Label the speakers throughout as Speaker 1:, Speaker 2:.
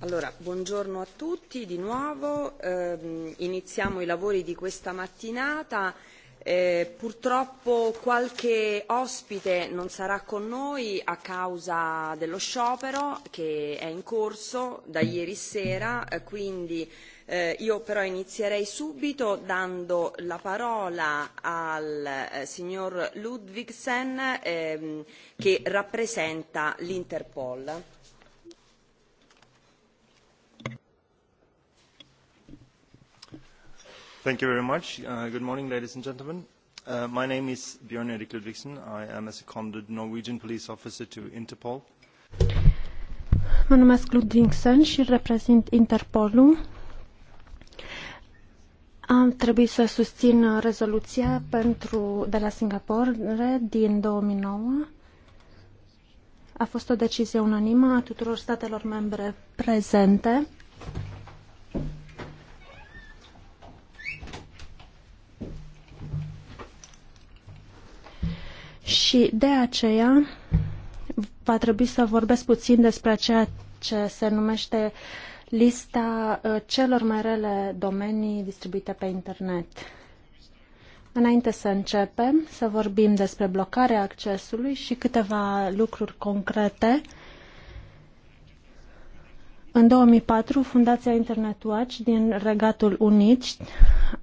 Speaker 1: Allora, buongiorno a tutti di nuovo, eh, iniziamo i lavori di questa mattinata. Eh, purtroppo qualche ospite non sarà con noi a causa dello sciopero che è in corso da ieri sera, eh, quindi Eh, io però inizierei subito dando la parola al eh, signor Ludvigsen ehm, che rappresenta l'Interpol.
Speaker 2: Thank you very much.
Speaker 3: Uh, good morning, ladies and gentlemen. Uh, my name is Björn Erik Ludvigsen. I am a seconded Norwegian police officer to Interpol.
Speaker 1: Mă numesc Ludvigsen și reprezint Interpolul am trebuit să susțin rezoluția pentru, de la Singapore din 2009. A fost o decizie unanimă a tuturor statelor membre prezente. Și de aceea va trebui să vorbesc puțin despre ceea ce se numește uh, lista uh, celor mai rele domenii distribuite pe internet. Înainte să începem, să vorbim despre blocarea accesului și câteva lucruri concrete. În 2004, Fundația Internet Watch din Regatul Unit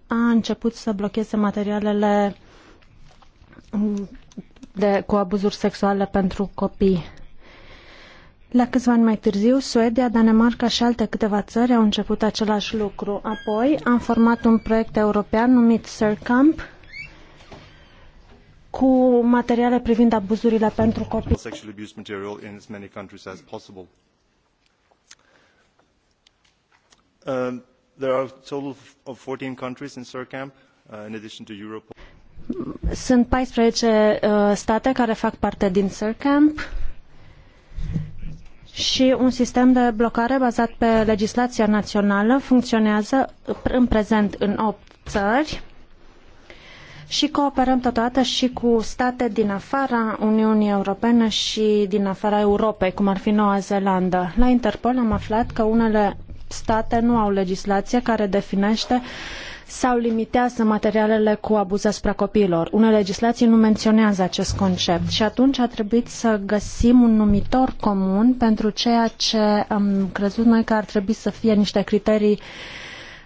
Speaker 1: a început să blocheze materialele de, cu abuzuri sexuale pentru copii. La câțiva ani mai târziu, Suedia, Danemarca și alte câteva țări au început același lucru. Apoi am format un proiect european numit SIRCAMP cu materiale privind abuzurile pentru
Speaker 3: copii. Um, there are a total of 14 countries in CERCAMP, uh, in addition to Europol.
Speaker 1: Sunt 14 uh, state care fac parte din CERCAMP și un sistem de blocare bazat pe legislația națională funcționează în prezent în 8 țări și cooperăm totodată și cu state din afara Uniunii Europene și din afara Europei, cum ar fi Noua Zeelandă. La Interpol am aflat că unele state nu au legislație care definește uh, sau limitează materialele cu abuz asupra copiilor. Unele legislații nu menționează acest concept și atunci a trebuit să găsim un numitor comun pentru ceea ce am crezut noi că ar trebui să fie niște criterii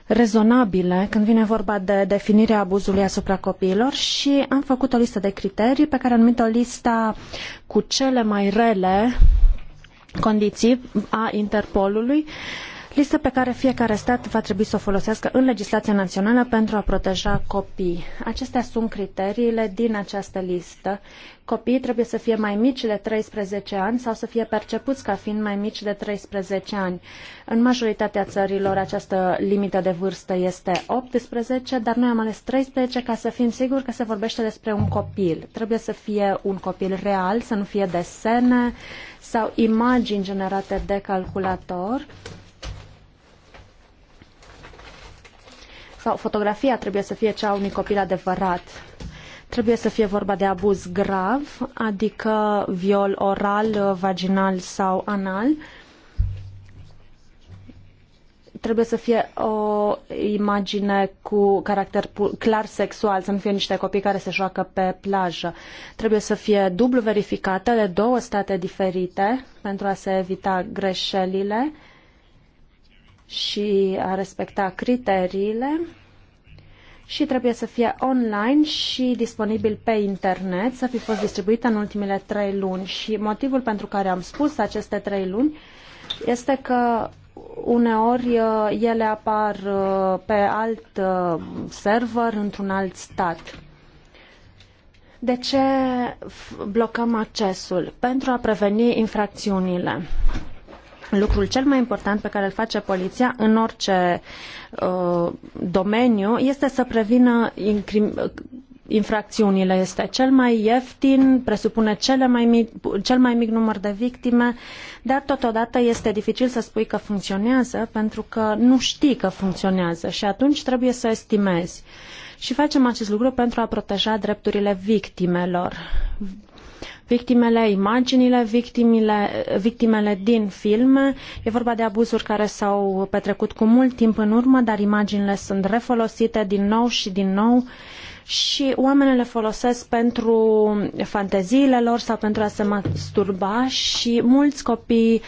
Speaker 1: rezonabile când vine vorba de definirea abuzului asupra copiilor și am făcut o listă de criterii pe care am numit o lista cu cele mai rele condiții a Interpolului uh, listă pe care fiecare stat va trebui să o folosească în legislația națională pentru a proteja copii. Acestea sunt criteriile din această listă. Copiii trebuie să fie mai mici de 13 ani sau să fie percepuți ca fiind mai mici de 13 ani. În majoritatea țărilor această limită de vârstă este 18, dar noi am ales 13 ca să fim siguri că se vorbește despre un copil. Trebuie să fie un copil real, să nu fie desene sau imagini generate de calculator sau fotografia trebuie să fie cea a unui copil adevărat. Trebuie să fie vorba de abuz grav, adică viol oral, vaginal sau anal. Trebuie să fie o imagine cu caracter clar sexual, să nu fie niște copii care se joacă pe plajă. Trebuie să fie dublu verificată de două state diferite pentru a se evita greșelile și a respecta criteriile și trebuie să fie online și disponibil pe internet, să fi fost distribuită în ultimele trei luni. Și motivul pentru care am spus aceste trei luni este că uneori uh, ele apar uh, pe alt uh, server într-un alt stat. De ce blocăm accesul? Pentru a preveni infracțiunile lucrul cel mai important pe care îl face poliția în orice uh, domeniu este să prevină infracțiunile. Este cel mai ieftin, presupune cele mai mic, cel mai mic număr de victime, dar totodată este dificil să spui că funcționează pentru că nu știi că funcționează și atunci trebuie să estimezi. Și facem acest lucru pentru a proteja drepturile victimelor victimele, imaginile victimile, victimele din filme. E vorba de abuzuri care s-au petrecut cu mult timp în urmă, dar imaginile sunt refolosite din nou și din nou și oamenii le folosesc pentru fanteziile lor sau pentru a se masturba și mulți copii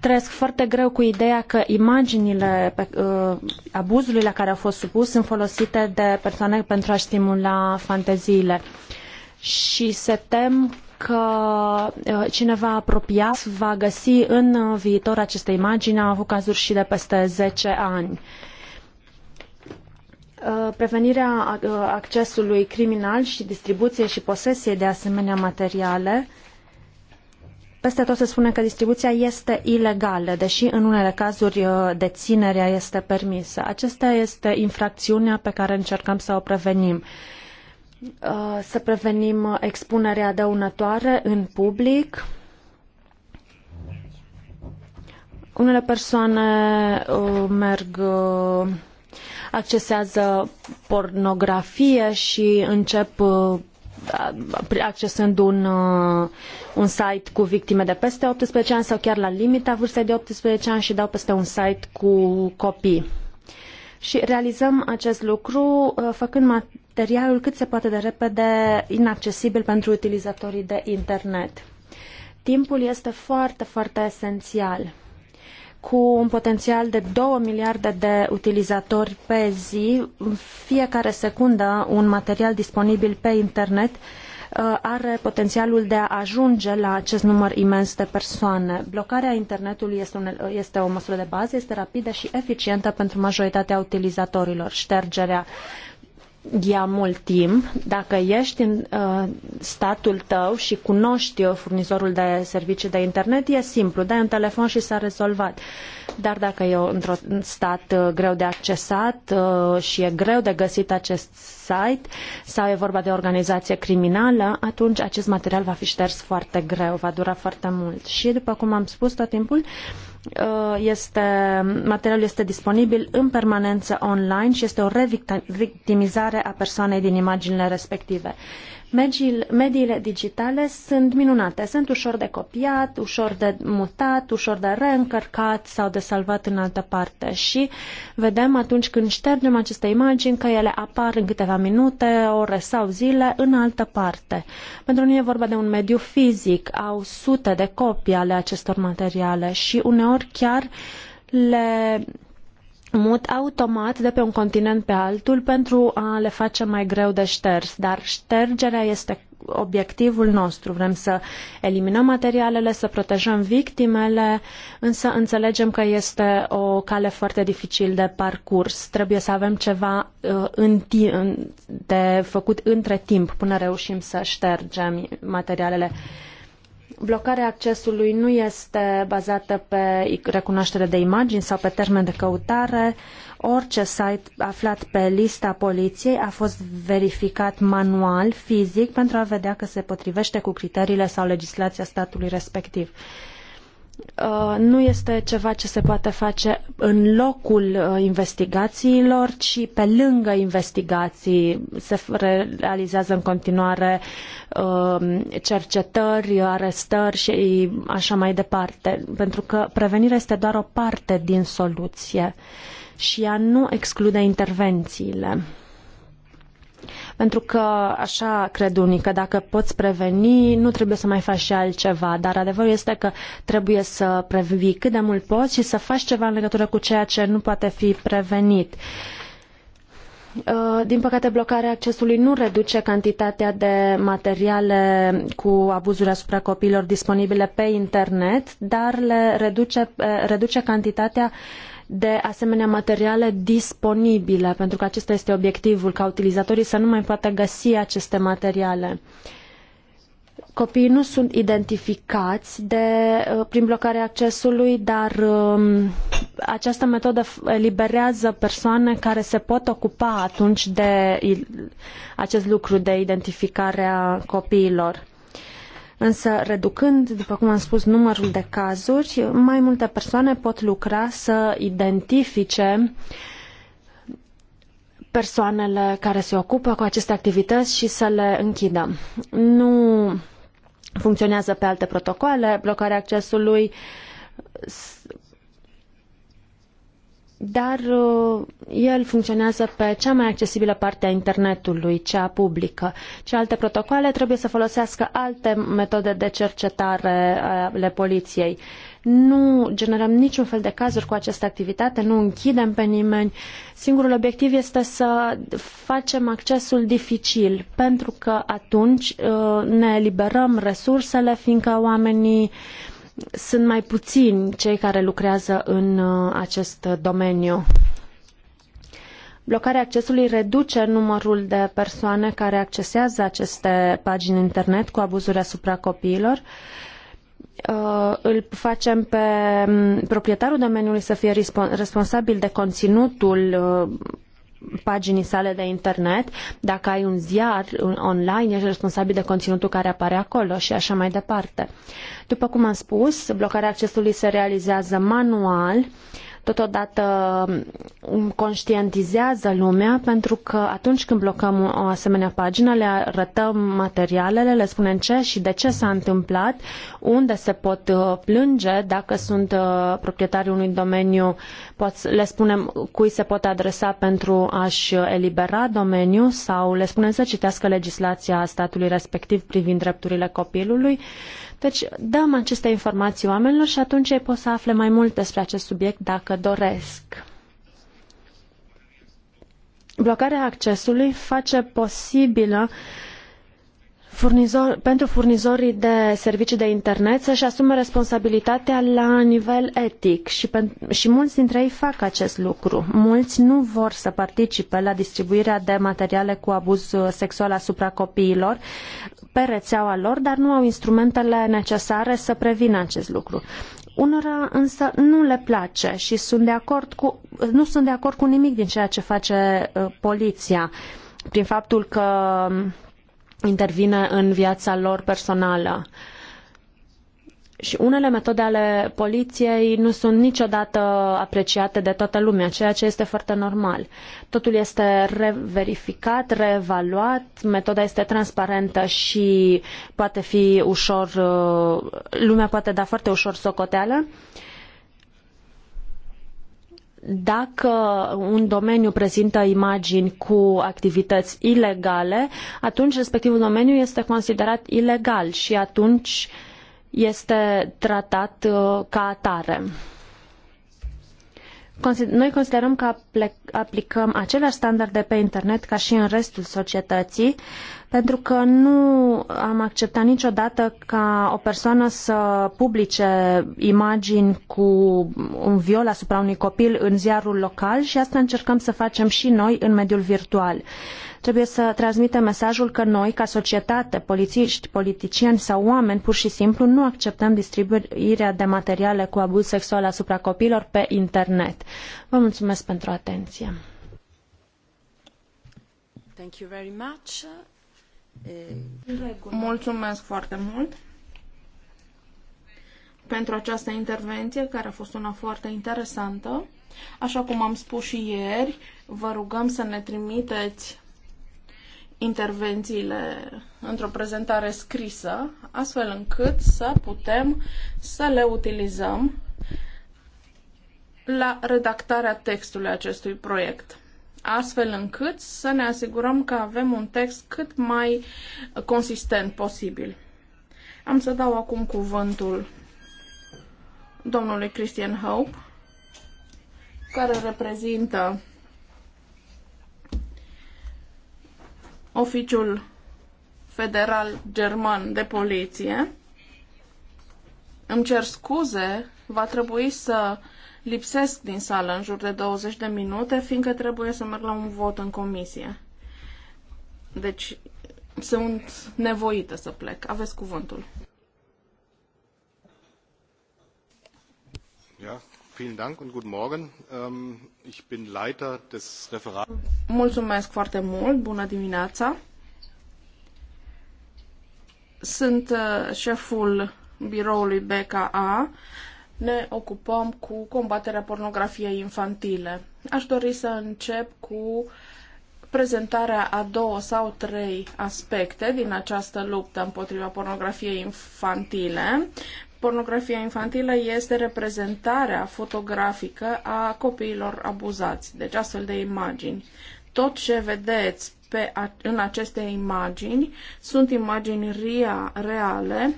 Speaker 1: trăiesc foarte greu cu ideea că imaginile pe, uh, abuzului la care au fost supus sunt folosite de persoane pentru a stimula fanteziile și se tem că uh, cineva apropiat va găsi în uh, viitor aceste imagini. Am avut cazuri și de peste 10 ani. Uh, prevenirea accesului criminal și distribuției și posesiei de asemenea materiale peste tot se spune că distribuția este ilegală, deși în unele cazuri deținerea este permisă. Acesta este infracțiunea pe care încercăm să o prevenim. Uh, să prevenim expunerea dăunătoare în public. Unele persoane uh, merg uh, accesează pornografie și încep accesând un, un site cu victime de peste 18 ani sau chiar la limita vârstei de 18 ani și dau peste un site cu copii. Și realizăm acest lucru făcând materialul cât se poate de repede inaccesibil pentru utilizatorii de internet. Timpul este foarte, foarte esențial. Cu un potențial de 2 miliarde de utilizatori pe zi, în fiecare secundă un material disponibil pe internet uh, are potențialul de a ajunge la acest număr imens de persoane. Blocarea internetului este, un, este o măsură de bază, este rapidă și eficientă pentru majoritatea utilizatorilor. Ștergerea ia mult timp. Dacă ești în uh, statul tău și cunoști uh, furnizorul de servicii de internet, e simplu, dai un telefon și s-a rezolvat. Dar dacă e într-un stat uh, greu de accesat uh, și e greu de găsit acest site sau e vorba de o organizație criminală, atunci acest material va fi șters foarte greu, va dura foarte mult. Și, după cum am spus tot timpul, uh, Uh, este, materialul este disponibil în permanență online și este o revictimizare a persoanei din imaginile respective. Mediile digitale sunt minunate, sunt ușor de copiat, ușor de mutat, ușor de reîncărcat sau de salvat în altă parte și vedem atunci când ștergem aceste imagini că ele apar în câteva minute, ore sau zile în altă parte. Pentru noi e vorba de un mediu fizic, au sute de copii ale acestor materiale și uneori chiar le mut automat de pe un continent pe altul pentru a le face mai greu de șters, dar ștergerea este obiectivul nostru. Vrem să eliminăm materialele, să protejăm victimele, însă înțelegem că este o cale foarte dificil de parcurs. Trebuie să avem ceva uh, de făcut între timp până reușim să ștergem materialele blocarea accesului nu este bazată pe recunoaștere de imagini sau pe termen de căutare. Orice site aflat pe lista poliției a fost verificat manual, fizic, pentru a vedea că se potrivește cu criteriile sau legislația statului respectiv. Uh, nu este ceva ce se poate face în locul uh, investigațiilor, ci pe lângă investigații se realizează în continuare uh, cercetări, arestări și așa mai departe, pentru că prevenirea este doar o parte din soluție și ea nu exclude intervențiile. Pentru că, așa cred unii, că dacă poți preveni, nu trebuie să mai faci și altceva, dar adevărul este că trebuie să previi cât de mult poți și să faci ceva în legătură cu ceea ce nu poate fi prevenit. Uh, din păcate, blocarea accesului nu reduce cantitatea de materiale cu abuzuri asupra copiilor disponibile pe internet, dar le reduce, uh, reduce cantitatea uh, de asemenea materiale disponibile, pentru că acesta este obiectivul, ca utilizatorii să nu mai poată găsi aceste materiale. Copiii nu sunt identificați de, uh, prin blocarea accesului, dar um, această metodă eliberează persoane care se pot ocupa atunci de acest lucru de identificarea copiilor. Însă, reducând, după cum am spus, numărul de cazuri, mai multe persoane pot lucra să identifice persoanele care se ocupă cu aceste activități și să le închidă. Nu funcționează pe alte protocoale, blocarea accesului dar uh, el funcționează pe cea mai accesibilă parte a internetului, cea publică. alte protocoale trebuie să folosească alte metode de cercetare ale poliției. Nu generăm niciun fel de cazuri cu această activitate, nu închidem pe nimeni. Singurul obiectiv este să facem accesul dificil, pentru că atunci uh, ne eliberăm resursele, fiindcă oamenii uh, sunt mai puțini cei care lucrează în uh, acest domeniu. Blocarea accesului reduce numărul de persoane care accesează aceste pagini internet cu abuzuri asupra copiilor. Uh, îl facem pe mm, proprietarul domeniului să fie responsabil de conținutul uh, paginii sale de internet, dacă ai un ziar online, ești responsabil de conținutul care apare acolo și așa mai departe. După cum am spus, blocarea accesului se realizează manual, uh, totodată um, conștientizează lumea pentru că atunci când blocăm o asemenea pagină le arătăm materialele, le spunem ce și de ce s-a întâmplat, unde se pot uh, plânge, dacă sunt uh, proprietarii unui domeniu, le spunem cui se pot adresa pentru a-și uh, elibera domeniul sau le spunem să citească legislația statului respectiv privind drepturile copilului. Deci dăm aceste informații oamenilor și atunci ei pot să afle mai mult despre acest subiect dacă doresc. Blocarea accesului face posibilă uh, furnizor, pentru furnizorii de servicii de internet să-și asume responsabilitatea la nivel etic și, pen, și mulți dintre ei fac acest lucru. Mulți nu vor să participe la distribuirea de materiale cu abuz uh, sexual asupra copiilor pe rețeaua lor, dar nu au instrumentele necesare să prevină acest lucru. Unora însă nu le place și sunt de acord cu, nu sunt de acord cu nimic din ceea ce face uh, poliția prin faptul că uh, intervine în viața lor personală. Și unele metode ale poliției nu sunt niciodată apreciate de toată lumea, ceea ce este foarte normal. Totul este reverificat, reevaluat, metoda este transparentă și poate fi ușor, uh, lumea poate da foarte ușor socoteală. Uh, dacă un domeniu prezintă imagini cu activități ilegale, atunci respectivul domeniu este considerat ilegal și atunci este tratat uh, ca atare. Noi considerăm că aplicăm aceleași standarde pe internet ca și în restul societății, pentru că nu am acceptat niciodată ca o persoană să publice imagini cu un viol asupra unui copil în ziarul local și asta încercăm să facem și noi în mediul virtual. Trebuie să transmitem mesajul că noi, ca societate, polițiști, politicieni sau oameni, pur și simplu nu acceptăm distribuirea de materiale cu abuz sexual asupra copiilor pe internet. Vă mulțumesc pentru atenție.
Speaker 3: Thank you very much. Mulțumesc foarte mult pentru această intervenție, care a fost una foarte interesantă. Așa cum am spus și ieri, vă rugăm să ne trimiteți intervențiile într-o prezentare scrisă, astfel încât să putem să le utilizăm la redactarea textului acestui proiect astfel încât să ne asigurăm că avem un text cât mai consistent posibil. Am să dau acum cuvântul domnului Christian Hope, care reprezintă Oficiul Federal German de Poliție. Îmi cer scuze, va trebui să lipsesc din sală în jur de 20 de minute, fiindcă trebuie să merg la un vot în comisie. Deci sunt nevoită să plec. Aveți cuvântul.
Speaker 2: Ja, vielen Dank und guten Morgen. Ähm, Ich bin Leiter des
Speaker 3: Mulțumesc foarte mult. Bună dimineața. Sunt uh, șeful biroului BKA. Ne ocupăm cu combaterea pornografiei infantile. Aș dori să încep cu prezentarea a două sau trei aspecte din această luptă împotriva pornografiei infantile. Pornografia infantilă este reprezentarea fotografică a copiilor abuzați, deci astfel de imagini. Tot ce vedeți pe, în aceste imagini sunt imagini ria, reale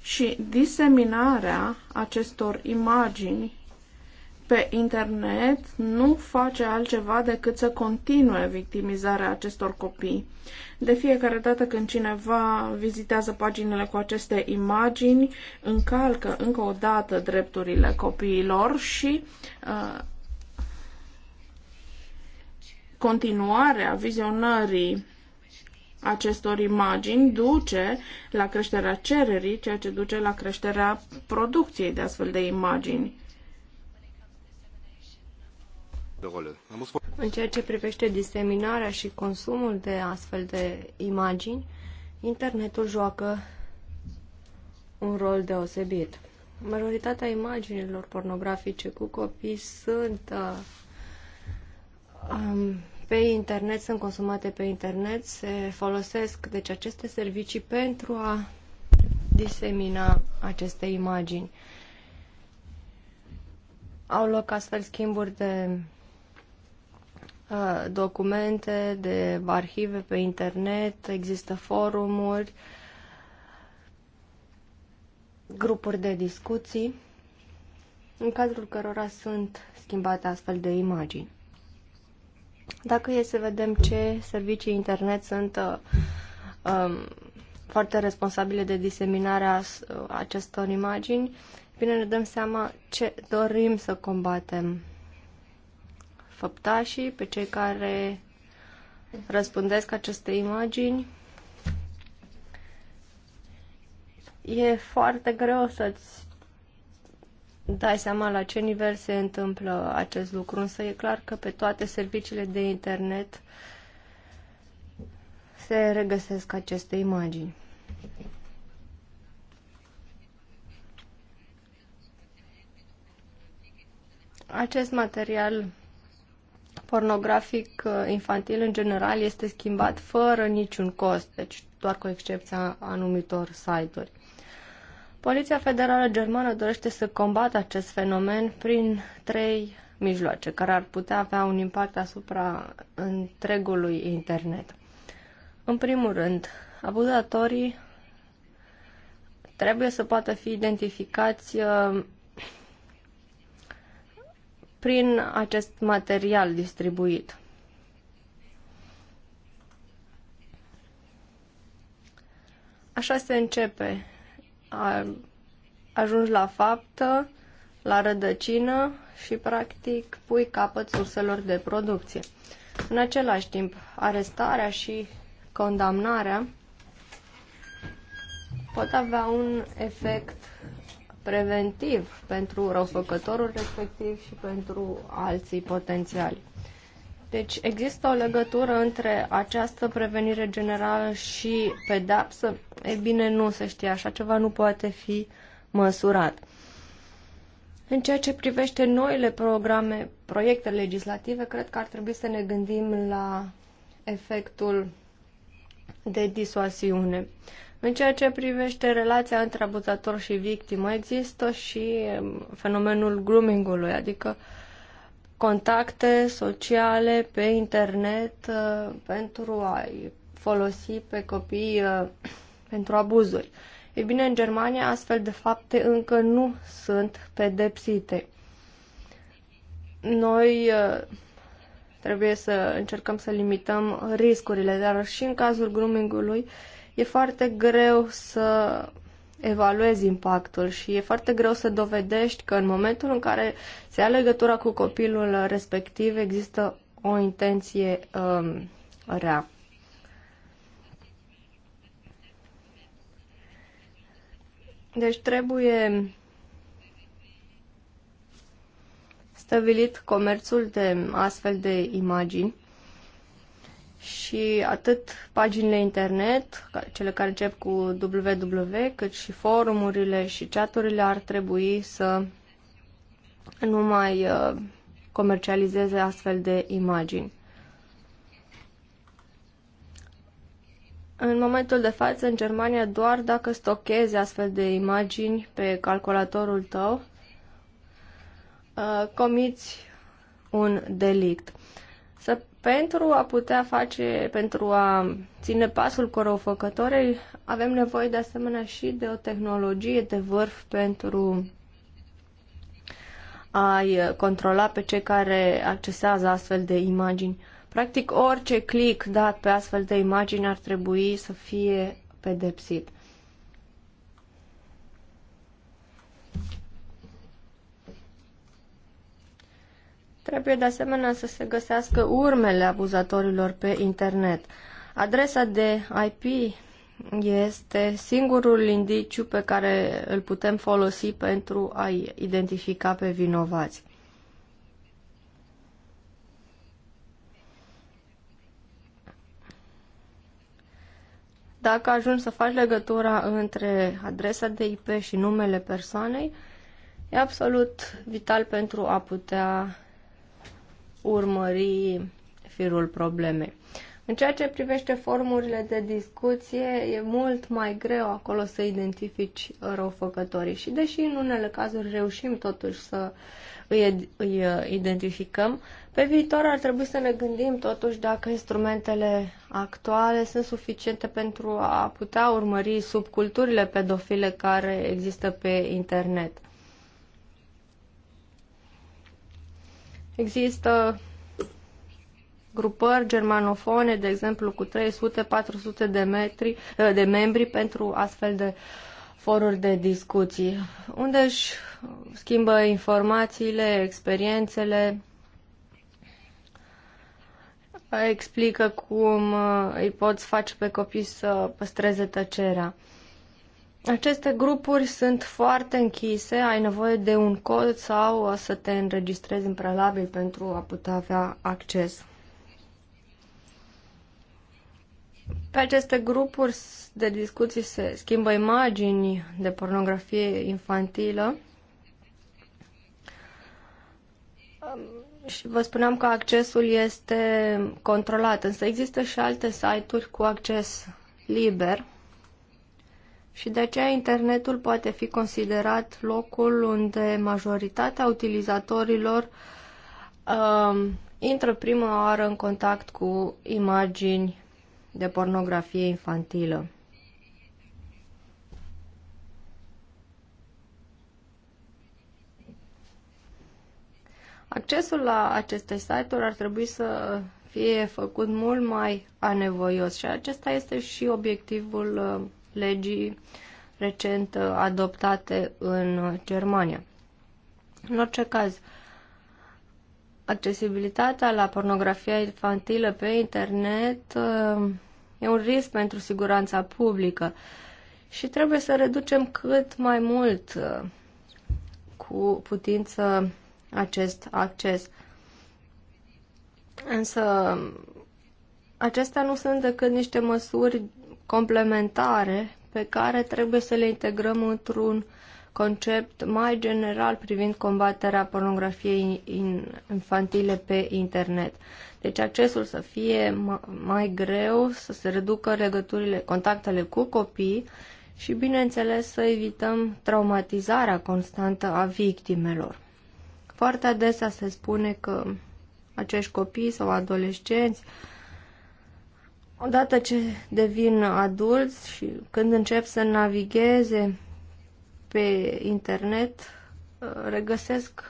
Speaker 3: și diseminarea acestor imagini pe internet nu face altceva decât să continue victimizarea acestor copii. De fiecare dată când cineva vizitează paginile cu aceste imagini, încalcă încă o dată drepturile copiilor și uh, continuarea vizionării acestor imagini duce la creșterea cererii, ceea ce duce la creșterea producției de astfel de imagini. În ceea ce privește diseminarea și
Speaker 2: consumul de astfel de imagini, internetul joacă un rol deosebit. Majoritatea imaginilor pornografice cu copii sunt uh, um, pe internet, sunt consumate pe internet, se folosesc deci aceste servicii pentru a disemina aceste imagini. Au loc astfel schimburi de Uh, documente, de arhive pe internet, există forumuri, grupuri de discuții, în cadrul cărora sunt schimbate astfel de imagini. Dacă e să vedem ce servicii internet sunt uh, um, foarte responsabile de diseminarea uh, acestor imagini, bine ne dăm seama ce dorim să combatem făptașii, pe cei care răspândesc aceste imagini. E foarte greu să-ți dai seama la ce nivel se întâmplă acest lucru, însă e clar că pe toate serviciile de internet se regăsesc aceste imagini. Acest material pornografic uh, infantil în general este schimbat fără niciun cost, deci doar cu excepția anumitor site-uri. Poliția Federală Germană dorește să combată acest fenomen prin trei mijloace care ar putea avea un impact asupra întregului internet. În primul rând, abuzatorii trebuie să poată fi identificați uh, prin acest material distribuit. Așa se începe. Ajungi la faptă, la rădăcină și, practic, pui capăt surselor de producție. În același timp, arestarea și condamnarea pot avea un efect preventiv pentru răufăcătorul respectiv și pentru alții potențiali. Deci există o legătură între această prevenire generală și pedapsă? E bine, nu se știe. Așa ceva nu poate fi măsurat. În ceea ce privește noile programe, proiecte legislative, cred că ar trebui să ne gândim la efectul de disuasiune. În ceea ce privește relația între abuzator și victimă, există și um, fenomenul groomingului, adică contacte sociale pe internet uh, pentru a-i folosi pe copii uh, pentru abuzuri. E bine, în Germania astfel de fapte încă nu sunt pedepsite. Noi uh, trebuie să încercăm să limităm riscurile, dar și în cazul groomingului ului e foarte greu să evaluezi impactul și e foarte greu să dovedești că în momentul în care se ia legătura cu copilul respectiv există o intenție um, rea. Deci trebuie stabilit comerțul de astfel de imagini și atât paginile internet, cele care încep cu www, cât și forumurile și chaturile ar trebui să nu mai uh, comercializeze astfel de imagini. În momentul de față, în Germania, doar dacă stochezi astfel de imagini pe calculatorul tău, uh, comiți un delict. Să pentru a putea face, pentru a ține pasul corofăcătorei, avem nevoie de asemenea și de o tehnologie de vârf pentru a-i controla pe cei care accesează astfel de imagini. Practic, orice click dat pe astfel de imagini ar trebui să fie pedepsit. Trebuie de asemenea să se găsească urmele abuzatorilor pe internet. Adresa de IP este singurul indiciu pe care îl putem folosi pentru a-i identifica pe vinovați. Dacă ajungi să faci legătura între adresa de IP și numele persoanei, e absolut vital pentru a putea urmări firul problemei. În ceea ce privește formurile de discuție, e mult mai greu acolo să identifici răufăcătorii și deși în unele cazuri reușim totuși să îi, îi uh, identificăm, pe viitor ar trebui să ne gândim totuși dacă instrumentele actuale sunt suficiente pentru a putea urmări subculturile pedofile care există pe internet. Există grupări germanofone, de exemplu, cu 300-400 de, metri, eh, de membri pentru astfel de foruri de discuții, unde își schimbă informațiile, experiențele, explică cum eh, îi poți face pe copii să păstreze tăcerea. Aceste grupuri sunt foarte închise, ai nevoie de un cod sau să te înregistrezi în prealabil pentru a putea avea acces. Pe aceste grupuri de discuții se schimbă imagini de pornografie infantilă. Și vă spuneam că accesul este controlat, însă există și alte site-uri cu acces liber și de aceea internetul poate fi considerat locul unde majoritatea utilizatorilor uh, intră prima oară în contact cu imagini de pornografie infantilă. Accesul la aceste site-uri ar trebui să fie făcut mult mai anevoios și acesta este și obiectivul um, legii recent uh, adoptate în uh, Germania. În orice caz, accesibilitatea la pornografia infantilă pe internet uh, e un risc pentru siguranța publică și trebuie să reducem cât mai mult cu putință acest acces. Însă, acestea nu sunt decât niște măsuri complementare pe care trebuie să le integrăm într-un concept mai general privind combaterea pornografiei infantile pe internet. Deci accesul să fie mai greu, să se reducă legăturile, contactele cu copii și, bineînțeles, să evităm traumatizarea constantă a victimelor. Foarte adesea se spune că acești copii sau adolescenți Odată ce devin adulți și când încep să navigheze pe internet, uh, regăsesc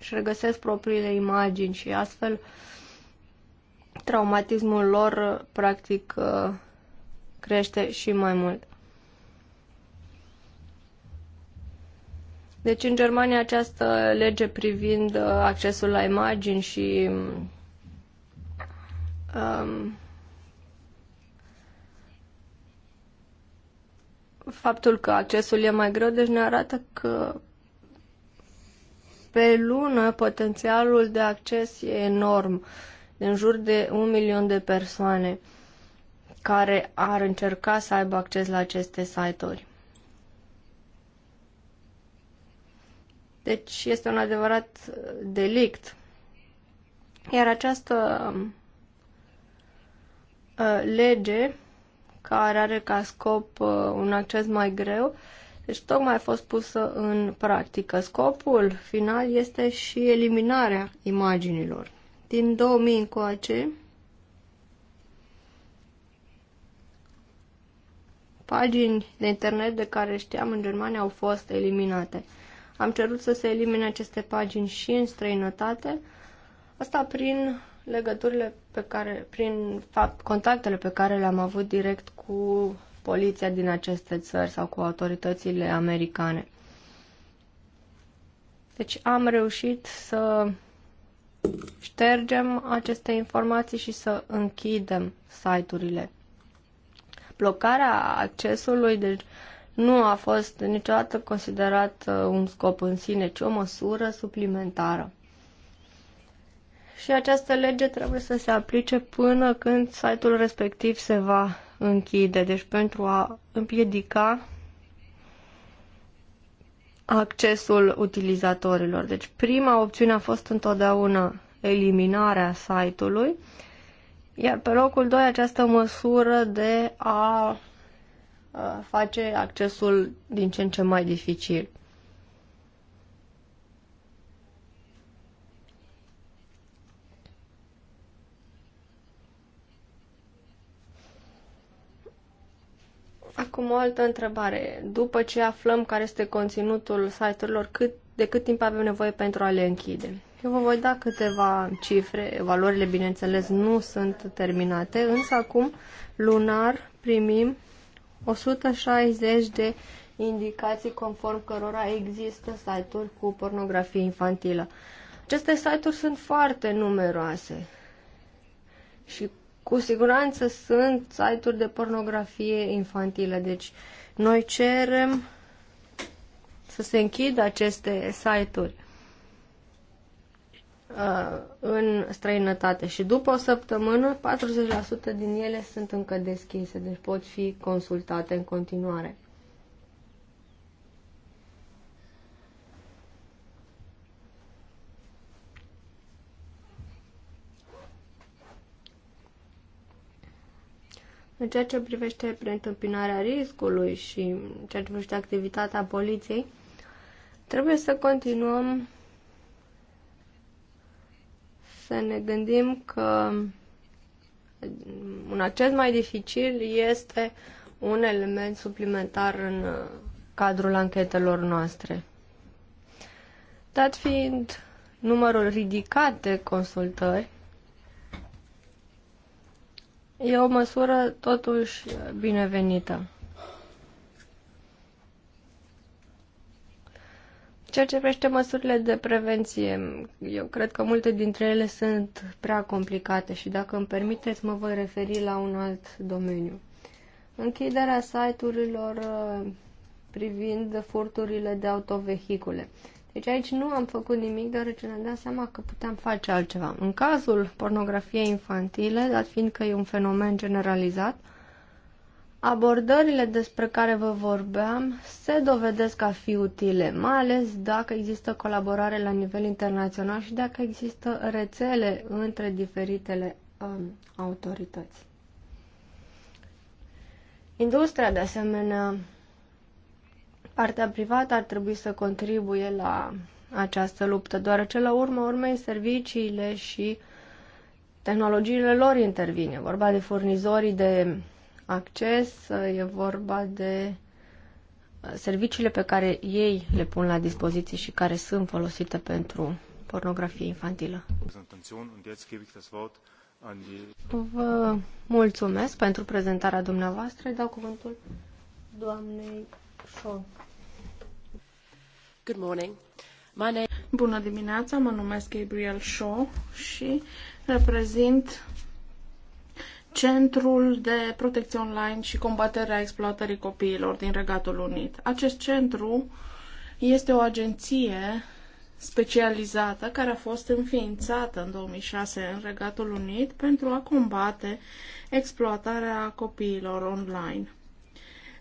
Speaker 2: și regăsesc propriile imagini și astfel traumatismul lor uh, practic uh, crește și mai mult. Deci în Germania această lege privind accesul la imagini și um, faptul că accesul e mai greu, deci ne arată că pe lună potențialul de acces e enorm, în jur de un milion de persoane care ar încerca să aibă acces la aceste site-uri. Deci este un adevărat delict. Iar această uh, lege care are ca scop uh, un acces mai greu, deci tocmai a fost pusă în practică. Scopul final este și eliminarea imaginilor. Din 2000 încoace, pagini de internet de care știam în Germania au fost eliminate. Am cerut să se elimine aceste pagini și în străinătate, asta prin legăturile pe care, prin fapt, contactele pe care le-am avut direct cu poliția din aceste țări sau cu autoritățile americane. Deci am reușit să ștergem aceste informații și să închidem site-urile. Blocarea accesului deci, nu a fost niciodată considerat uh, un scop în sine, ci o măsură suplimentară și această lege trebuie să se aplice până când site-ul respectiv se va închide, deci pentru a împiedica accesul utilizatorilor. Deci prima opțiune a fost întotdeauna eliminarea site-ului, iar pe locul 2 această măsură de a face accesul din ce în ce mai dificil. acum o altă întrebare. După ce aflăm care este conținutul site-urilor, cât, de cât timp avem nevoie pentru a le închide? Eu vă voi da câteva cifre. Valorile, bineînțeles, nu sunt terminate, însă acum lunar primim 160 de indicații conform cărora există site-uri cu pornografie infantilă. Aceste site-uri sunt foarte numeroase și cu siguranță sunt site-uri de pornografie infantilă, deci noi cerem să se închidă aceste site-uri uh, în străinătate și după o săptămână 40% din ele sunt încă deschise, deci pot fi consultate în continuare. În ceea ce privește preîntâmpinarea riscului și în ceea ce privește activitatea poliției, trebuie să continuăm să ne gândim că un acces mai dificil este un element suplimentar în cadrul anchetelor noastre. Dat fiind numărul ridicat de consultări, E o măsură totuși binevenită. Ceea ce privește măsurile de prevenție, eu cred că multe dintre ele sunt prea complicate și dacă îmi permiteți mă voi referi la un alt domeniu. Închiderea site-urilor uh, privind furturile de autovehicule. Deci aici nu am făcut nimic, deoarece ne-am dat seama că puteam face altceva. În cazul pornografiei infantile, dat fiind că e un fenomen generalizat, abordările despre care vă vorbeam se dovedesc a fi utile, mai ales dacă există colaborare la nivel internațional și dacă există rețele între diferitele um, autorități. Industria, de asemenea, Partea privată ar trebui să contribuie la această luptă, deoarece la urmă urmei serviciile și tehnologiile lor intervine. E vorba de furnizorii de acces, e vorba de serviciile pe care ei le pun la dispoziție și care sunt folosite pentru pornografie infantilă. Vă mulțumesc pentru prezentarea dumneavoastră.
Speaker 3: Dau cuvântul doamnei Șon. Good morning. My name... Bună dimineața, mă numesc Gabriel Shaw și reprezint Centrul de Protecție Online și Combaterea Exploatării Copiilor din Regatul Unit. Acest centru este o agenție specializată care a fost înființată în 2006 în Regatul Unit pentru a combate exploatarea copiilor online.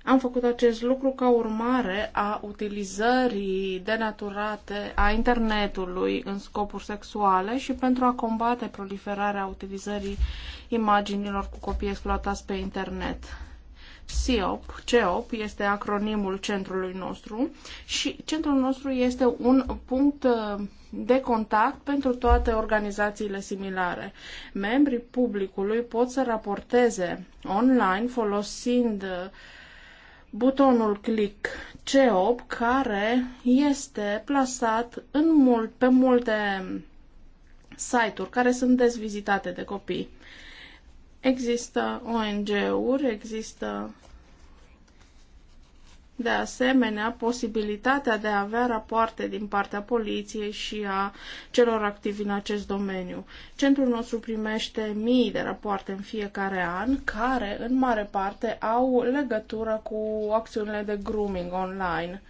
Speaker 3: Am făcut acest lucru ca urmare a utilizării denaturate a internetului în scopuri sexuale și pentru a combate proliferarea utilizării imaginilor cu copii exploatați pe internet. CEOP, CEOP este acronimul centrului nostru și centrul nostru este un punct uh, de contact pentru toate organizațiile similare. Membrii publicului pot să raporteze online folosind uh, butonul click C8 care este plasat în mult, pe multe site-uri care sunt dezvizitate de copii. Există ONG-uri, există de asemenea, posibilitatea de a avea rapoarte din partea poliției și a celor activi în acest domeniu. Centrul nostru primește mii de rapoarte în fiecare an, care, în mare parte, au legătură cu acțiunile de grooming online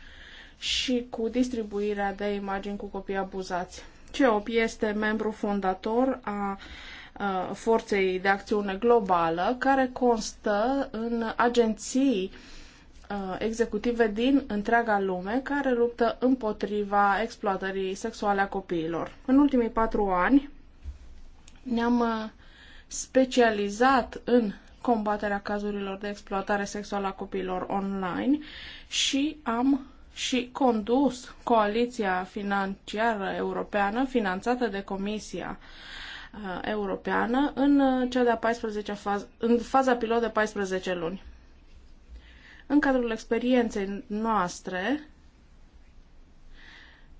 Speaker 3: și cu distribuirea de imagini cu copii abuzați. CEOP este membru fondator a Forței de Acțiune Globală, care constă în agenții Uh, executive din întreaga lume care luptă împotriva exploatării sexuale a copiilor. În ultimii patru ani ne-am uh, specializat în combaterea cazurilor de exploatare sexuală a copiilor online și am și condus coaliția financiară europeană finanțată de Comisia uh, Europeană în cea de-a 14 fază, în faza pilot de 14 luni. În cadrul experienței noastre,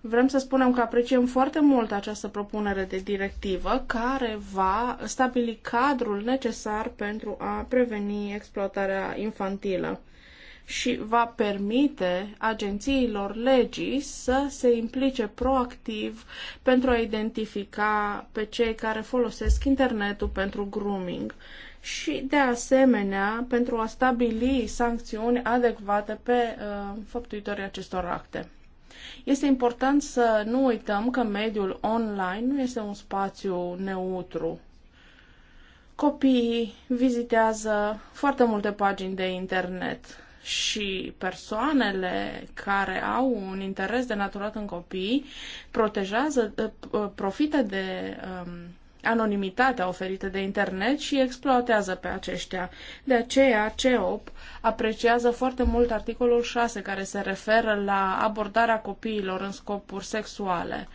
Speaker 3: Vrem să spunem că apreciem foarte mult această propunere de directivă care va stabili cadrul necesar pentru a preveni exploatarea infantilă și va permite agențiilor legii să se implice proactiv pentru a identifica pe cei care folosesc internetul pentru grooming și, de asemenea, pentru a stabili sancțiuni adecvate pe uh, făptuitorii acestor acte. Este important să nu uităm că mediul online nu este un spațiu neutru. Copiii vizitează foarte multe pagini de internet și persoanele care au un interes denaturat în copii protejează, uh, profită de um, anonimitatea oferită de internet și exploatează pe aceștia. De aceea, CEOP apreciază foarte mult articolul 6 care se referă la abordarea copiilor în scopuri sexuale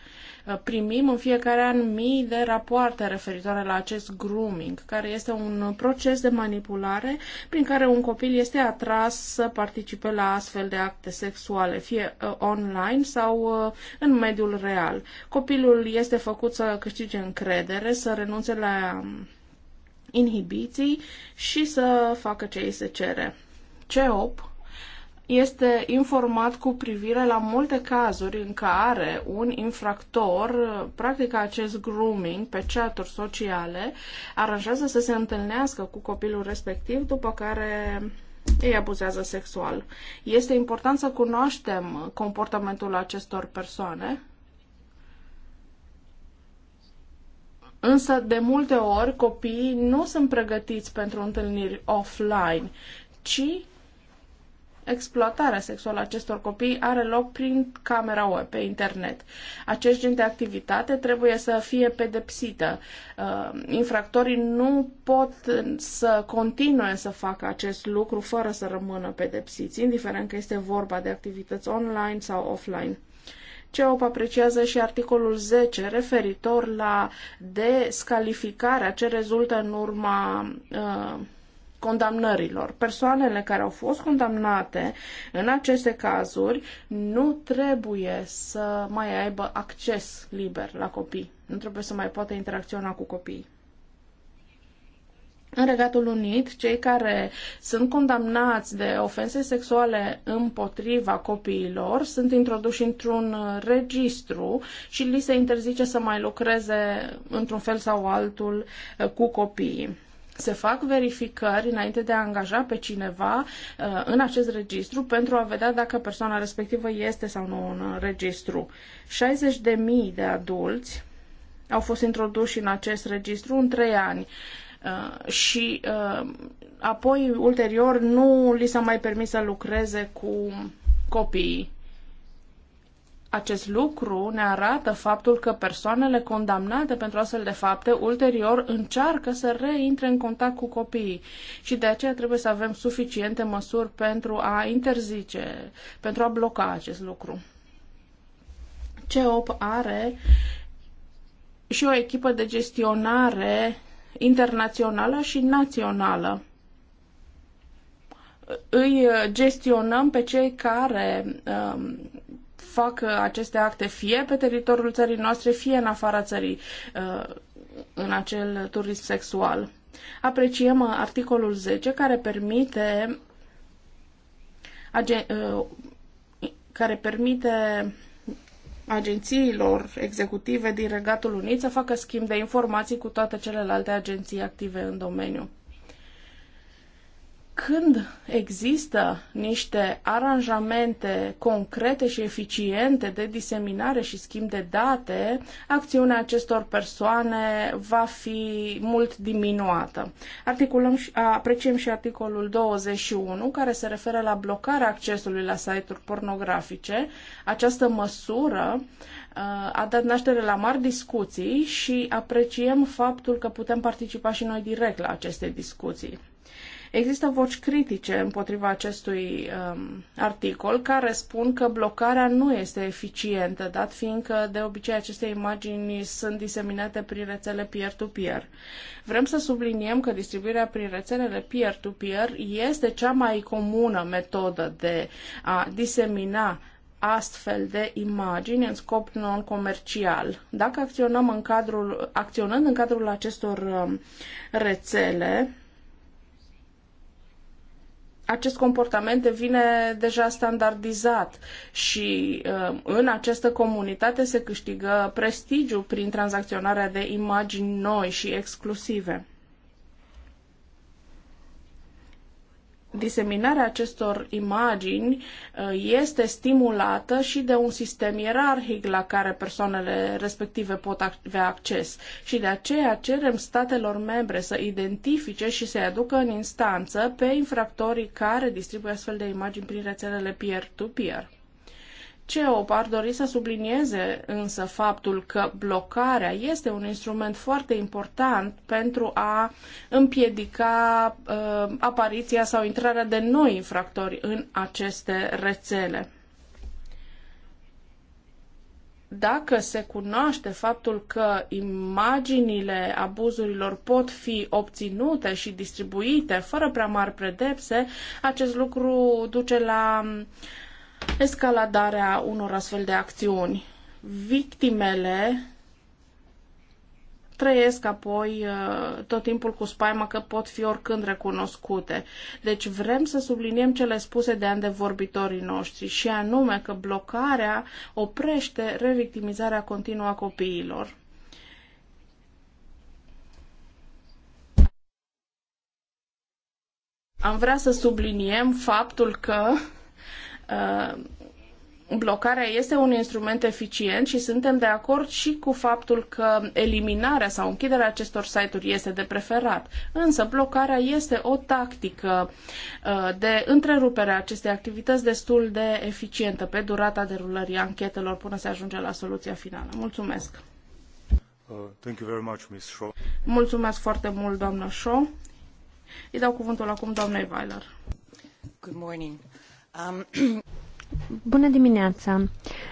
Speaker 3: primim în fiecare an mii de rapoarte referitoare la acest grooming, care este un proces de manipulare prin care un copil este atras să participe la astfel de acte sexuale, fie uh, online sau uh, în mediul real. Copilul este făcut să câștige încredere, să renunțe la um, inhibiții și să facă ce îi se cere. CEOP este informat cu privire la multe cazuri în care un infractor practică acest grooming pe chaturi sociale, aranjează să se întâlnească cu copilul respectiv, după care ei abuzează sexual. Este important să cunoaștem comportamentul acestor persoane, însă de multe ori copiii nu sunt pregătiți pentru întâlniri offline, ci exploatarea sexuală a acestor copii are loc prin camera web, pe internet. Acest gen de activitate trebuie să fie pedepsită. Uh, infractorii nu pot să continue să facă acest lucru fără să rămână pedepsiți, indiferent că este vorba de activități online sau offline. CEOP apreciază și articolul 10 referitor la descalificarea ce rezultă în urma uh, condamnărilor. Persoanele care au fost condamnate în aceste cazuri nu trebuie să mai aibă acces liber la copii. Nu trebuie să mai poată interacționa cu copiii. În Regatul Unit, cei care sunt condamnați de ofense sexuale împotriva copiilor sunt introduși într-un registru și li se interzice să mai lucreze într-un fel sau altul cu copiii se fac verificări înainte de a angaja pe cineva uh, în acest registru pentru a vedea dacă persoana respectivă este sau nu în registru. 60.000 de adulți au fost introduși în acest registru în 3 ani uh, și uh, apoi, ulterior, nu li s-a mai permis să lucreze cu copiii. Acest lucru ne arată faptul că persoanele condamnate pentru astfel de fapte ulterior încearcă să reintre în contact cu copiii și de aceea trebuie să avem suficiente măsuri pentru a interzice, pentru a bloca acest lucru. CEOP are și o echipă de gestionare internațională și națională îi gestionăm pe cei care um, fac uh, aceste acte fie pe teritoriul țării noastre, fie în afara țării, uh, în acel turism sexual. Apreciem uh, articolul 10 care permite care permite agențiilor executive din Regatul Unit să facă schimb de informații cu toate celelalte agenții active în domeniu când există niște aranjamente concrete și eficiente de diseminare și schimb de date, acțiunea acestor persoane va fi mult diminuată. Articulăm și, apreciem și articolul 21, care se referă la blocarea accesului la site-uri pornografice. Această măsură uh, a dat naștere la mari discuții și apreciem faptul că putem participa și noi direct la aceste discuții. Există voci critice împotriva acestui um, articol care spun că blocarea nu este eficientă, dat fiindcă de obicei aceste imagini sunt diseminate prin rețele peer-to-peer. -peer. Vrem să subliniem că distribuirea prin rețelele peer-to-peer -peer este cea mai comună metodă de a disemina astfel de imagini în scop non-comercial. Dacă acționăm în cadrul, acționând în cadrul acestor um, rețele, acest comportament devine deja standardizat și uh, în această comunitate se câștigă prestigiu prin tranzacționarea de imagini noi și exclusive. diseminarea acestor imagini uh, este stimulată și de un sistem ierarhic la care persoanele respective pot avea acces. Și de aceea cerem statelor membre să identifice și să-i aducă în instanță pe infractorii care distribuie astfel de imagini prin rețelele peer-to-peer. -peer. CEOP ar dori să sublinieze însă faptul că blocarea este un instrument foarte important pentru a împiedica uh, apariția sau intrarea de noi infractori în aceste rețele. Dacă se cunoaște faptul că imaginile abuzurilor pot fi obținute și distribuite fără prea mari predepse, acest lucru duce la uh, escaladarea unor astfel de acțiuni. Victimele trăiesc apoi uh, tot timpul cu spaima că pot fi oricând recunoscute. Deci vrem să subliniem cele spuse de vorbitorii noștri și anume că blocarea oprește revictimizarea continuă a copiilor. Am vrea să subliniem faptul că Uh, blocarea este un instrument eficient și suntem de acord și cu faptul că eliminarea sau închiderea acestor site-uri este de preferat. Însă blocarea este o tactică uh, de întrerupere a acestei activități destul de eficientă pe durata derulării anchetelor până se ajunge la soluția finală. Mulțumesc!
Speaker 1: Uh, thank you very much, Ms. Shaw.
Speaker 3: Mulțumesc foarte mult, doamnă Shaw. Îi dau cuvântul acum doamnei Weiler. Good morning. Bună
Speaker 1: dimineața!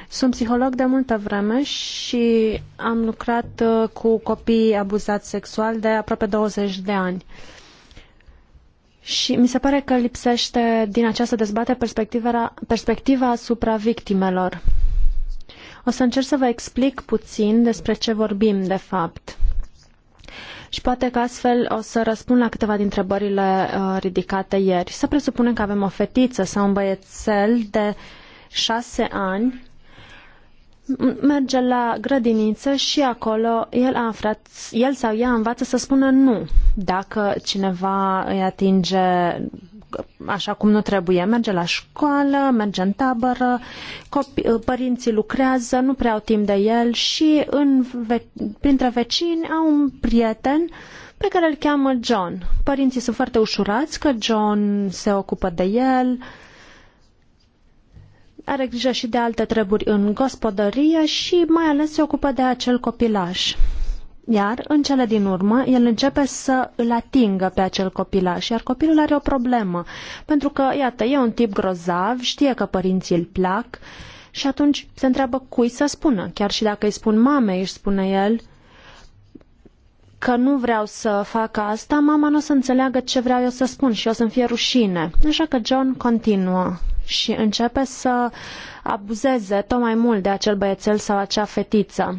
Speaker 1: Sunt psiholog de multă vreme și am lucrat uh, cu copii abuzați sexual de aproape 20 de ani. Și mi se pare că lipsește din această dezbatere perspectiva, perspectiva asupra victimelor. O să încerc să vă explic puțin despre ce vorbim, de fapt și poate că astfel o să răspund la câteva din întrebările uh, ridicate ieri. Să presupunem că avem o fetiță sau un băiețel de șase ani merge la grădiniță și acolo el, a aflat, el sau ea învață să spună nu dacă cineva îi atinge așa cum nu trebuie. Merge la școală, merge în tabără, Copii, uh, părinții lucrează, nu prea au timp de el și în ve- printre vecini au un prieten pe care îl cheamă John. Părinții sunt foarte ușurați că John se ocupă de el, are grijă și de alte treburi în gospodărie și mai ales se ocupă de acel copilaș. Iar, în cele din urmă, el începe să îl atingă pe acel copilaș, iar copilul are o problemă, pentru că, iată, e un tip grozav, știe că părinții îl plac și atunci se întreabă cui să spună. Chiar și dacă îi spun mamei, își spune el că nu vreau să fac asta, mama nu o să înțeleagă ce vreau eu să spun și o să-mi fie rușine. Așa că John continuă și începe să abuzeze tot mai mult de acel băiețel sau acea fetiță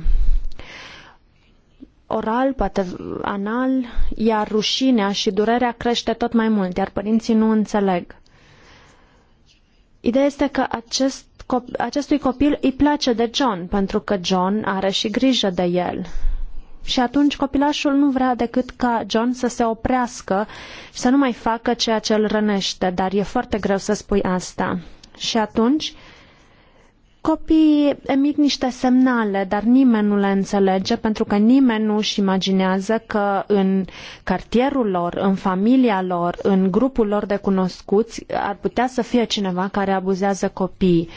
Speaker 1: oral, poate anal, iar rușinea și durerea crește tot mai mult, iar părinții nu înțeleg. Ideea este că acest copil, acestui copil îi place de John, pentru că John are și grijă de el. Și atunci copilașul nu vrea decât ca John să se oprească și să nu mai facă ceea ce îl rănește, dar e foarte greu să spui asta. Și atunci Copiii emit niște semnale, dar nimeni nu le înțelege pentru că nimeni nu își imaginează că în cartierul lor, în familia lor, în grupul lor de cunoscuți ar putea să fie cineva care abuzează copiii.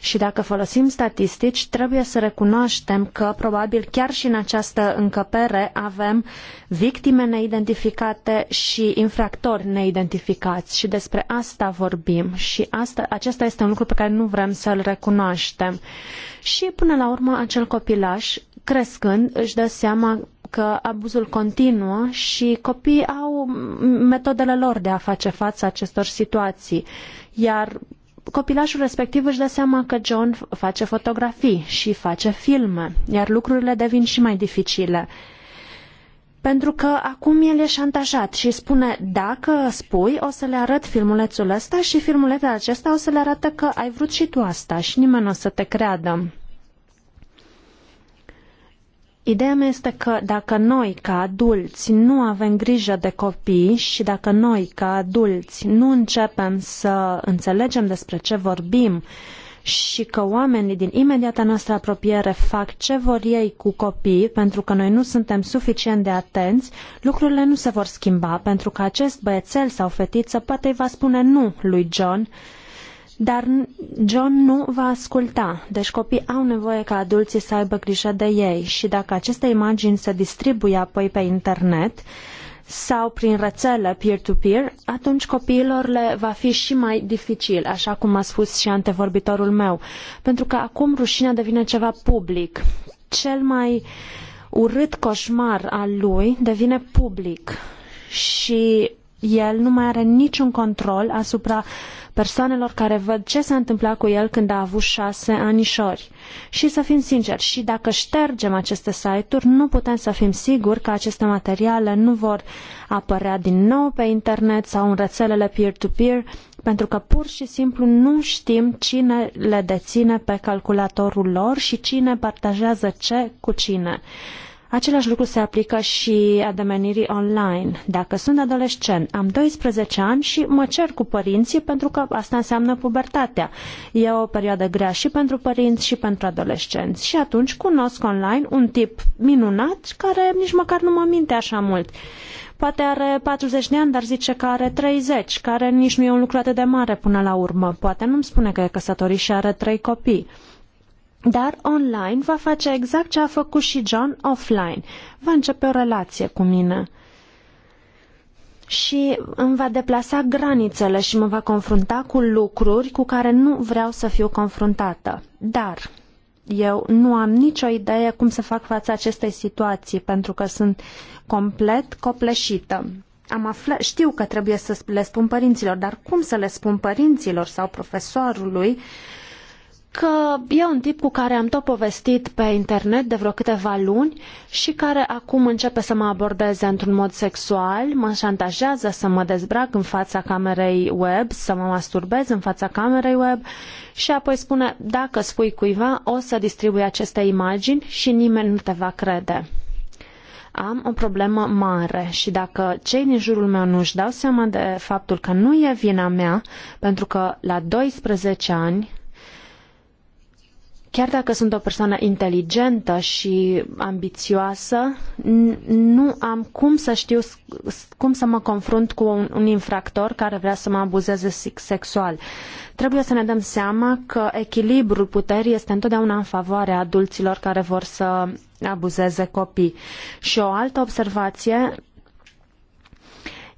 Speaker 1: Și dacă folosim statistici, trebuie să recunoaștem că probabil chiar și în această încăpere avem victime neidentificate și infractori neidentificați și despre asta vorbim și asta, acesta este un lucru pe care nu vrem să-l recunoaștem creștem. Și până la urmă acel copilaș crescând își dă seama că abuzul continuă și copiii au metodele lor de a face față acestor situații. Iar copilașul respectiv își dă seama că John face fotografii și face filme, iar lucrurile devin și mai dificile pentru că acum el e șantajat și spune dacă spui o să le arăt filmulețul ăsta și filmulețul acesta o să le arată că ai vrut și tu asta și nimeni nu o să te creadă. Ideea mea este că dacă noi, ca adulți, nu avem grijă de copii și dacă noi, ca adulți, nu începem să înțelegem despre ce vorbim, uh, și că oamenii din imediata noastră apropiere fac ce vor ei cu copii pentru că noi nu suntem suficient de atenți, lucrurile nu se vor schimba pentru că acest băiețel sau fetiță poate îi va spune nu lui John dar John nu va asculta, deci copiii au nevoie ca adulții să aibă grijă de ei și dacă aceste imagini se distribuie apoi pe internet, uh, sau prin rețele peer-to-peer, atunci copiilor le va fi și mai dificil, așa cum a spus și antevorbitorul meu. Pentru că acum rușinea devine ceva public. Cel mai urât coșmar al lui devine public și el nu mai are niciun control asupra persoanelor care văd ce s-a întâmplat cu el când a avut șase anișori. Și să fim sinceri, și dacă ștergem aceste site-uri, nu putem să fim siguri că aceste materiale nu vor apărea din nou pe internet sau în rețelele peer-to-peer, -peer, pentru că pur și simplu nu știm cine le deține pe calculatorul lor și cine partajează ce cu cine. Același lucru se aplică și ademenirii online. Dacă sunt adolescent, am 12 ani și mă cer cu părinții pentru că asta înseamnă pubertatea. E o perioadă grea și pentru părinți și pentru adolescenți. Și atunci cunosc online un tip minunat care nici măcar nu mă minte așa mult. Poate are 40 de ani, dar zice că are 30, care nici nu e un lucru atât de mare până la urmă. Poate nu-mi spune că e căsătorit și are 3 copii. Dar online va face exact ce a făcut și John offline. Va începe o relație cu mine. Și îmi va deplasa granițele și mă va confrunta cu lucruri cu care nu vreau să fiu confruntată. Dar eu nu am nicio idee cum să fac față acestei situații, pentru că sunt complet copleșită. Am aflat, știu că trebuie să le spun părinților, dar cum să le spun părinților sau profesorului uh, că e un tip cu care am tot povestit pe internet de vreo câteva luni și care acum începe să mă abordeze într-un mod sexual, mă șantajează să mă dezbrac în fața camerei web, să mă masturbez în fața camerei web și apoi spune dacă spui cuiva o să distribui aceste imagini și nimeni nu te va crede. Am o problemă mare și dacă cei din jurul meu nu își dau seama de faptul că nu e vina mea, pentru că la 12 ani chiar dacă sunt o persoană inteligentă și ambițioasă, nu am cum să știu cum să mă confrunt cu un, un infractor care vrea să mă abuzeze sexual. Trebuie să ne dăm seama că echilibrul puterii este întotdeauna în favoarea adulților care vor să abuzeze copii. Și o altă observație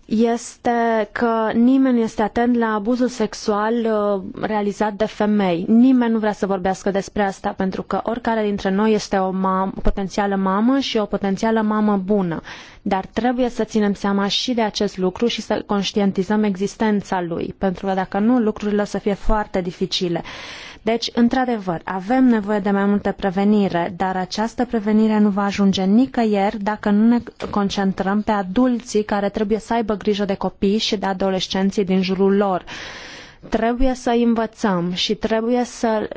Speaker 1: este că nimeni nu este atent la abuzul sexual uh, realizat de femei. Nimeni nu vrea să vorbească despre asta, pentru că oricare dintre noi este o, mam- o potențială mamă și o potențială mamă bună. Dar trebuie să ținem seama și de acest lucru și să conștientizăm existența lui, pentru că dacă nu, lucrurile o să fie foarte dificile. Deci, într-adevăr, avem nevoie de mai multă prevenire, dar această prevenire nu va ajunge nicăieri dacă nu ne concentrăm pe adulții care trebuie să aibă grijă de copii și de adolescenții din jurul lor trebuie să învățăm și trebuie să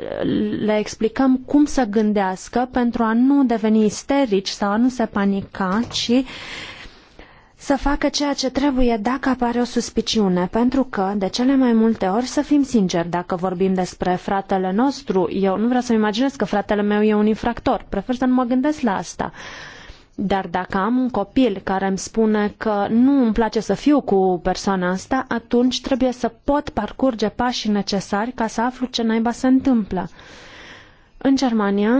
Speaker 1: le explicăm cum să gândească pentru a nu deveni isterici sau a nu se panica, ci să facă ceea ce trebuie dacă apare o suspiciune, pentru că, de cele mai multe ori, să fim sinceri, dacă vorbim despre fratele nostru, eu nu vreau să-mi imaginez că fratele meu e un infractor, prefer să nu mă gândesc la asta. Dar dacă am un copil care îmi spune că nu îmi place să fiu cu persoana asta, atunci trebuie să pot parcurge pașii necesari ca să aflu ce naiba se întâmplă. În Germania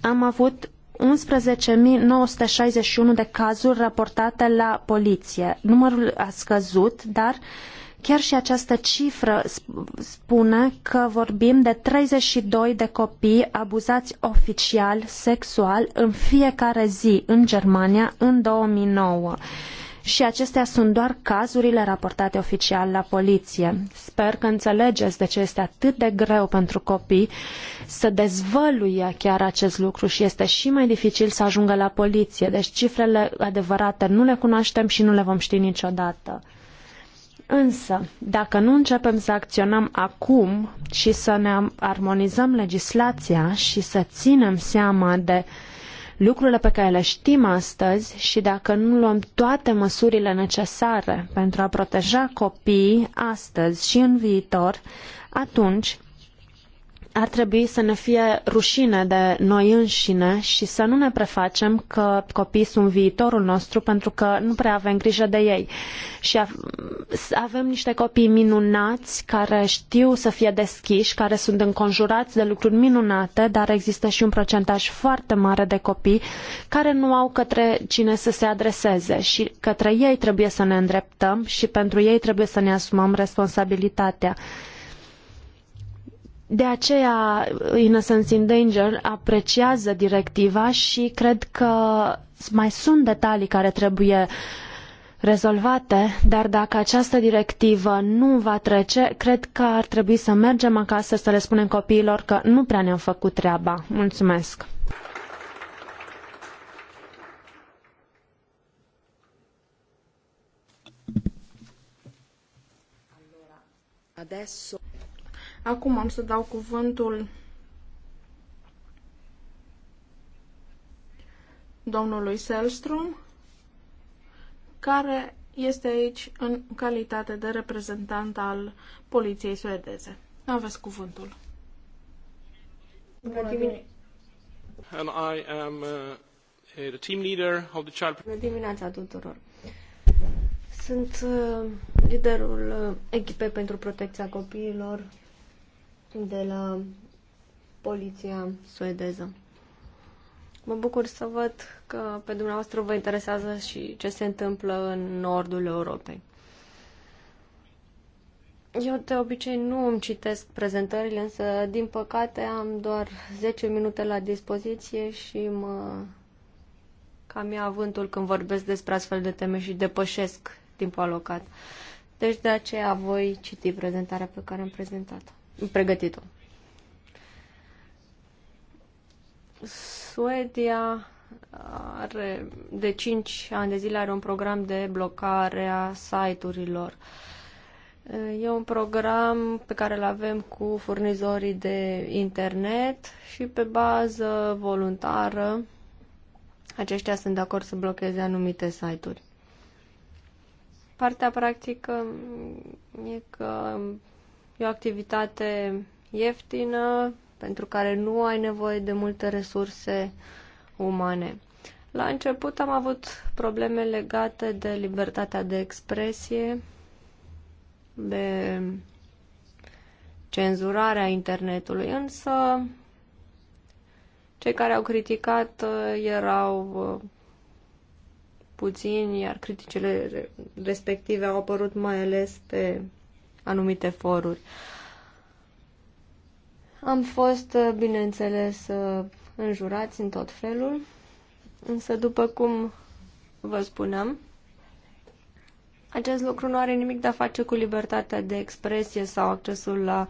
Speaker 1: am avut 11.961 de cazuri raportate la poliție. Numărul a scăzut, dar chiar și această cifră spune că vorbim de 32 de copii abuzați oficial, sexual, în fiecare zi în Germania în 2009 și acestea sunt doar cazurile raportate oficial la poliție. Sper că înțelegeți de ce este atât de greu pentru copii să dezvăluie chiar acest lucru și este și mai dificil să ajungă la poliție. Deci cifrele adevărate nu le cunoaștem și nu le vom ști niciodată. Însă, dacă nu începem să acționăm acum și să ne armonizăm legislația și să ținem seama de uh, lucrurile pe care le știm astăzi și dacă nu luăm toate măsurile necesare pentru a proteja copiii astăzi și în viitor, atunci ar trebui să ne fie rușine de noi înșine și să nu ne prefacem că copiii sunt viitorul nostru pentru că nu prea avem grijă de ei. Și avem niște copii minunați care știu să fie deschiși, care sunt înconjurați de lucruri minunate, dar există și un procentaj foarte mare de copii care nu au către cine să se adreseze și către ei trebuie să ne îndreptăm și pentru ei trebuie să ne asumăm responsabilitatea. De aceea, Innocence in Danger apreciază directiva și cred că mai sunt detalii care trebuie rezolvate, dar dacă această directivă nu va trece, cred că ar trebui să mergem acasă să le spunem copiilor că nu prea ne-am făcut treaba. Mulțumesc!
Speaker 3: Adesso. Acum am să dau cuvântul domnului Selstrom, care este aici în calitate de reprezentant al poliției suedeze. Aveți cuvântul. Bună dimineața!
Speaker 2: Uh, Bună dimineața tuturor! Sunt uh, liderul uh, echipei pentru protecția copiilor de la poliția suedeză. Mă bucur să văd că pe dumneavoastră vă interesează și ce se întâmplă în nordul Europei. Eu de obicei nu îmi citesc prezentările, însă din păcate am doar 10 minute la dispoziție și mă cam ia avântul când vorbesc despre astfel de teme și depășesc timpul alocat. Deci de aceea voi citi prezentarea pe care am prezentat-o pregătit-o. Suedia are, de 5 ani de zile are un program de blocare a site-urilor. E un program pe care îl avem cu furnizorii de internet și pe bază voluntară aceștia sunt de acord să blocheze anumite site-uri. Partea practică e că E o activitate ieftină, pentru care nu ai nevoie de multe resurse umane. La început am avut probleme legate de libertatea de expresie, de cenzurarea internetului, însă cei care au criticat uh, erau uh, puțini, iar criticile respective au apărut mai ales pe anumite foruri. Am fost, bineînțeles, înjurați în tot felul, însă după cum vă spuneam, acest lucru nu are nimic de a face cu libertatea de expresie sau accesul la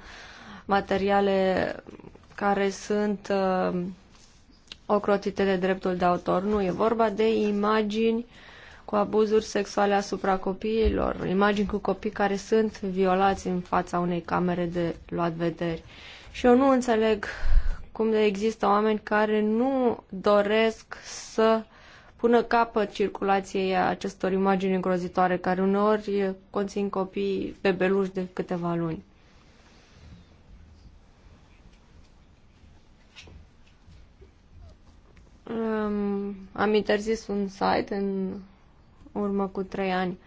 Speaker 2: materiale care sunt uh, ocrotite de dreptul de autor. Nu, e vorba de imagini uh, cu abuzuri sexuale asupra copiilor, imagini cu copii care sunt violați în fața unei camere de luat vederi. Și eu nu înțeleg cum de există oameni care nu doresc să pună capăt circulației acestor imagini îngrozitoare, care uneori conțin copii bebeluși de câteva luni. Um, am interzis un site în urmă cu trei ani.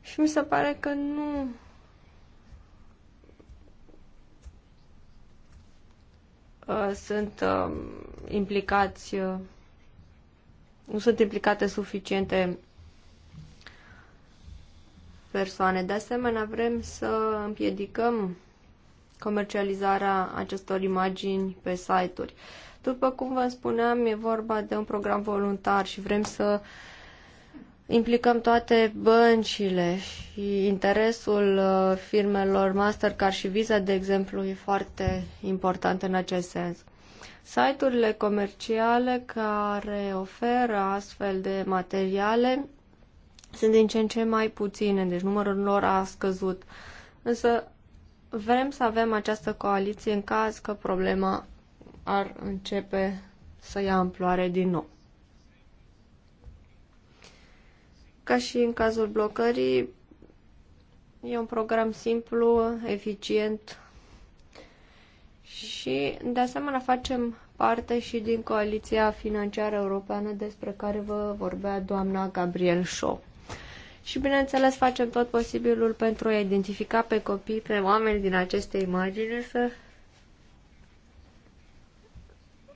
Speaker 2: Și mi se pare că nu uh, sunt uh, implicați, uh, nu sunt implicate suficiente persoane. De asemenea, vrem să împiedicăm comercializarea acestor imagini pe site-uri. După cum vă spuneam, e vorba de un program voluntar și vrem să uh, implicăm toate băncile și interesul uh, firmelor Mastercard și Visa, de exemplu, e foarte important în acest sens. Site-urile comerciale care oferă astfel de materiale sunt din ce în ce mai puține, deci numărul lor a scăzut. Însă vrem să avem această coaliție în caz că problema ar începe să ia amploare din nou. Ca și în cazul blocării, e un program simplu, eficient și, de asemenea, facem parte și din coaliția financiară europeană despre care vă vorbea doamna Gabriel Shaw. Și, bineînțeles, facem tot posibilul pentru a identifica pe copii, pe oameni din aceste imagini, să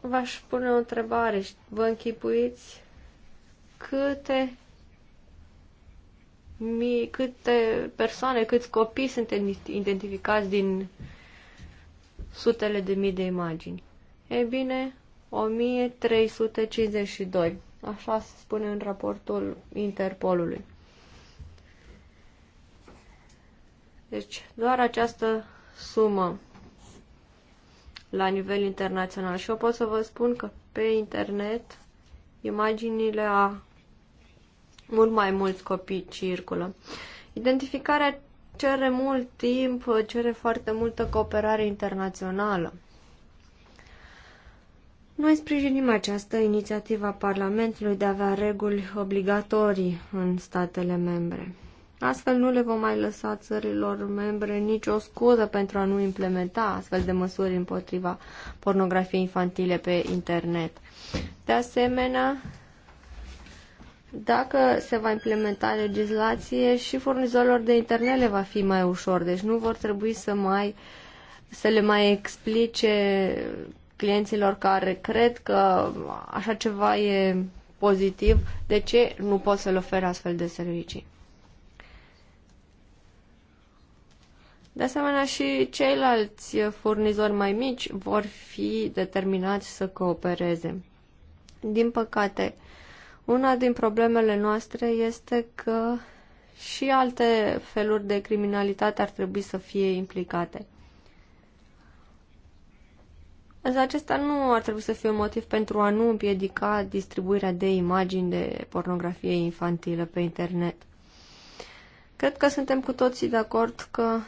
Speaker 2: v-aș pune o întrebare. Vă închipuiți câte mii, câte persoane, câți copii sunt identificați din sutele de mii de imagini? E bine, 1352. Așa se spune în raportul Interpolului. Deci, doar această sumă la nivel internațional. Și eu pot să vă spun că pe internet imaginile a mult mai mulți copii circulă. Identificarea cere mult timp, cere foarte multă cooperare internațională. Noi sprijinim această inițiativă a Parlamentului de a avea reguli obligatorii în statele membre. Astfel nu le vom mai lăsa țărilor membre nicio scuză pentru a nu implementa astfel de măsuri împotriva pornografiei infantile pe internet. De asemenea, dacă se va implementa legislație și furnizorilor de internet le va fi mai ușor, deci nu vor trebui să mai să le mai explice clienților care cred că așa ceva e pozitiv, de ce nu pot să le ofere astfel de servicii. De asemenea, și ceilalți furnizori mai mici vor fi determinați să coopereze. Din păcate, una din problemele noastre este că și alte feluri de criminalitate ar trebui să fie implicate. Însă acesta nu ar trebui să fie un motiv pentru a nu împiedica distribuirea de imagini de pornografie infantilă pe internet. Cred că suntem cu toții de acord că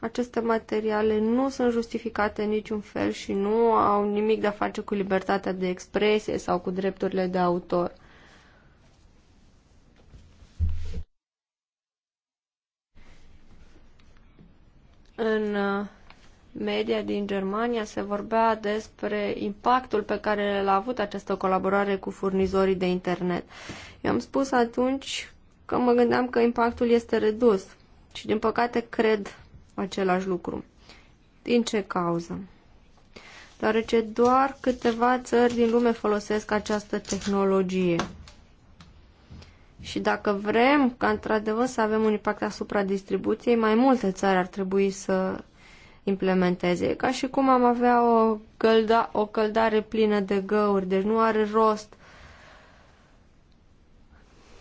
Speaker 2: aceste materiale nu sunt justificate în niciun fel și nu au nimic de a face cu libertatea de expresie sau cu drepturile de autor. În uh, media din Germania se vorbea despre impactul pe care l-a avut această colaborare cu furnizorii de internet. Eu am spus atunci că mă gândeam că impactul este redus și din păcate cred același lucru. Din ce cauză? Deoarece doar câteva țări din lume folosesc această tehnologie. Și dacă vrem ca într-adevăr să avem un impact asupra distribuției, mai multe țări ar trebui să implementeze. Ca și cum am avea o, călda, o căldare plină de găuri, deci nu are rost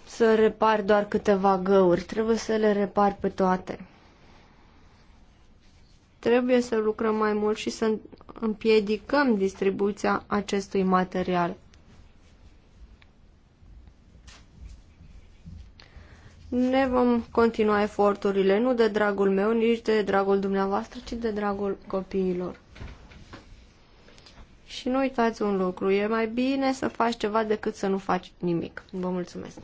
Speaker 2: să repar doar câteva găuri, trebuie să le repar pe toate. Trebuie să lucrăm mai mult și să împiedicăm distribuția acestui material. ne vom continua eforturile, nu de dragul meu, nici de dragul dumneavoastră, ci de dragul copiilor. Și nu uitați un lucru, e mai bine să faci ceva decât să nu faci nimic. Vă mulțumesc!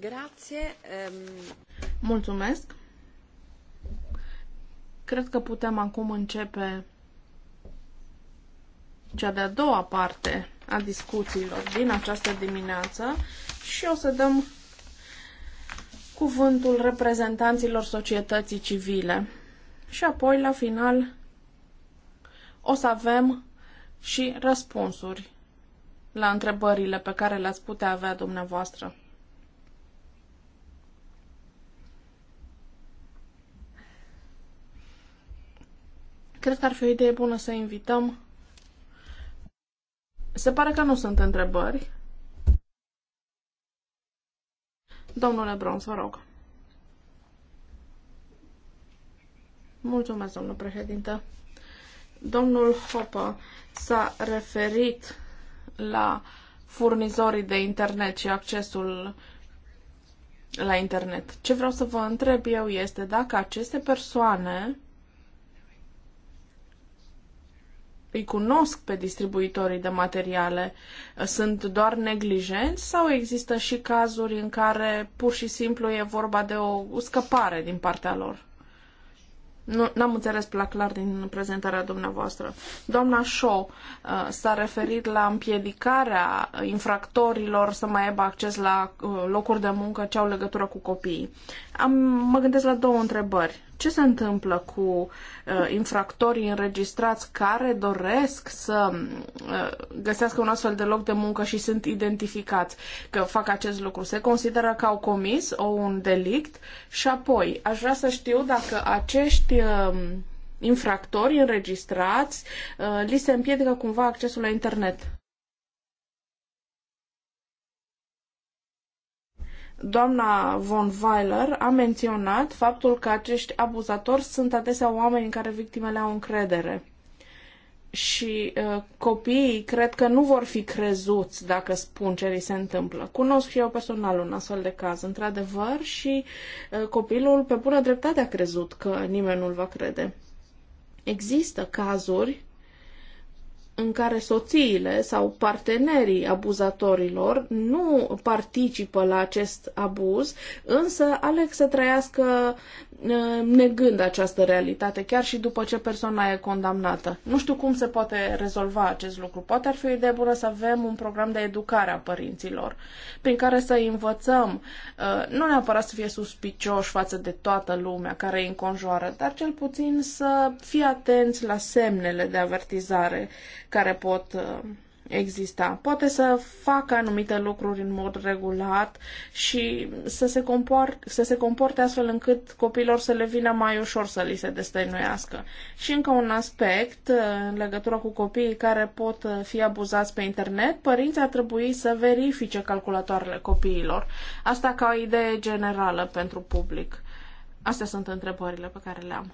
Speaker 1: Grație! Ehm.
Speaker 3: Mulțumesc. Cred că putem acum începe cea de-a doua parte a discuțiilor din această dimineață și o să dăm cuvântul reprezentanților societății civile. Și apoi, la final, o să avem și răspunsuri la întrebările pe care le-ați putea avea dumneavoastră. Cred că ar fi o idee bună să invităm se pare că nu sunt întrebări. Domnule Brons, vă rog. Mulțumesc, domnul președinte. Domnul Hopa s-a referit la furnizorii de internet și accesul la internet. Ce vreau să vă întreb eu este dacă aceste persoane îi cunosc pe distribuitorii de materiale, sunt doar neglijenți sau există și cazuri în care pur și simplu e vorba de o scăpare din partea lor? Nu, n-am înțeles la clar din prezentarea dumneavoastră. Doamna Shaw uh, s-a referit la împiedicarea infractorilor să mai aibă acces la uh, locuri de muncă ce au legătură cu copiii. Am, mă gândesc la două întrebări. Ce se întâmplă cu uh, infractorii înregistrați care doresc să uh, găsească un astfel de loc de muncă și sunt identificați că fac acest lucru? Se consideră că au comis o, un delict și apoi aș vrea să știu dacă acești uh, infractori înregistrați uh, li se împiedică cumva accesul la internet. Doamna von Weiler a menționat faptul că acești abuzatori sunt adesea oameni în care victimele au încredere și uh, copiii cred că nu vor fi crezuți dacă spun ce li se întâmplă. Cunosc și eu personal un astfel de caz, într-adevăr, și uh, copilul pe bună dreptate a crezut că nimeni nu-l va crede. Există cazuri în care soțiile sau partenerii abuzatorilor nu participă la acest abuz, însă aleg să trăiască negând această realitate, chiar și după ce persoana e condamnată. Nu știu cum se poate rezolva acest lucru. Poate ar fi o idee bună să avem un program de educare a părinților, prin care să învățăm, uh, nu neapărat să fie suspicioși față de toată lumea care îi înconjoară, dar cel puțin să fie atenți la semnele de avertizare care pot uh, exista. Poate să facă anumite lucruri în mod regulat și să se, comporte, să se comporte astfel încât copilor să le vină mai ușor să li se destăinuiască. Și încă un aspect uh, în legătură cu copiii care pot uh, fi abuzați pe internet, părinții ar trebui să verifice calculatoarele copiilor. Asta ca o idee generală pentru public. Astea sunt întrebările pe care le am.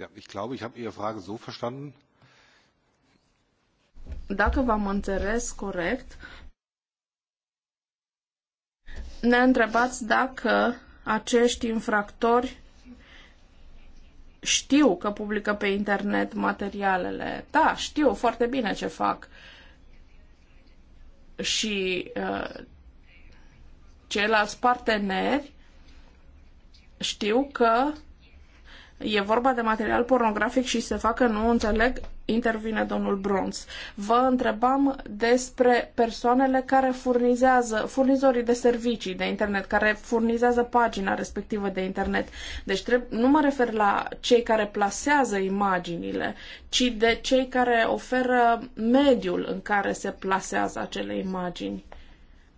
Speaker 2: Ja, ich glaube, ich habe Ihre Frage so verstanden.
Speaker 3: Dacă v-am înțeles corect, ne întrebați dacă acești infractori știu că publică pe internet materialele. Da, știu foarte bine ce fac. Și uh, ceilalți parteneri știu că e vorba de material pornografic și se facă nu înțeleg, intervine domnul Bruns. Vă întrebam despre persoanele care furnizează, furnizorii de servicii de internet, care furnizează pagina respectivă de internet. Deci nu mă refer la cei care plasează imaginile, ci de cei care oferă mediul în care se plasează acele imagini.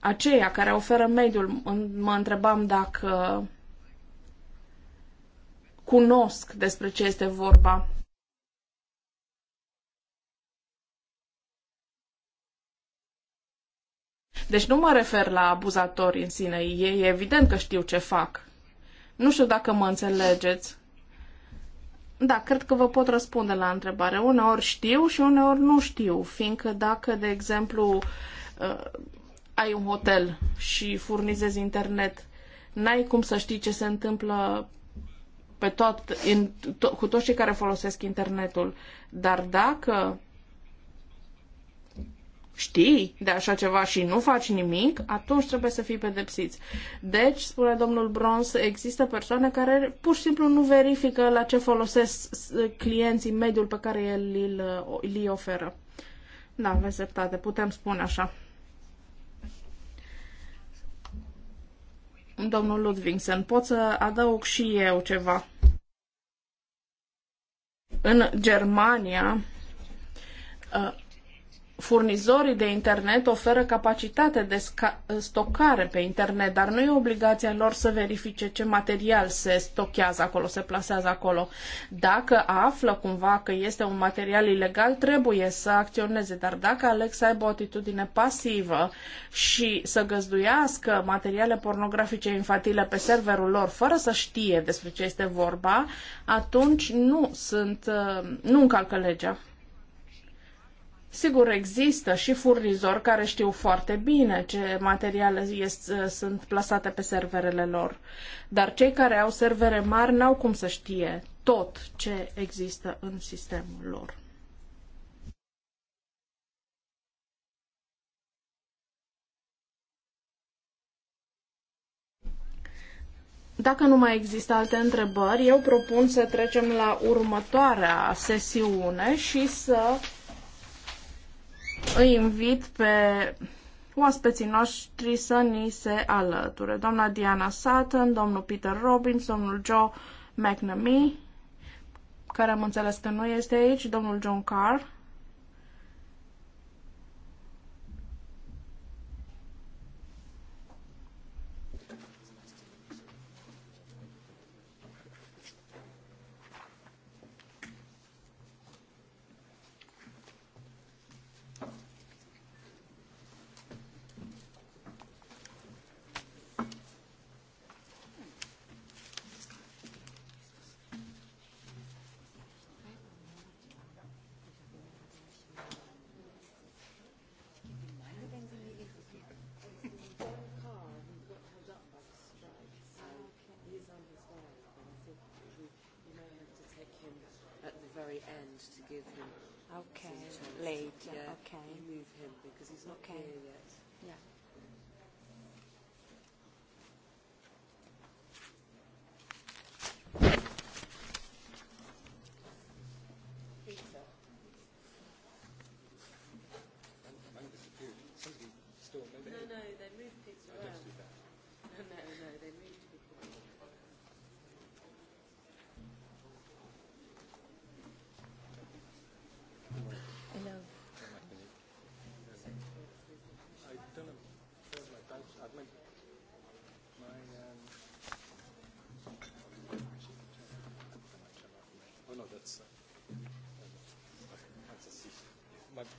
Speaker 3: Aceia care oferă mediul, mă întrebam dacă cunosc despre ce este vorba. Deci nu mă refer la abuzatori în sine, e evident că știu ce fac. Nu știu dacă mă înțelegeți. Da, cred că vă pot răspunde la întrebare. Uneori știu și uneori nu știu, fiindcă dacă, de exemplu, uh, ai un hotel și furnizezi internet, n-ai cum să știi ce se întâmplă pe tot, in, to, cu toți cei care folosesc internetul. Dar dacă știi de așa ceva și nu faci nimic, atunci trebuie să fii pedepsiți. Deci, spune domnul Brons, există persoane care pur și simplu nu verifică la ce folosesc clienții mediul pe care el îl oferă. Da, aveți dreptate, putem spune așa. Domnul Ludvingsen, pot să adaug și eu ceva. În Germania, uh, furnizorii de internet oferă capacitate de stocare pe internet, dar nu e obligația lor să verifice ce material se stochează acolo, se plasează acolo. Dacă află cumva că este un material ilegal, trebuie să acționeze, dar dacă aleg să aibă o atitudine pasivă și să găzduiască materiale pornografice infantile pe serverul lor fără să știe despre ce este vorba, atunci nu sunt, uh, nu încalcă legea. Sigur, există și furnizori care știu foarte bine ce materiale este, ă, sunt plasate pe serverele lor, dar cei care au servere mari n-au cum să știe tot ce există în sistemul lor. Dacă nu mai există alte întrebări, eu propun să trecem la următoarea sesiune și să îi invit pe oaspeții noștri să ni se alăture. Doamna Diana Sutton, domnul Peter Robbins, domnul Joe McNamee, care am înțeles că nu este aici, domnul John Carr,
Speaker 1: end to give him Okay, later. Yeah, okay. You move him because he's not okay. here yet.
Speaker 2: but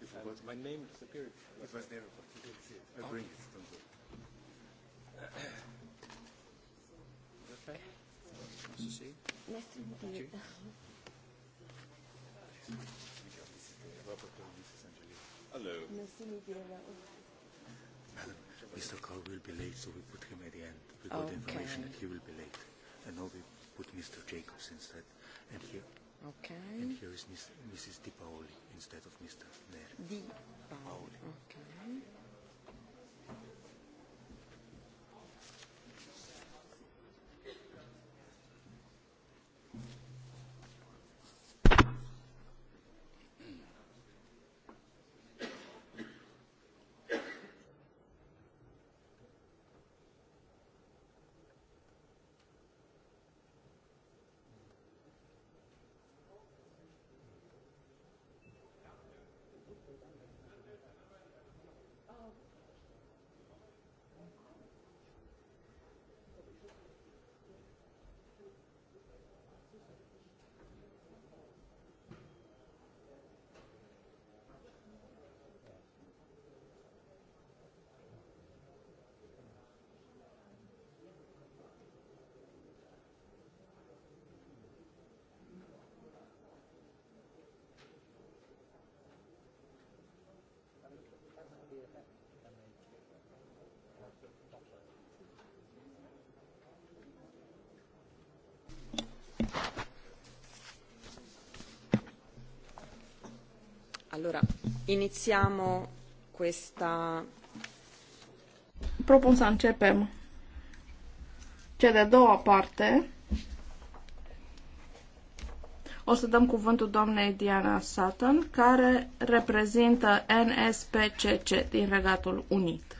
Speaker 2: you forgot. my name disappeared. It was there. I bring it.
Speaker 3: Okay. Nice to see you. Nice to meet you. Hello. Nice to
Speaker 1: Mr. Carr will be late, so we put him at the end. We got okay. information that he will be late. And now we put Mr. Jacobs instead. And here.
Speaker 3: Okay. And
Speaker 1: here is Mrs. Di Paoli instead of Mr. Neri. Di Paoli. Okay. Allora, iniziamo questa...
Speaker 3: Propun să începem cea de-a doua parte. O să dăm cuvântul doamnei Diana Sutton, care reprezintă NSPCC din Regatul Unit.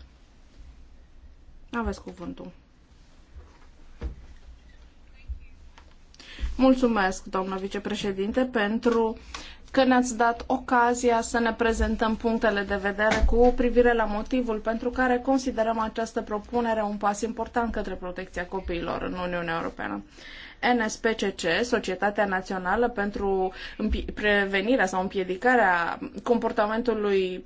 Speaker 3: Aveți cuvântul. Mulțumesc, doamna vicepreședinte, pentru că ne-ați dat ocazia să ne prezentăm punctele de vedere cu privire la motivul pentru care considerăm această propunere un pas important către protecția copiilor în Uniunea Europeană. NSPCC, Societatea Națională pentru Prevenirea sau Împiedicarea Comportamentului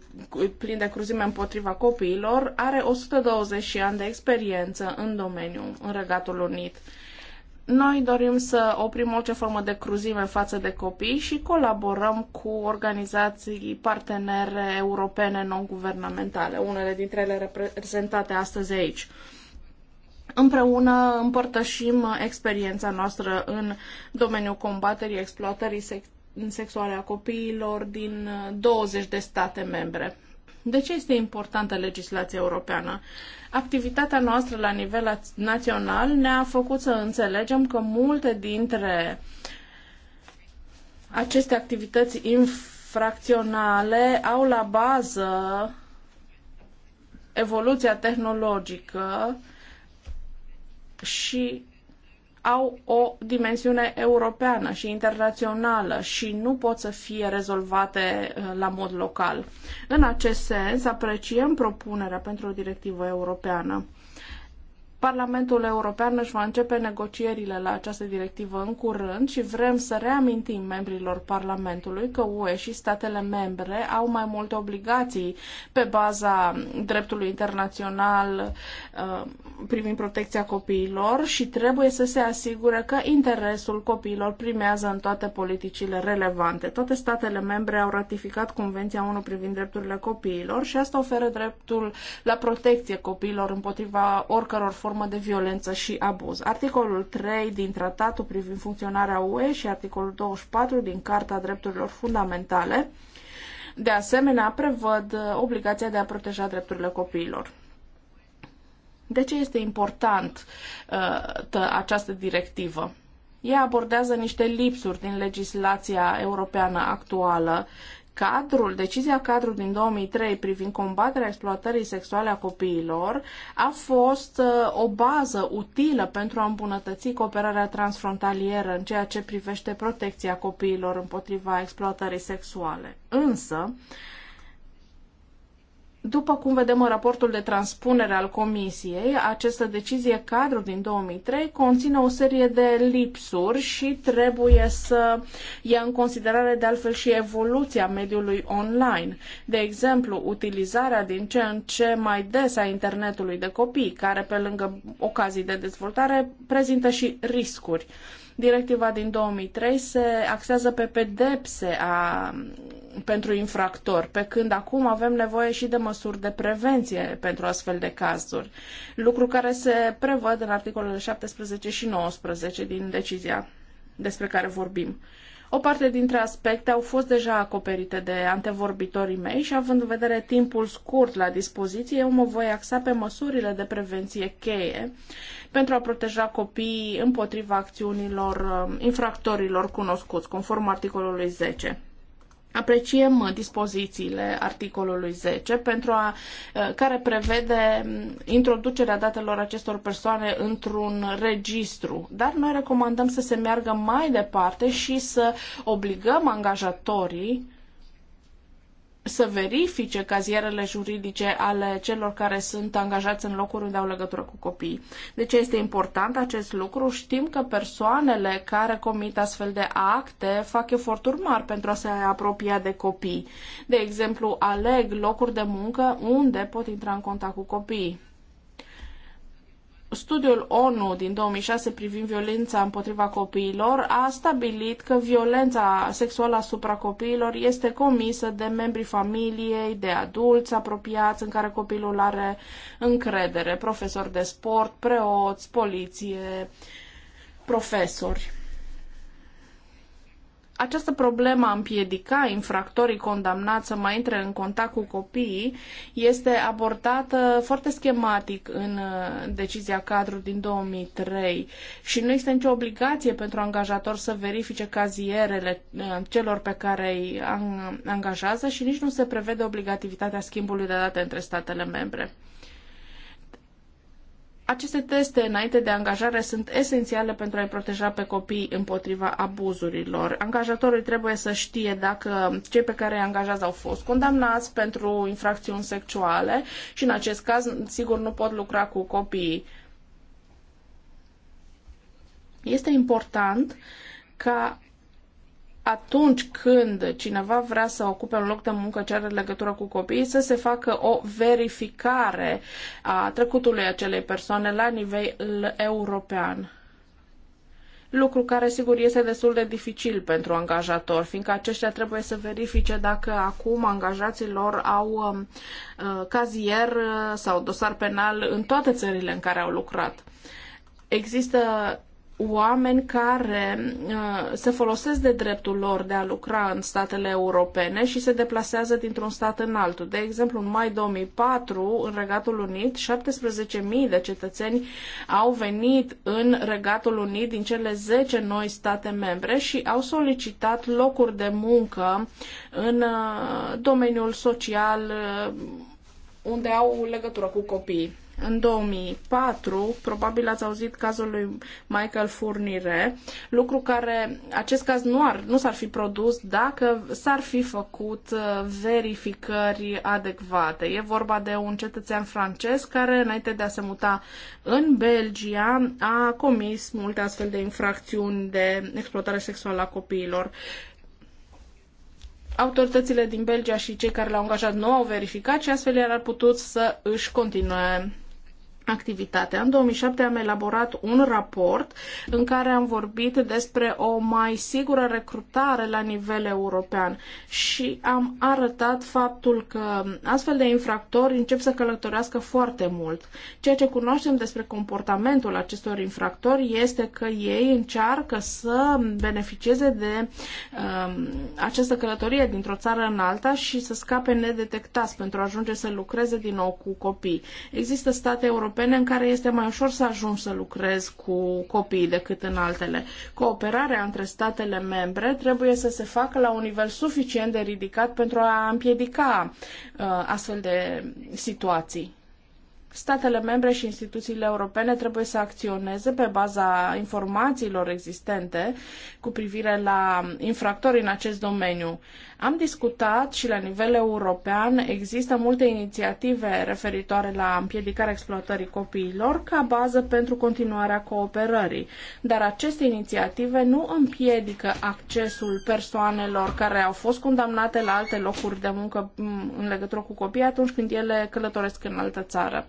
Speaker 3: plin de cruzime împotriva copiilor, are 120 ani de experiență în domeniu, în Regatul Unit. Noi dorim să oprim orice formă de cruzime față de copii și colaborăm cu organizații partenere europene non-guvernamentale, unele dintre ele reprezentate astăzi aici. Împreună împărtășim experiența noastră în domeniul combaterii exploatării sexuale a copiilor din 20 de state membre. De ce este importantă legislația europeană? Activitatea noastră la nivel național ne-a făcut să înțelegem că multe dintre aceste activități infracționale au la bază evoluția tehnologică și au o dimensiune europeană și internațională și nu pot să fie rezolvate uh, la mod local. În acest sens, apreciem propunerea pentru o directivă europeană. Parlamentul European își va începe negocierile la această directivă în curând și vrem să reamintim membrilor Parlamentului că UE și statele membre au mai multe obligații pe baza dreptului internațional uh, privind protecția copiilor și trebuie să se asigure că interesul copiilor primează în toate politicile relevante. Toate statele membre au ratificat Convenția 1 privind drepturile copiilor și asta oferă dreptul la protecție copiilor împotriva oricăror forme formă de violență și abuz. Articolul 3 din Tratatul privind funcționarea UE și articolul 24 din Carta Drepturilor Fundamentale, de asemenea, prevăd uh, obligația de a proteja drepturile copiilor. De ce este important uh, această directivă? Ea abordează niște lipsuri din legislația europeană actuală cadrul, decizia cadrul din 2003 privind combaterea exploatării sexuale a copiilor a fost uh, o bază utilă pentru a îmbunătăți cooperarea transfrontalieră în ceea ce privește protecția copiilor împotriva exploatării sexuale. Însă, după cum vedem în raportul de transpunere al Comisiei, această decizie cadru din 2003 conține o serie de lipsuri și trebuie să ia în considerare de altfel și evoluția mediului online. De exemplu, utilizarea din ce în ce mai des a internetului de copii, care pe lângă ocazii de dezvoltare prezintă și riscuri. Directiva din 2003 se axează pe pedepse a pentru infractor, pe când acum avem nevoie și de măsuri de prevenție pentru astfel de cazuri, lucru care se prevăd în articolele 17 și 19 din decizia despre care vorbim. O parte dintre aspecte au fost deja acoperite de antevorbitorii mei și având în vedere timpul scurt la dispoziție, eu mă voi axa pe măsurile de prevenție cheie pentru a proteja copiii împotriva acțiunilor um, infractorilor cunoscuți, conform articolului 10. Apreciem uh, dispozițiile articolului 10 pentru a, uh, care prevede mm, introducerea datelor acestor persoane într-un registru, dar noi recomandăm să se meargă mai departe și să obligăm angajatorii să verifice cazierele juridice ale celor care sunt angajați în locuri unde au legătură cu copiii. De ce este important acest lucru? Știm că persoanele care comit astfel de acte fac eforturi mari pentru a se apropia de copii. De exemplu, aleg locuri de muncă unde pot intra în contact cu copiii. Studiul ONU din 2006 privind violența împotriva copiilor a stabilit că violența sexuală asupra copiilor este comisă de membrii familiei, de adulți apropiați în care copilul are încredere, profesori de sport, preoți, poliție, profesori această problemă a împiedica infractorii condamnați să mai intre în contact cu copiii este abordată foarte schematic în uh, decizia cadru din 2003 și nu există nicio obligație pentru angajator să verifice cazierele uh, celor pe care îi angajează și nici nu se prevede obligativitatea schimbului de date între statele membre. Aceste teste înainte de angajare sunt esențiale pentru a-i proteja pe copii împotriva abuzurilor. Angajatorii trebuie să știe dacă cei pe care îi angajează au fost condamnați pentru infracțiuni sexuale și în acest caz, sigur, nu pot lucra cu copiii. Este important ca atunci când cineva vrea să ocupe un loc de muncă ce are legătură cu copiii, să se facă o verificare a trecutului acelei persoane la nivel european. Lucru care, sigur, este destul de dificil pentru angajator, fiindcă aceștia trebuie să verifice dacă acum angajații lor au um, uh, cazier uh, sau dosar penal în toate țările în care au lucrat. Există oameni care uh, se folosesc de dreptul lor de a lucra în statele europene și se deplasează dintr-un stat în altul. De exemplu, în mai 2004, în Regatul Unit, 17.000 de cetățeni au venit în Regatul Unit din cele 10 noi state membre și au solicitat locuri de muncă în uh, domeniul social uh, unde au legătură cu copiii. În 2004, probabil ați auzit cazul lui Michael Furnire, lucru care acest caz nu, ar, nu s-ar fi produs dacă s-ar fi făcut uh, verificări adecvate. E vorba de un cetățean francez care, înainte de a se muta în Belgia, a comis multe astfel de infracțiuni de exploatare sexuală a copiilor autoritățile din Belgia și cei care l-au angajat nu au verificat și astfel el ar putut să își continue activitatea. În 2007 am elaborat un raport în care am vorbit despre o mai sigură recrutare la nivel european și am arătat faptul că astfel de infractori încep să călătorească foarte mult. Ceea ce cunoaștem despre comportamentul acestor infractori este că ei încearcă să beneficieze de um, această călătorie dintr-o țară în alta și să scape nedetectați pentru a ajunge să lucreze din nou cu copii. Există state europene Europene în care este mai ușor să ajungi să lucrezi cu copiii decât în altele. Cooperarea între statele membre trebuie să se facă la un nivel suficient de ridicat pentru a împiedica uh, astfel de situații statele membre și instituțiile europene trebuie să acționeze pe baza informațiilor existente cu privire la infractori în acest domeniu. Am discutat și la nivel european există multe inițiative referitoare la împiedicarea exploatării copiilor ca bază pentru continuarea cooperării, dar aceste inițiative nu împiedică accesul persoanelor care au fost condamnate la alte locuri de muncă mm, în legătură cu copii atunci când ele călătoresc în altă țară.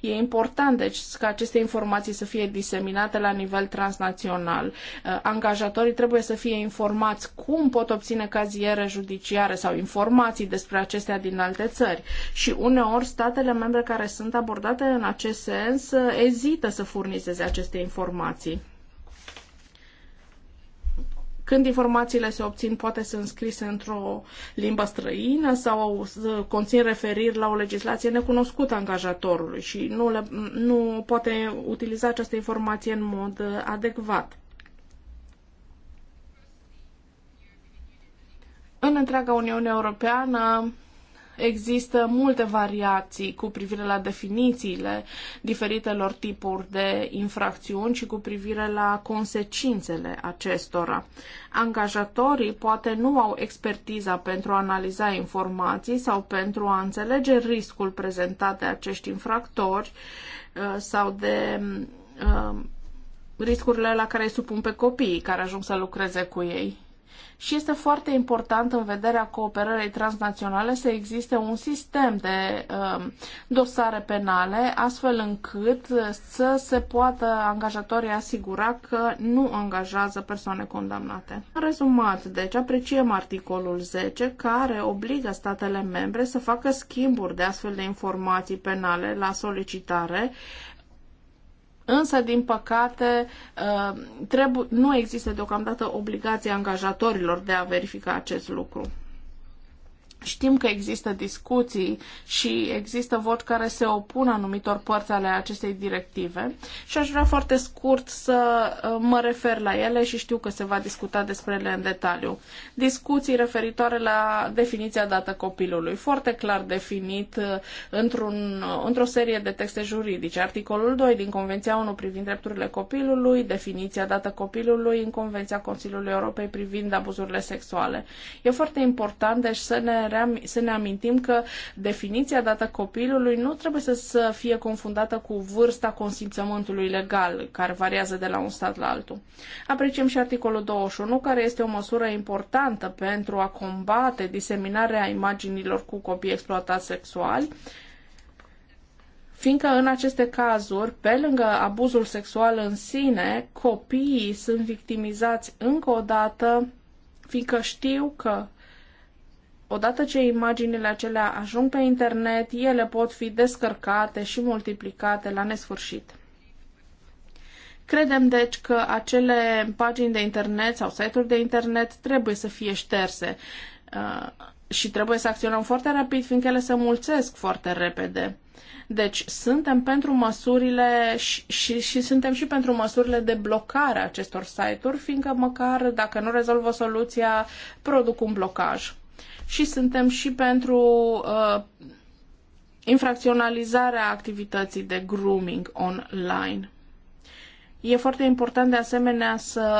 Speaker 3: E important, deci, ca aceste informații să fie diseminate la nivel transnațional. Uh, angajatorii trebuie să fie informați cum pot obține caziere judiciare judiciare sau informații despre acestea din alte țări. Și uneori statele membre care sunt abordate în acest sens uh, ezită să furnizeze aceste informații. Când informațiile se obțin, poate sunt scrise într-o limbă străină sau uh, conțin referiri la o legislație necunoscută angajatorului și nu, le, nu poate utiliza această informație în mod uh, adecvat. În întreaga Uniune Europeană există multe variații cu privire la definițiile diferitelor tipuri de infracțiuni și cu privire la consecințele acestora. Angajatorii poate nu au expertiza pentru a analiza informații sau pentru a înțelege riscul prezentat de acești infractori uh, sau de uh, riscurile la care îi supun pe copiii care ajung să lucreze cu ei și este foarte important în vederea cooperării transnaționale să existe un sistem de um, dosare penale, astfel încât uh, să se poată angajatorii asigura că nu angajează persoane condamnate. În rezumat, deci, apreciem articolul 10 care obligă statele membre să facă schimburi de astfel de informații penale la solicitare Însă, din păcate, uh, nu există deocamdată obligația angajatorilor de a verifica acest lucru. Știm că există discuții și există vot care se opun anumitor părți ale acestei directive și aș vrea foarte scurt să uh, mă refer la ele și știu că se va discuta despre ele în detaliu. Discuții referitoare la definiția dată copilului, foarte clar definit uh, într-un, uh, într-o serie de texte juridice. Articolul 2 din Convenția 1 privind drepturile copilului, definiția dată copilului în Convenția Consiliului Europei privind abuzurile sexuale. E foarte important deci să ne ream- să ne amintim că definiția dată copilului nu trebuie să, să fie confundată cu vârsta consimțământului legal, care variază de la un stat la altul. Apreciem și articolul 21, care este o măsură importantă pentru a combate diseminarea imaginilor cu copii exploatați sexual, fiindcă în aceste cazuri, pe lângă abuzul sexual în sine, copiii sunt victimizați încă o dată, fiindcă știu că odată ce imaginile acelea ajung pe internet, ele pot fi descărcate și multiplicate la nesfârșit. Credem, deci, că acele pagini de internet sau site-uri de internet trebuie să fie șterse uh, și trebuie să acționăm foarte rapid, fiindcă ele se mulțesc foarte repede. Deci, suntem pentru măsurile și, și, și suntem și pentru măsurile de blocare a acestor site-uri, fiindcă măcar dacă nu rezolvă soluția, produc un blocaj și suntem și pentru uh, infracționalizarea activității de grooming online. E foarte important de asemenea să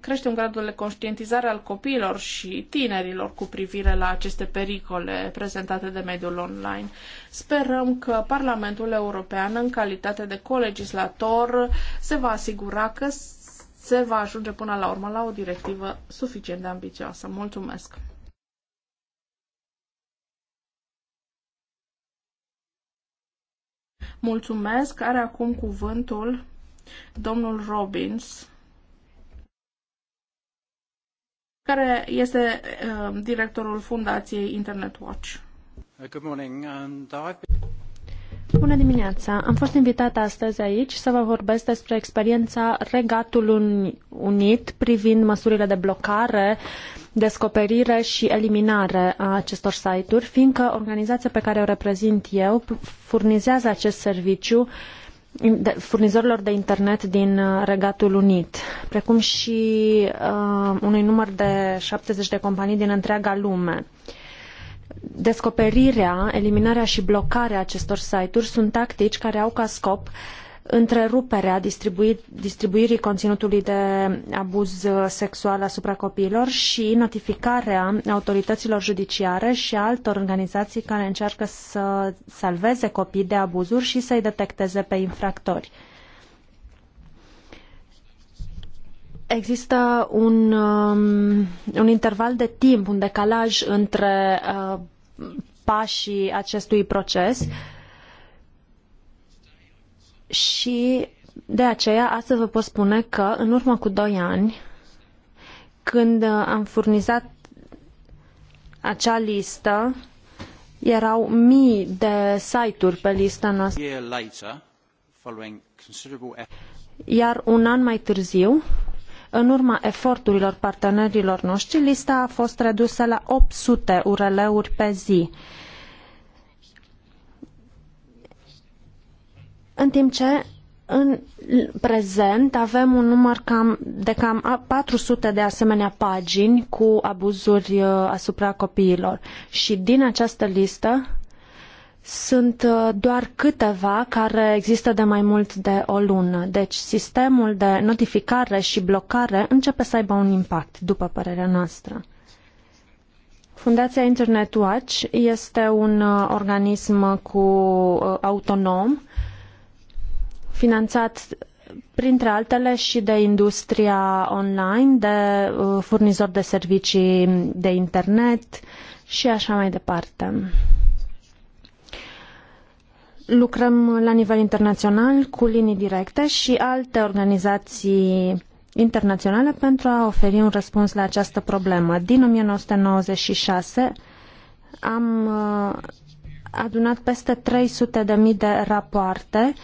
Speaker 3: creștem gradul de conștientizare al copiilor și tinerilor cu privire la aceste pericole prezentate de mediul online. Sperăm că Parlamentul European, în calitate de colegislator, se va asigura că se va ajunge până la urmă la o directivă suficient de ambițioasă. Mulțumesc! Mulțumesc. Are acum cuvântul domnul Robbins, care este uh, directorul Fundației Internet Watch. Good morning. Bună dimineața! Am fost
Speaker 1: invitat astăzi aici să vă vorbesc despre experiența Regatul Unit privind măsurile de blocare descoperire și eliminare a acestor site-uri, fiindcă organizația pe care o reprezint eu furnizează acest serviciu furnizorilor de internet din uh, Regatul Unit, precum și uh, unui număr de 70 de companii din întreaga lume. Descoperirea, eliminarea și blocarea acestor site-uri sunt tactici care au ca scop uh, întreruperea distribuirii conținutului de abuz sexual asupra copiilor și notificarea autorităților judiciare și altor organizații care încearcă să salveze copii de abuzuri și să-i detecteze pe infractori. Există un, um, un interval de timp, un decalaj între uh, pașii acestui proces. Mm și de aceea asta vă pot spune că în urmă cu doi ani, când am furnizat acea listă, erau mii de site-uri pe lista noastră. Iar un an mai târziu, în urma eforturilor partenerilor noștri, lista a fost redusă la 800 URL-uri pe zi. Uh, în timp ce în prezent avem un număr cam, de cam 400 de asemenea pagini cu abuzuri uh, asupra copiilor și din această listă sunt uh, doar câteva care există de mai mult de o lună. Deci sistemul de notificare și blocare începe să aibă un impact, după părerea noastră. Fundația Internet Watch este un uh, organism cu autonom finanțat printre altele și de industria online, de uh, furnizori de servicii de internet și așa mai departe. Lucrăm la nivel internațional cu linii directe și alte organizații internaționale pentru a oferi un răspuns la această problemă. Din 1996 am uh, adunat peste 300.000 de rapoarte uh,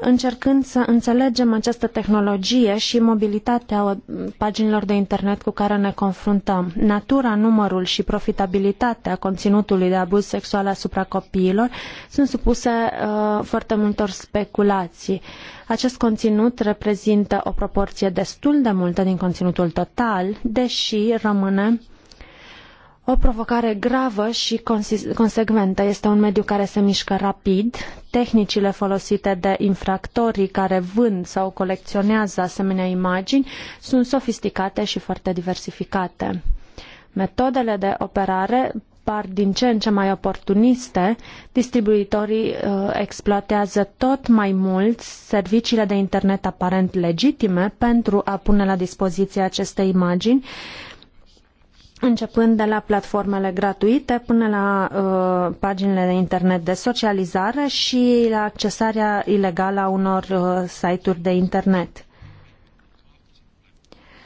Speaker 1: încercând să înțelegem această tehnologie și mobilitatea uh, paginilor de internet cu care ne confruntăm. Natura, numărul și profitabilitatea conținutului de abuz sexual asupra copiilor sunt supuse uh, foarte multor speculații. Acest conținut reprezintă o proporție destul de multă din conținutul total, deși rămâne o provocare gravă și consecventă. Este un mediu care se mișcă rapid. Tehnicile folosite de infractorii care vând sau colecționează asemenea imagini sunt sofisticate și foarte diversificate. Metodele de operare par din ce în ce mai oportuniste, distribuitorii uh, exploatează tot mai mult serviciile de internet aparent legitime pentru a pune la dispoziție aceste imagini începând de la platformele gratuite până la uh, paginile de internet de socializare și la accesarea ilegală a unor uh, site-uri de internet.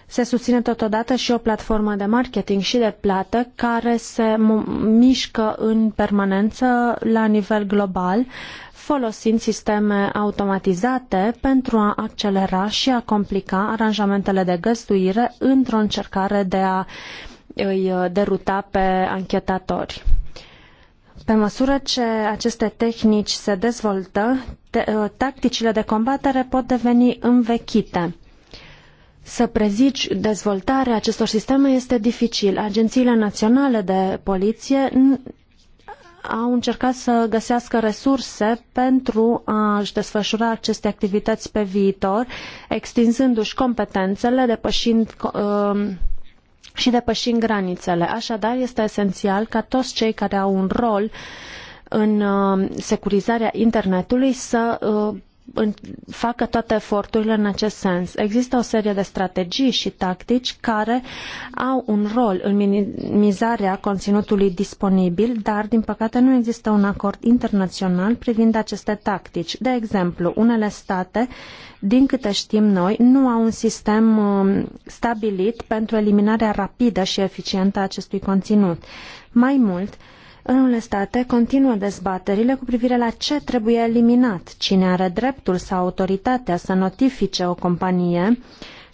Speaker 1: Se susține totodată și o platformă de marketing și de plată care se mișcă în permanență la nivel global, folosind sisteme automatizate pentru a accelera și a complica aranjamentele de găzduire într-o încercare de a uh, îi uh, deruta pe anchetatori. Pe măsură ce aceste tehnici se dezvoltă, uh, tacticile de combatere pot deveni învechite. Să prezici dezvoltarea acestor sisteme este dificil. Agențiile naționale de poliție au încercat să găsească resurse pentru a-și desfășura aceste activități pe viitor, extinzându-și competențele, depășind uh, și depășind granițele. Așadar, este esențial ca toți cei care au un rol în uh, securizarea internetului să uh, facă toate eforturile în acest sens. Există o serie de strategii și tactici care au un rol în minimizarea conținutului disponibil, dar, din păcate, nu există un acord internațional privind aceste tactici. De exemplu, unele state, din câte știm noi, nu au un sistem um, stabilit pentru eliminarea rapidă și eficientă a acestui conținut. Mai mult, în unele state continuă dezbaterile cu privire la ce trebuie eliminat, cine are dreptul sau autoritatea să notifice o companie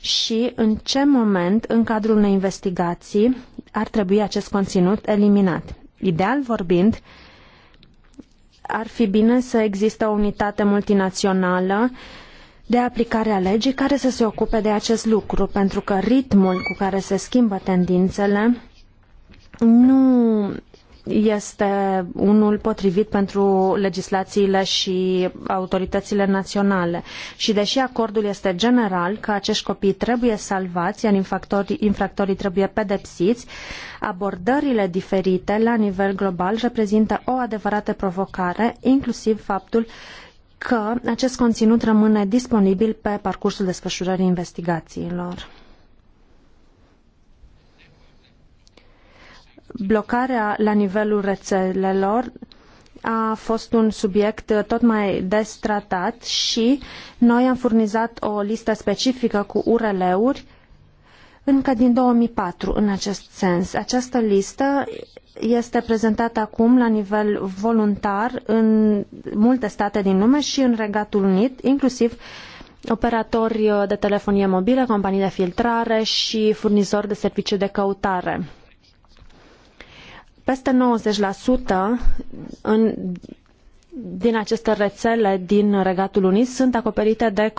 Speaker 1: și în ce moment, în cadrul unei investigații, ar trebui acest conținut eliminat. Ideal vorbind, ar fi bine să existe o unitate multinațională de aplicare a legii care să se ocupe de acest lucru, pentru că ritmul cu care se schimbă tendințele nu este unul potrivit pentru legislațiile și autoritățile naționale. Și deși acordul este general că acești copii trebuie salvați, iar infractorii, infractorii trebuie pedepsiți, abordările diferite la nivel global reprezintă o adevărată provocare, inclusiv faptul că acest conținut rămâne disponibil pe parcursul desfășurării investigațiilor. blocarea la nivelul rețelelor a fost un subiect tot mai des tratat și noi am furnizat o listă specifică cu URL-uri încă din 2004 în acest sens. Această listă este prezentată acum la nivel voluntar în multe state din lume și în Regatul Unit, inclusiv operatori de telefonie mobilă, companii de filtrare și furnizori de servicii de căutare peste 90% în, din aceste rețele din Regatul Unit sunt acoperite de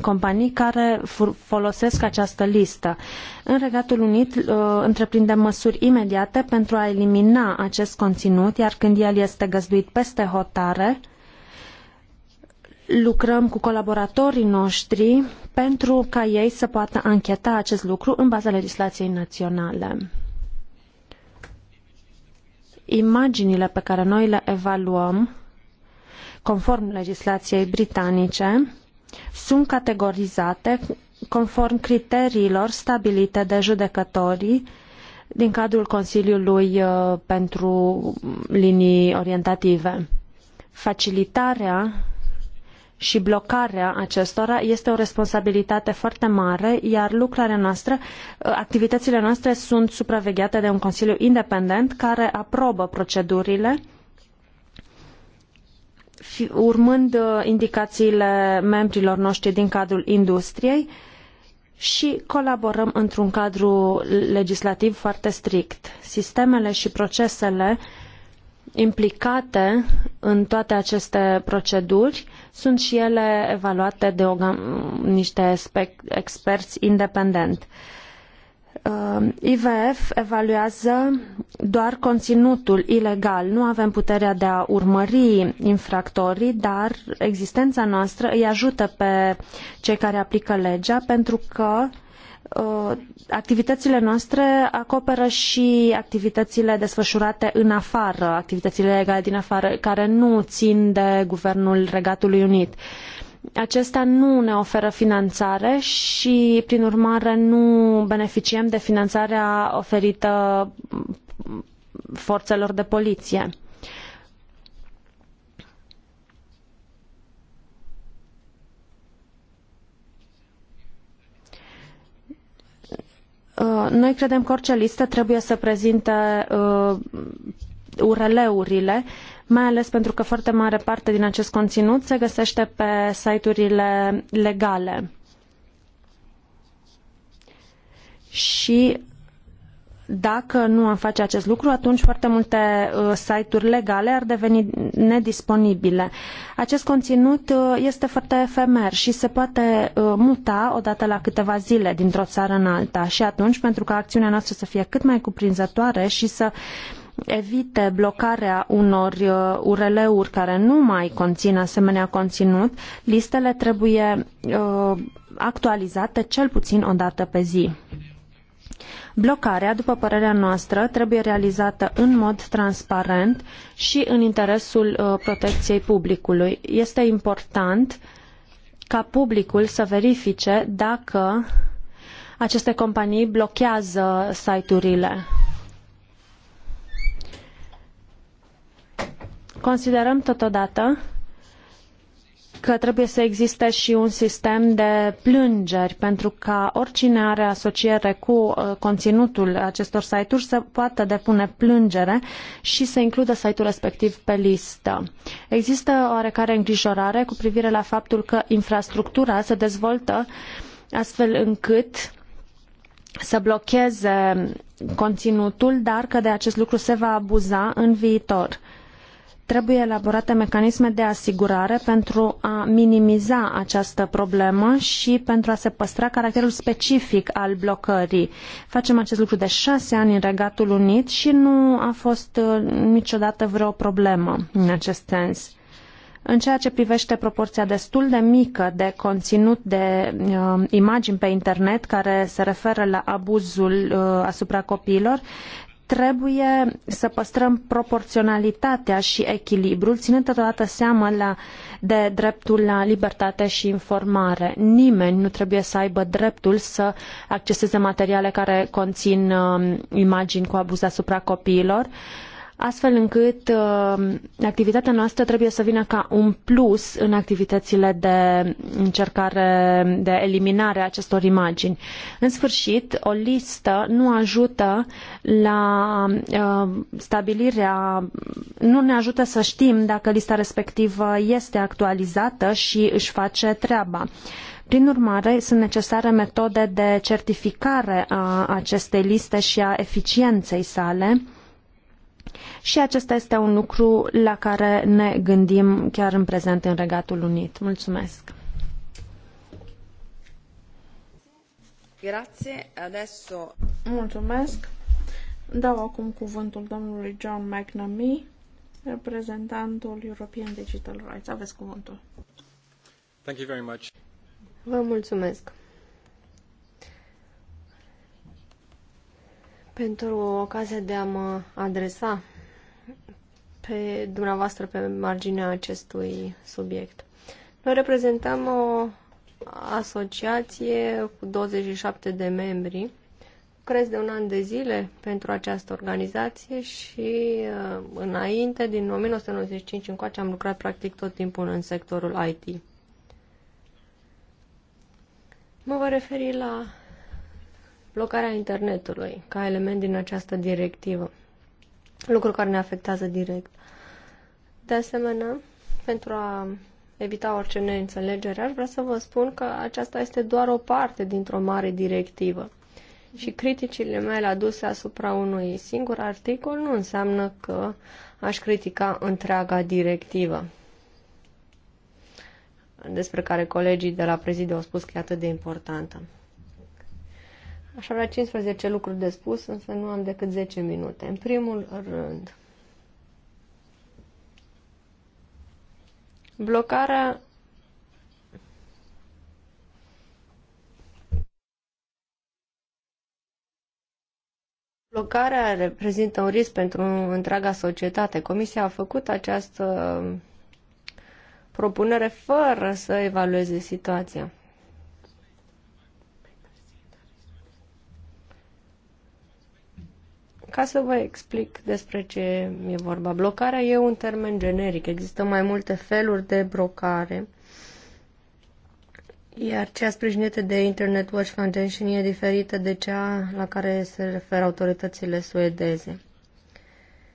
Speaker 1: companii care folosesc această listă. În Regatul Unit uh, întreprindem măsuri imediate pentru a elimina acest conținut, iar când el este găzduit peste hotare, lucrăm cu colaboratorii noștri pentru ca ei să poată ancheta acest lucru în baza legislației naționale imaginile pe care noi le evaluăm conform legislației britanice sunt categorizate conform criteriilor stabilite de judecătorii din cadrul Consiliului uh, pentru linii orientative. Facilitarea și blocarea acestora este o responsabilitate foarte mare, iar lucrarea noastră, activitățile noastre sunt supravegheate de un Consiliu independent care aprobă procedurile urmând uh, indicațiile membrilor noștri din cadrul industriei și colaborăm într-un cadru legislativ foarte strict. Sistemele și procesele uh, implicate în toate aceste proceduri sunt și ele evaluate de o, niște experți independent. Uh, IVF evaluează doar conținutul ilegal. Nu avem puterea de a urmări infractorii, dar existența noastră îi ajută pe cei care aplică legea pentru că Uh, activitățile noastre acoperă și activitățile desfășurate în afară, activitățile legale din afară, care nu țin de Guvernul Regatului Unit. Acestea nu ne oferă finanțare și, prin urmare, nu beneficiem de finanțarea oferită forțelor de poliție. Uh, noi credem că orice listă trebuie să prezinte uh, URL-urile, mai ales pentru că foarte mare parte din acest conținut se găsește pe site-urile legale. Și dacă nu am face acest lucru, atunci foarte multe uh, site-uri legale ar deveni nedisponibile. Acest conținut uh, este foarte efemer și se poate uh, muta odată la câteva zile dintr-o țară în alta și atunci, pentru ca acțiunea noastră să fie cât mai cuprinzătoare și să evite blocarea unor URL-uri care nu mai conțin asemenea conținut, listele trebuie actualizate cel puțin o dată pe zi. Blocarea, după părerea noastră, trebuie realizată în mod transparent și în interesul uh, protecției publicului. Este important ca publicul să verifice dacă aceste companii blochează site-urile. Considerăm totodată că trebuie să existe și un sistem de plângeri pentru ca oricine are asociere cu uh, conținutul acestor site-uri să poată depune plângere și să includă site-ul respectiv pe listă. Există oarecare îngrijorare cu privire la faptul că infrastructura se dezvoltă astfel încât să blocheze conținutul, dar că de acest lucru se va abuza în viitor trebuie elaborate mecanisme de asigurare pentru a minimiza această problemă și pentru a se păstra caracterul specific al blocării. Facem acest lucru de șase ani în Regatul Unit și nu a fost uh, niciodată vreo problemă în acest sens. În ceea ce privește proporția destul de mică de conținut de uh, imagini pe internet care se referă la abuzul uh, asupra copiilor, trebuie să păstrăm proporționalitatea și echilibrul, ținând totodată seama la, de dreptul la libertate și informare. Nimeni nu trebuie să aibă dreptul să acceseze materiale care conțin uh, imagini cu abuz asupra copiilor. Uh, astfel încât uh, activitatea noastră trebuie să vină ca un plus în activitățile de încercare de eliminare a acestor imagini. În sfârșit, o listă nu ajută la uh, stabilirea, nu ne ajută să știm dacă lista respectivă este actualizată și își face treaba. Prin urmare, sunt necesare metode de certificare a acestei liste și a eficienței sale, și acesta este un lucru la care ne gândim chiar în prezent în Regatul Unit. Mulțumesc!
Speaker 2: Grazie.
Speaker 3: Adesso... Mulțumesc. Dau acum cuvântul domnului John McNamee, reprezentantul European Digital Rights. Aveți cuvântul.
Speaker 2: Thank you very much.
Speaker 3: Vă mulțumesc.
Speaker 2: pentru ocazia de a mă adresa pe dumneavoastră pe marginea acestui subiect. Noi reprezentăm o asociație cu 27 de membri. Cresc de un an de zile pentru această organizație și uh, înainte, din 1995 încoace, am lucrat practic tot timpul în sectorul IT. Mă voi referi la blocarea internetului ca element din această directivă, lucru care ne afectează direct. De asemenea, pentru a evita orice neînțelegere, aș vrea să vă spun că aceasta este doar o parte dintr-o mare directivă. Și criticile mele aduse asupra unui singur articol nu înseamnă că aș critica întreaga directivă despre care colegii de la prezidiu au spus că e atât de importantă. Aș avea 15 lucruri de spus, însă nu am decât 10 minute. În primul rând, blocarea Blocarea reprezintă un risc pentru întreaga societate. Comisia a făcut această propunere fără să evalueze situația. Ca să vă explic despre ce e vorba, blocarea e un termen generic. Există mai multe feluri de blocare. Iar cea sprijinită de Internet Watch Foundation e diferită de cea la care se referă autoritățile suedeze.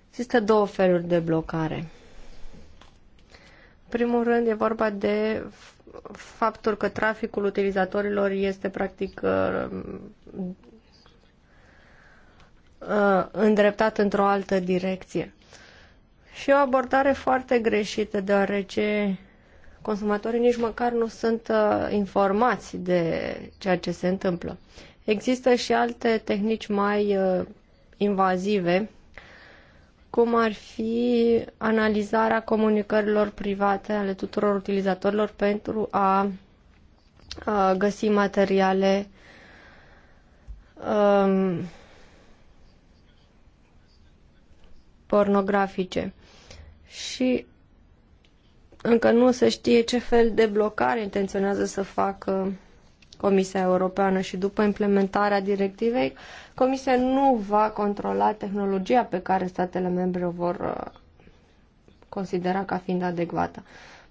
Speaker 2: Există două feluri de blocare. În primul rând e vorba de faptul că traficul utilizatorilor este practic uh, uh, îndreptat într-o altă direcție. Și o abordare foarte greșită, deoarece consumatorii nici măcar nu sunt uh, informați de ceea ce se întâmplă. Există și alte tehnici mai uh, invazive, cum ar fi analizarea comunicărilor private ale tuturor utilizatorilor pentru a, uh, găsi materiale um, pornografice. Și încă nu se știe ce fel de blocare intenționează să facă Comisia Europeană și după implementarea directivei, Comisia nu va controla tehnologia pe care statele membre o vor uh, considera ca fiind adecvată.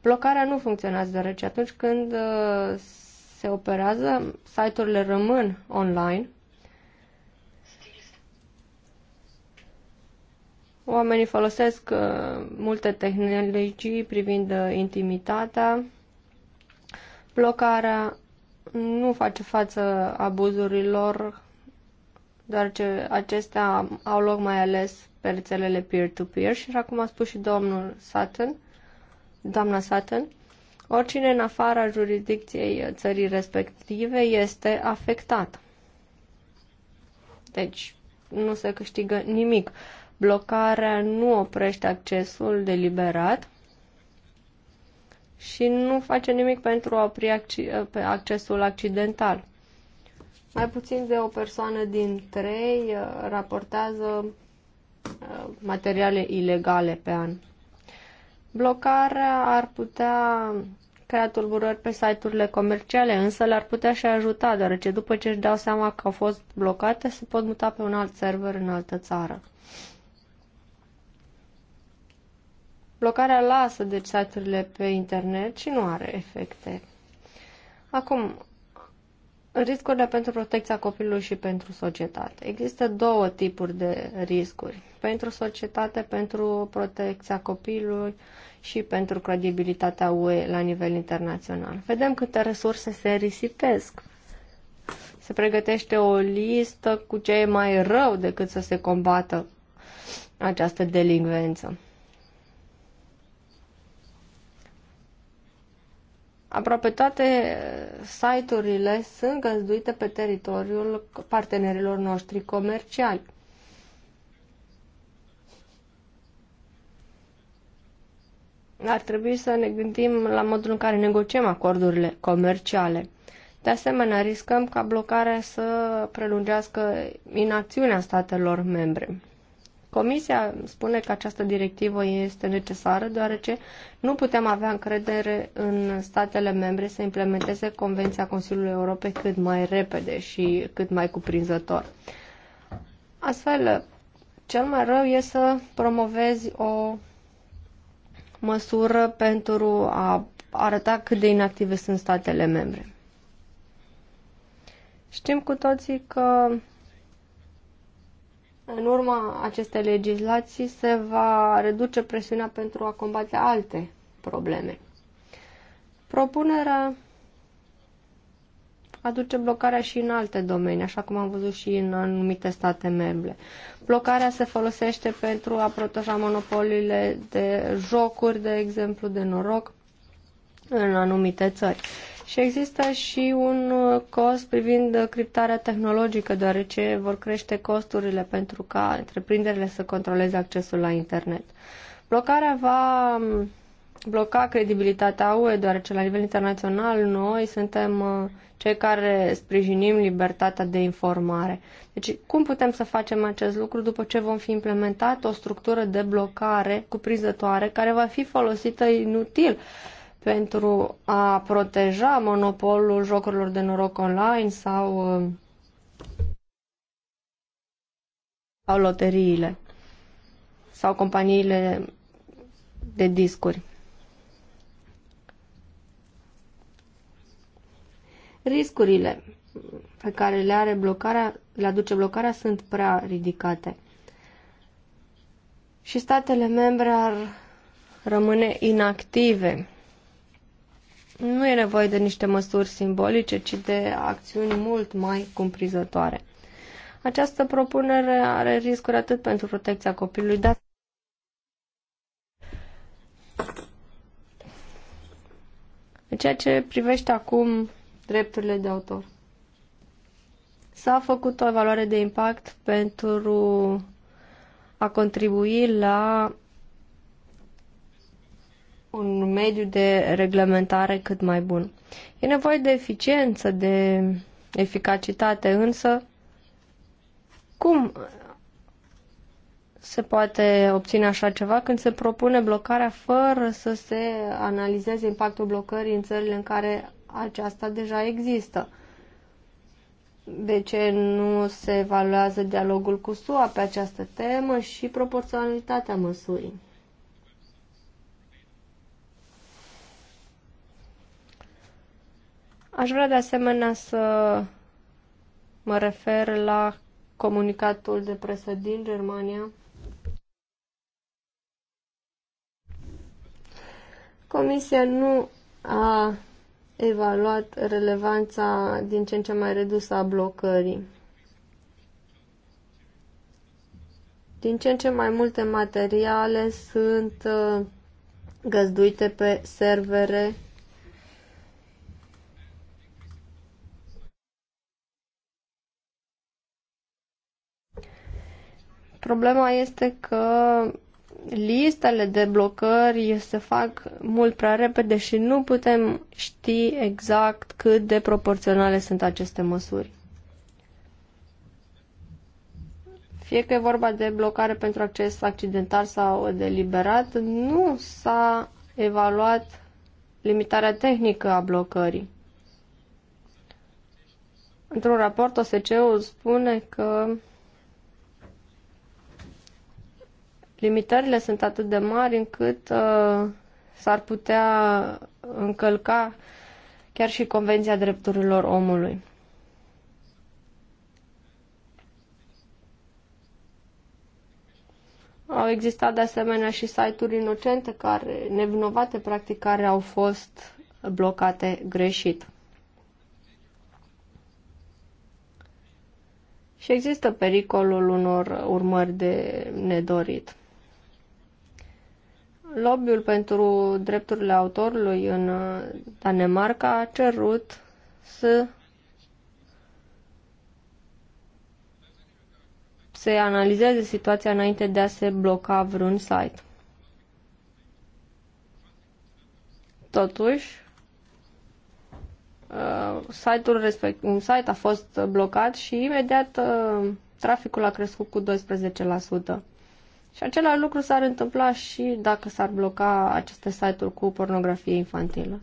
Speaker 2: Blocarea nu funcționează deoarece atunci când uh, se operează, site-urile rămân online Oamenii folosesc uh, multe tehnologii privind uh, intimitatea. Blocarea nu face față abuzurilor, doar ce acestea au loc mai ales pe rețelele peer-to-peer -peer. și, acum a spus și domnul Sutton, doamna Sutton, oricine în afara jurisdicției țării respective este afectat. Deci, nu se câștigă nimic. Uh, Blocarea nu oprește accesul deliberat și nu face nimic pentru a opri accesul accidental. Mai puțin de o persoană din trei uh, raportează uh, materiale ilegale pe an. Blocarea ar putea crea tulburări pe site-urile comerciale, însă le-ar putea și ajuta, deoarece după ce își dau seama că au fost blocate, se pot muta pe un alt server în altă țară. Blocarea lasă deci site-urile pe internet și nu are efecte. Acum, riscurile pentru protecția copilului și pentru societate. Există două tipuri de riscuri. Pentru societate, pentru protecția copilului și pentru credibilitatea UE la nivel internațional. Vedem câte resurse se risipesc. Se pregătește o listă cu ce e mai rău decât să se combată această delinvență. Aproape toate site-urile sunt găzduite pe teritoriul partenerilor noștri comerciali. Ar trebui să ne gândim la modul în care negociem acordurile comerciale. De asemenea, riscăm ca blocarea să prelungească inacțiunea statelor membre. Comisia spune că această directivă este necesară deoarece nu putem avea încredere în statele membre să implementeze Convenția Consiliului Europei cât mai repede și cât mai cuprinzător. Astfel, cel mai rău e să promovezi o măsură pentru a arăta cât de inactive sunt statele membre. Știm cu toții că în urma acestei legislații se va reduce presiunea pentru a combate alte probleme. Propunerea aduce blocarea și în alte domenii, așa cum am văzut și în anumite state membre. Blocarea se folosește pentru a proteja monopoliile de jocuri, de exemplu, de noroc, în anumite țări. Și există și un uh, cost privind uh, criptarea tehnologică, deoarece vor crește costurile pentru ca întreprinderile să controleze accesul la internet. Blocarea va um, bloca credibilitatea UE, deoarece la nivel internațional noi suntem uh, cei care sprijinim libertatea de informare. Deci cum putem să facem acest lucru după ce vom fi implementat o structură de blocare cuprinzătoare care va fi folosită inutil pentru a proteja monopolul jocurilor de noroc online sau, uh, sau loteriile sau companiile de discuri. Riscurile pe care le are blocarea, le aduce blocarea sunt prea ridicate. Și statele membre ar rămâne inactive nu e nevoie de niște măsuri simbolice, ci de acțiuni mult mai cumprizătoare. Această propunere are riscuri atât pentru protecția copilului, dar în ceea ce privește acum drepturile de autor. S-a făcut o evaluare de impact pentru a contribui la un mediu de reglementare cât mai bun. E nevoie de eficiență, de eficacitate, însă cum se poate obține așa ceva când se propune blocarea fără să se analizeze impactul blocării în țările în care aceasta deja există? De ce nu se evaluează dialogul cu SUA pe această temă și proporționalitatea măsurii? Aș vrea de asemenea să mă refer la comunicatul de presă din Germania. Comisia nu a evaluat relevanța din ce în ce mai redusă a blocării. Din ce în ce mai multe materiale sunt uh, găzduite pe servere Problema este că listele de blocări se fac mult prea repede și nu putem ști exact cât de proporționale sunt aceste măsuri. Fie că e vorba de blocare pentru acces accidental sau deliberat, nu s-a evaluat limitarea tehnică a blocării. Într-un raport OSCE-ul spune că limitările sunt atât de mari încât uh, s-ar putea încălca chiar și Convenția Drepturilor Omului. Au existat de asemenea și site-uri inocente care, nevinovate practic, care au fost blocate greșit. Și există pericolul unor urmări de nedorit lobby-ul pentru drepturile autorului în uh, Danemarca a cerut să se analizeze situația înainte de a se bloca vreun site. Totuși, uh, site-ul respect, un site a fost blocat și imediat uh, traficul a crescut cu 12%. Și același lucru s-ar întâmpla și dacă s-ar bloca aceste site-uri cu pornografie infantilă.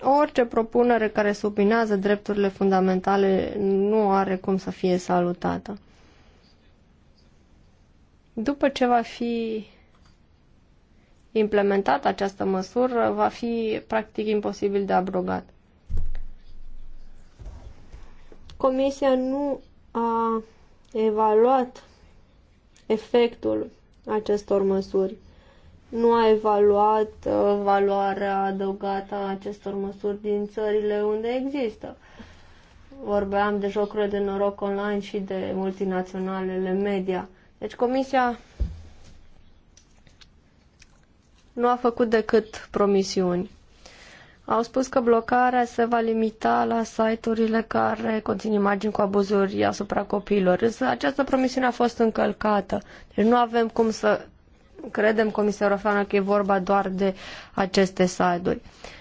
Speaker 2: Orice propunere care subminează drepturile fundamentale nu are cum să fie salutată. După ce va fi implementată această măsură, va fi practic imposibil de abrogat. Comisia nu a evaluat efectul acestor măsuri. Nu a evaluat uh, valoarea adăugată a acestor măsuri din țările unde există. Vorbeam de jocurile de noroc online și de multinaționalele media. Deci comisia nu a făcut decât promisiuni au spus că blocarea se va limita la site-urile care conțin imagini cu abuzuri asupra copiilor. Însă această promisiune a fost încălcată. Deci nu avem cum să credem Comisia Europeană că e vorba doar de aceste site-uri.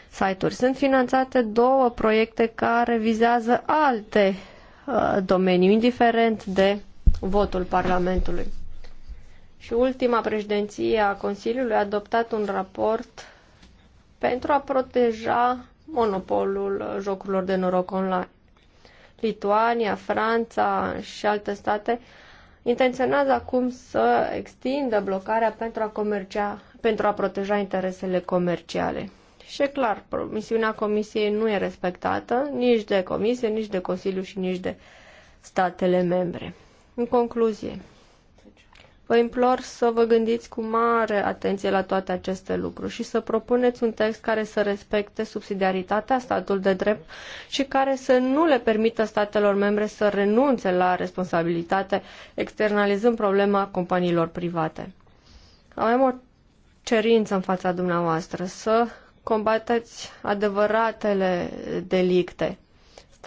Speaker 2: site-uri. Sunt finanțate două proiecte care vizează alte uh, domenii, indiferent de votul Parlamentului. Și ultima președinție a Consiliului a adoptat un raport pentru a proteja monopolul jocurilor de noroc online. Lituania, Franța și alte state intenționează acum să extindă blocarea pentru a, comercia, pentru a proteja interesele comerciale. Și e clar, misiunea Comisiei nu e respectată nici de Comisie, nici de Consiliu și nici de statele membre. În concluzie, Vă implor să vă gândiți cu mare atenție la toate aceste lucruri și să propuneți un text care să respecte subsidiaritatea, statul de drept și care să nu le permită statelor membre să renunțe la responsabilitate, externalizând problema companiilor private. Avem o cerință în fața dumneavoastră, să combateți adevăratele delicte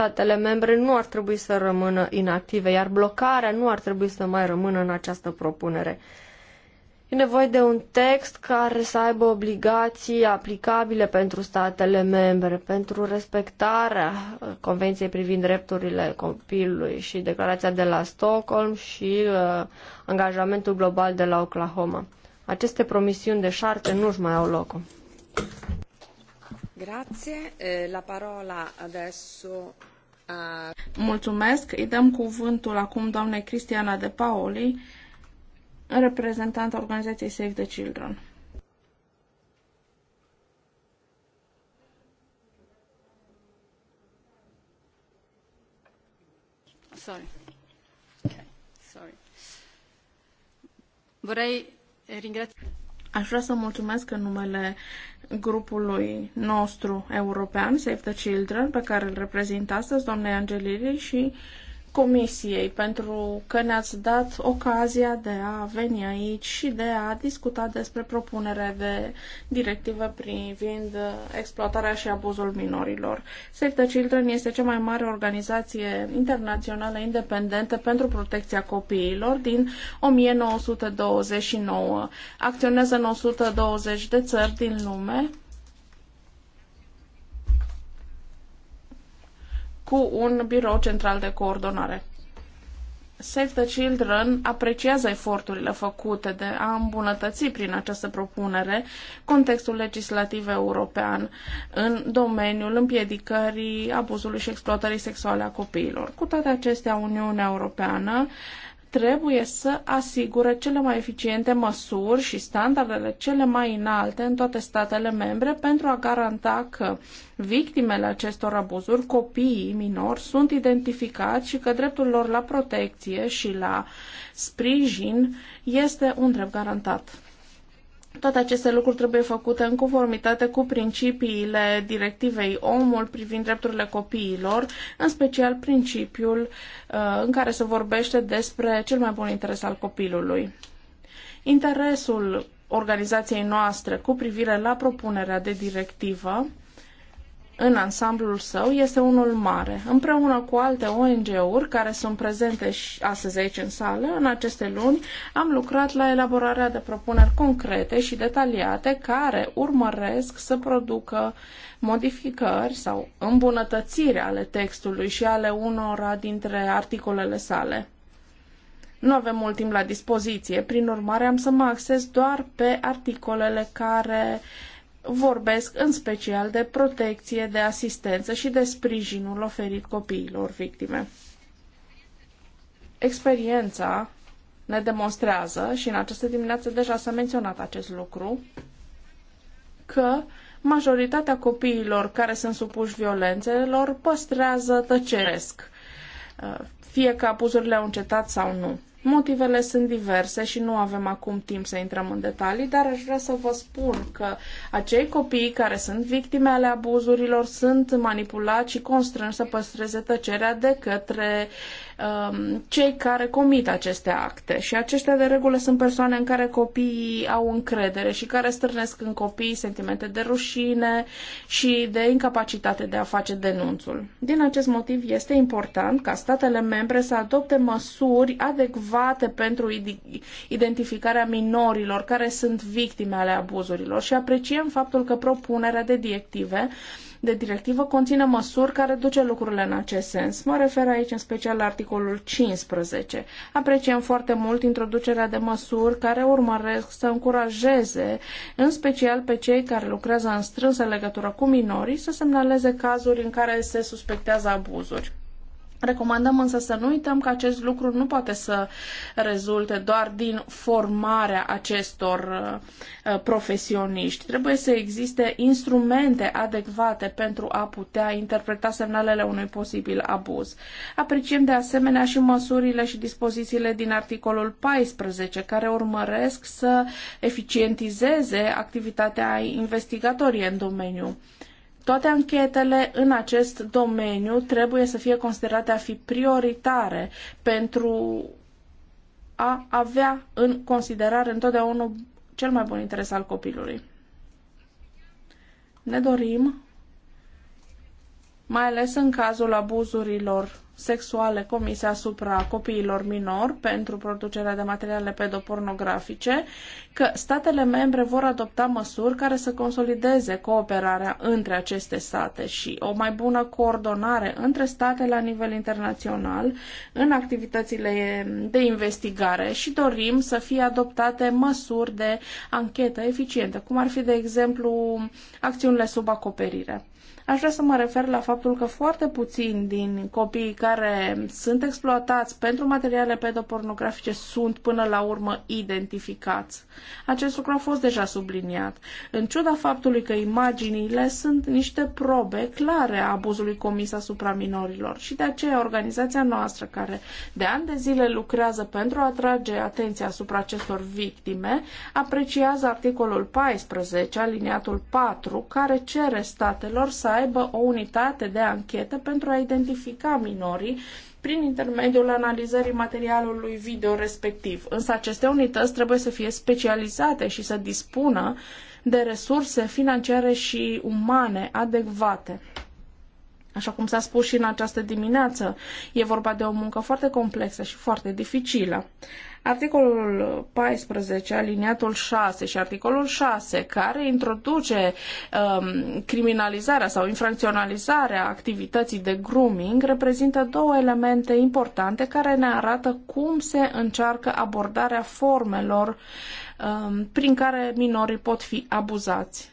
Speaker 2: statele membre nu ar trebui să rămână inactive, iar blocarea nu ar trebui să mai rămână în această propunere. E nevoie de un text care să aibă obligații aplicabile pentru statele membre, pentru respectarea Convenției privind drepturile copilului și declarația de la Stockholm și uh, angajamentul global de la Oklahoma. Aceste promisiuni de șarte nu-și mai au locul.
Speaker 1: Grazie. Eh, la parola adesso
Speaker 3: Mulțumesc. Îi dăm cuvântul acum doamnei Cristiana de Paoli, reprezentantă organizației Save the Children. Sorry. Okay. Sorry.
Speaker 2: Vorrei ringraziare
Speaker 3: Aș vrea să mulțumesc în numele grupului nostru european, Save the Children, pe care îl reprezint astăzi, doamnei Angelili, și uh, Comisiei pentru că ne-ați dat ocazia de a veni aici și de a discuta despre propunerea de directivă privind exploatarea și abuzul minorilor. Save the Children este cea mai mare organizație internațională independentă pentru protecția copiilor din 1929. Acționează în 120 de țări din lume cu un birou central de coordonare. Save the Children apreciază eforturile făcute de a îmbunătăți prin această propunere contextul legislativ european în domeniul împiedicării abuzului și exploatării sexuale a copiilor. Cu toate acestea, Uniunea Europeană trebuie să asigure cele mai eficiente măsuri și standardele cele mai înalte în toate statele membre pentru a garanta că victimele acestor abuzuri, copiii minori, sunt identificați și că dreptul lor la protecție și la sprijin este un drept garantat. Toate aceste lucruri trebuie făcute în conformitate cu principiile directivei omul privind drepturile copiilor, în special principiul uh, în care se vorbește despre cel mai bun interes al copilului. Interesul organizației noastre cu privire la propunerea de directivă în ansamblul său este unul mare. Împreună cu alte ONG-uri care sunt prezente și astăzi aici în sală, în aceste luni am lucrat la elaborarea de propuneri concrete și detaliate care urmăresc să producă modificări sau îmbunătățiri ale textului și ale unora dintre articolele sale. Nu avem mult timp la dispoziție, prin urmare am să mă axez doar pe articolele care uh, vorbesc în special de protecție, de asistență și de sprijinul oferit copiilor victime. Experiența ne demonstrează, și în această dimineață deja s-a menționat acest lucru, că majoritatea copiilor care sunt supuși violențelor păstrează tăceresc, fie că abuzurile au încetat sau nu. Motivele sunt diverse și nu avem acum timp să intrăm în detalii, dar aș vrea să vă spun că acei copii care sunt victime ale abuzurilor sunt manipulați și constrâns să păstreze tăcerea de către um, cei care comit aceste acte și aceștia de regulă sunt persoane în care copiii au încredere și care strânesc în copii sentimente de rușine și de incapacitate de a face denunțul. Din acest motiv este important ca statele membre să adopte măsuri adecvate pentru identificarea minorilor care sunt victime ale abuzurilor și apreciem faptul că propunerea de directive uh, de directivă conține măsuri care duce lucrurile în acest sens. Mă refer aici în special la articolul 15. Apreciem foarte mult introducerea de măsuri care urmăresc să încurajeze, în special pe cei care lucrează în strânsă legătură cu minorii, să semnaleze cazuri în care se suspectează abuzuri. Recomandăm însă să nu uităm că acest lucru nu poate să rezulte doar din formarea acestor uh, profesioniști. Trebuie să existe instrumente adecvate pentru a putea interpreta semnalele unui posibil abuz. Apreciem de asemenea și măsurile și dispozițiile din articolul 14 care urmăresc să eficientizeze activitatea investigatorie în domeniu. Toate anchetele în acest domeniu trebuie să fie considerate a fi prioritare pentru a avea în considerare întotdeauna cel mai bun interes al copilului. Ne dorim, mai ales în cazul abuzurilor sexuale comise asupra copiilor minori pentru producerea de materiale pedopornografice, că statele membre vor adopta măsuri care să consolideze cooperarea între aceste state și o mai bună coordonare între state la nivel internațional în activitățile de investigare și dorim să fie adoptate măsuri de anchetă eficientă, cum ar fi, de exemplu, acțiunile sub acoperire. Aș vrea să mă refer la faptul că foarte puțini din copiii care sunt exploatați pentru materiale pedopornografice sunt până la urmă identificați. Acest lucru a fost deja subliniat. În ciuda faptului că imaginile sunt niște probe clare a abuzului comis asupra minorilor și de aceea organizația noastră care de ani de zile lucrează pentru a atrage atenția asupra acestor victime apreciază articolul 14 aliniatul 4 care cere statelor să aibă o unitate de anchetă pentru a identifica minorii prin intermediul analizării materialului video respectiv. Însă aceste unități trebuie să fie specializate și să dispună de resurse financiare și umane adecvate. Așa cum s-a spus și în această dimineață, e vorba de o muncă foarte complexă și foarte dificilă. Articolul 14, aliniatul 6 și articolul 6, care introduce um, criminalizarea sau infracționalizarea activității de grooming, reprezintă două elemente importante care ne arată cum se încearcă abordarea formelor um, prin care minorii pot fi abuzați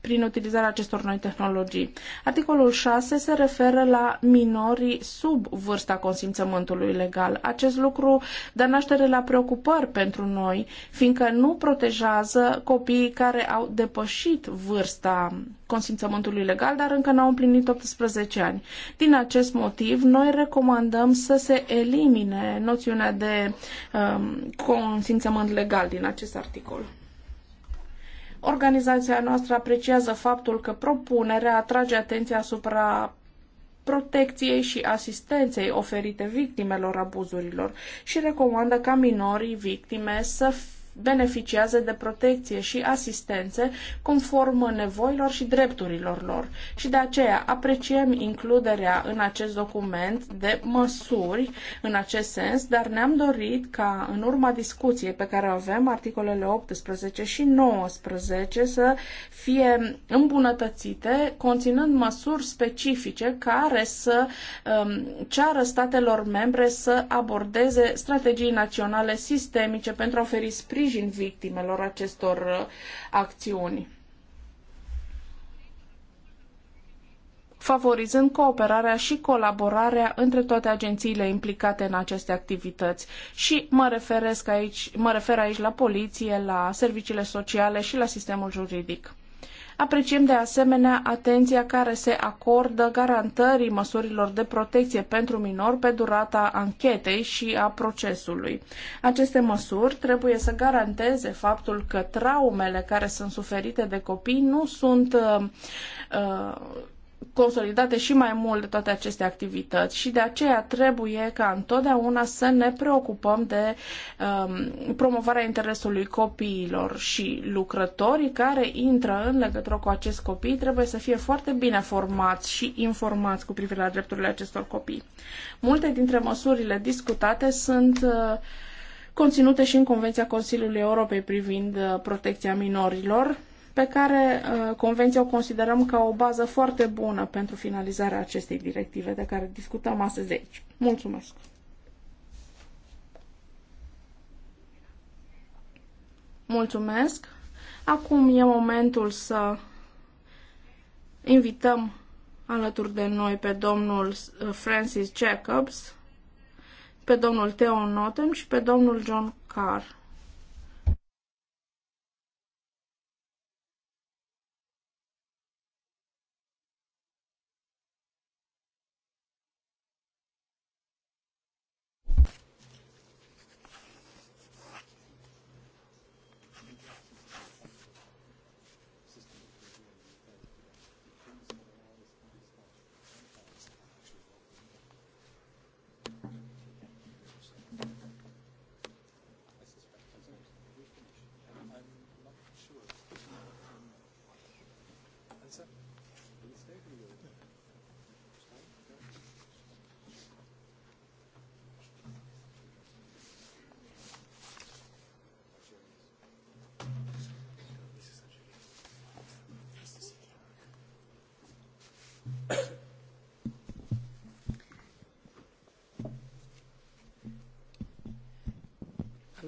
Speaker 3: prin utilizarea acestor noi tehnologii. Articolul 6 se referă la minorii sub vârsta consimțământului legal. Acest lucru dă naștere la preocupări pentru noi, fiindcă nu protejează copiii care au depășit vârsta consimțământului legal, dar încă n-au împlinit 18 ani. Din acest motiv, noi recomandăm să se elimine noțiunea de um, consimțământ legal din acest articol. Organizația noastră apreciază faptul că propunerea atrage atenția asupra protecției și asistenței oferite victimelor abuzurilor și recomandă ca minorii victime să beneficiază de protecție și asistențe conform nevoilor și drepturilor lor. Și de aceea apreciem includerea în acest document de măsuri în acest sens, dar ne-am dorit ca în urma discuției pe care o avem, articolele 18 și 19 să fie îmbunătățite, conținând măsuri specifice care să um, ceară statelor membre să abordeze strategii naționale sistemice pentru a oferi sprijin sprijin victimelor acestor uh, acțiuni. favorizând cooperarea și colaborarea între toate agențiile implicate în aceste activități. Și mă, referesc aici, mă refer aici la poliție, la serviciile sociale și la sistemul juridic. Apreciem de asemenea atenția care se acordă garantării măsurilor de protecție pentru minor pe durata anchetei și a procesului. Aceste măsuri trebuie să garanteze faptul că traumele care sunt suferite de copii nu sunt uh, uh, consolidate și mai mult de toate aceste activități și de aceea trebuie ca întotdeauna să ne preocupăm de um, promovarea interesului copiilor și lucrătorii care intră în legătură cu acest copii trebuie să fie foarte bine formați și informați cu privire la drepturile acestor copii. Multe dintre măsurile discutate sunt uh, conținute și în Convenția Consiliului Europei privind uh, protecția minorilor, pe care uh, Convenția o considerăm ca o bază foarte bună pentru finalizarea acestei directive de care discutăm astăzi aici. Mulțumesc! Mulțumesc! Acum e momentul să invităm alături de noi pe domnul uh, Francis Jacobs, pe domnul Theo Notem și pe domnul John Carr.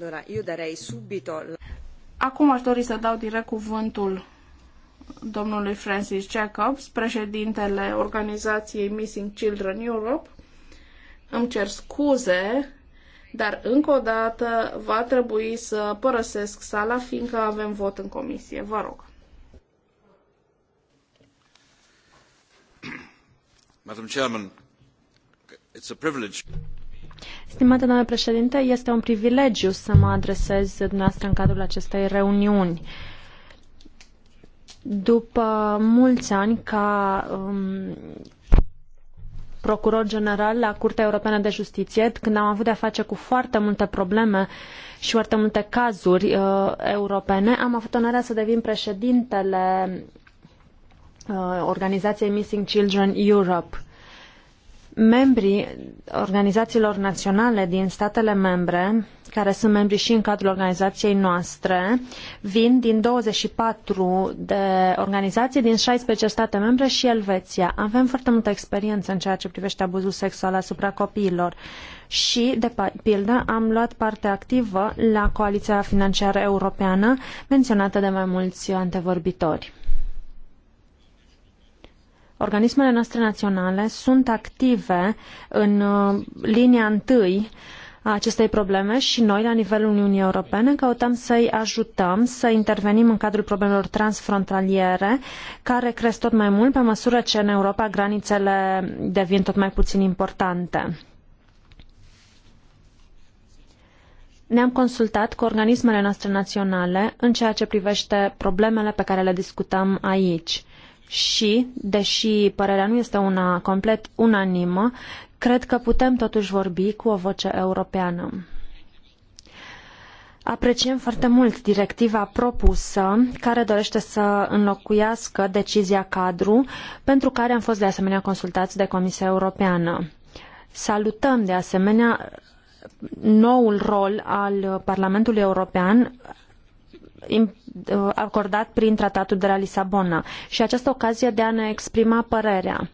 Speaker 1: Allora, io darei subito...
Speaker 3: Acum aș dori să dau direct cuvântul domnului Francis Jacobs, președintele organizației Missing Children Europe. Îmi cer scuze, dar încă o dată va trebui să părăsesc sala, fiindcă avem vot în comisie. Vă rog. Madam Chairman, it's a privilege.
Speaker 1: Stimată doamnă președinte, este un privilegiu să mă adresez dumneavoastră în cadrul acestei reuniuni. După mulți ani ca um, procuror general la Curtea Europeană de Justiție, când am avut de-a face cu foarte multe probleme și foarte multe cazuri uh, europene, am avut onoarea să devin președintele uh, organizației Missing Children Europe membrii organizațiilor naționale din statele membre, care sunt membri și în cadrul organizației noastre, vin din 24 de organizații din 16 state membre și Elveția. Avem foarte multă experiență în ceea ce privește abuzul sexual asupra copiilor și, de pildă, am luat parte activă la Coaliția Financiară Europeană, menționată de mai mulți antevorbitori organismele noastre naționale sunt active în uh, linia întâi a acestei probleme și noi, la nivelul Uniunii Europene, căutăm să-i ajutăm să intervenim în cadrul problemelor transfrontaliere, care cresc tot mai mult pe măsură ce în Europa granițele devin tot mai puțin importante. Ne-am consultat cu organismele noastre naționale în ceea ce privește problemele pe care le discutăm aici și, deși părerea nu este una complet unanimă, cred că putem totuși vorbi cu o voce europeană. Apreciem foarte mult directiva propusă care dorește să înlocuiască decizia cadru pentru care am fost de asemenea consultați de Comisia Europeană. Salutăm de asemenea noul rol al Parlamentului European Uh, acordat prin tratatul de la Lisabona și această ocazie de a ne exprima părerea.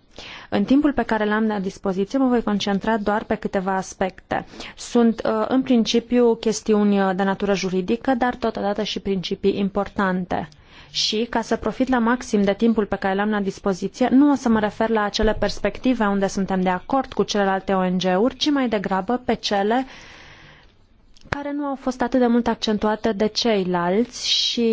Speaker 1: În timpul pe care l-am la dispoziție mă voi concentra doar pe câteva aspecte. Sunt uh, în principiu chestiuni uh, de natură juridică, dar totodată și principii importante și, ca să profit la maxim de timpul pe care l-am la dispoziție, nu o să mă refer la acele perspective unde suntem de acord cu celelalte ONG-uri, ci mai degrabă pe cele uh, care nu au fost atât de mult accentuate de ceilalți și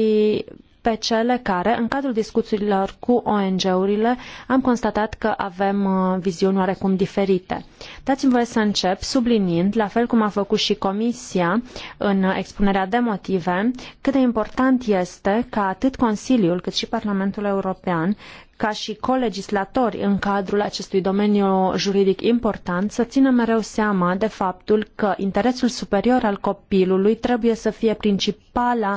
Speaker 1: pe cele care, în cadrul discuțiilor cu ONG-urile, am constatat că avem uh, viziuni oarecum diferite. Dați-mi voie să încep subliniind, la fel cum a făcut și Comisia în expunerea de motive, cât de important este ca atât Consiliul cât și Parlamentul European ca și colegislatori în cadrul acestui domeniu juridic important, să țină mereu seama de faptul că interesul superior al copilului trebuie să fie principala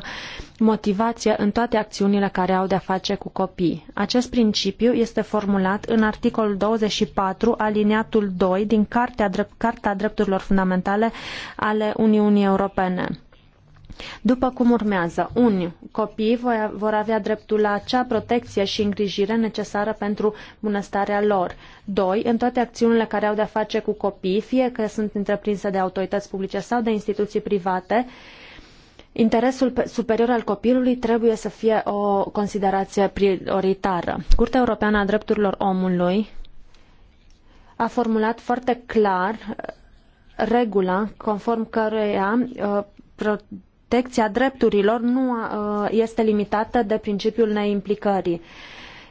Speaker 1: motivație în toate acțiunile care au de-a face cu copii. Acest principiu este formulat în articolul 24, aliniatul 2 din Cartea, Carta Drepturilor Fundamentale ale Uniunii Europene. După cum urmează, unii copii vor avea dreptul la acea protecție și îngrijire necesară pentru bunăstarea lor. Doi, în toate acțiunile care au de-a face cu copii, fie că sunt întreprinse de autorități publice sau de instituții private, interesul superior al copilului trebuie să fie o considerație prioritară. Curtea Europeană a Drepturilor Omului a formulat foarte clar uh, regula conform căreia uh, protecția drepturilor nu uh, este limitată de principiul neimplicării.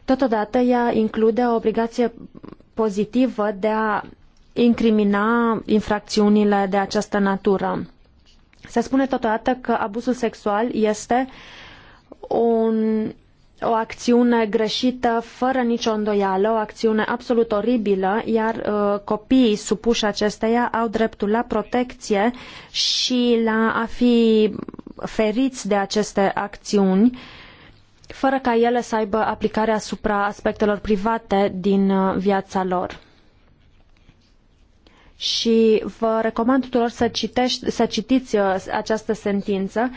Speaker 1: Totodată, ea include o obligație pozitivă de a incrimina infracțiunile de această natură. Se spune totodată că abuzul sexual este un o acțiune greșită, fără nicio îndoială, o acțiune absolut oribilă, iar uh, copiii supuși acesteia au dreptul la protecție și la a fi feriți de aceste acțiuni, fără ca ele să aibă aplicare asupra aspectelor private din uh, viața lor. Și vă recomand tuturor să, citești, să citiți uh, această sentință,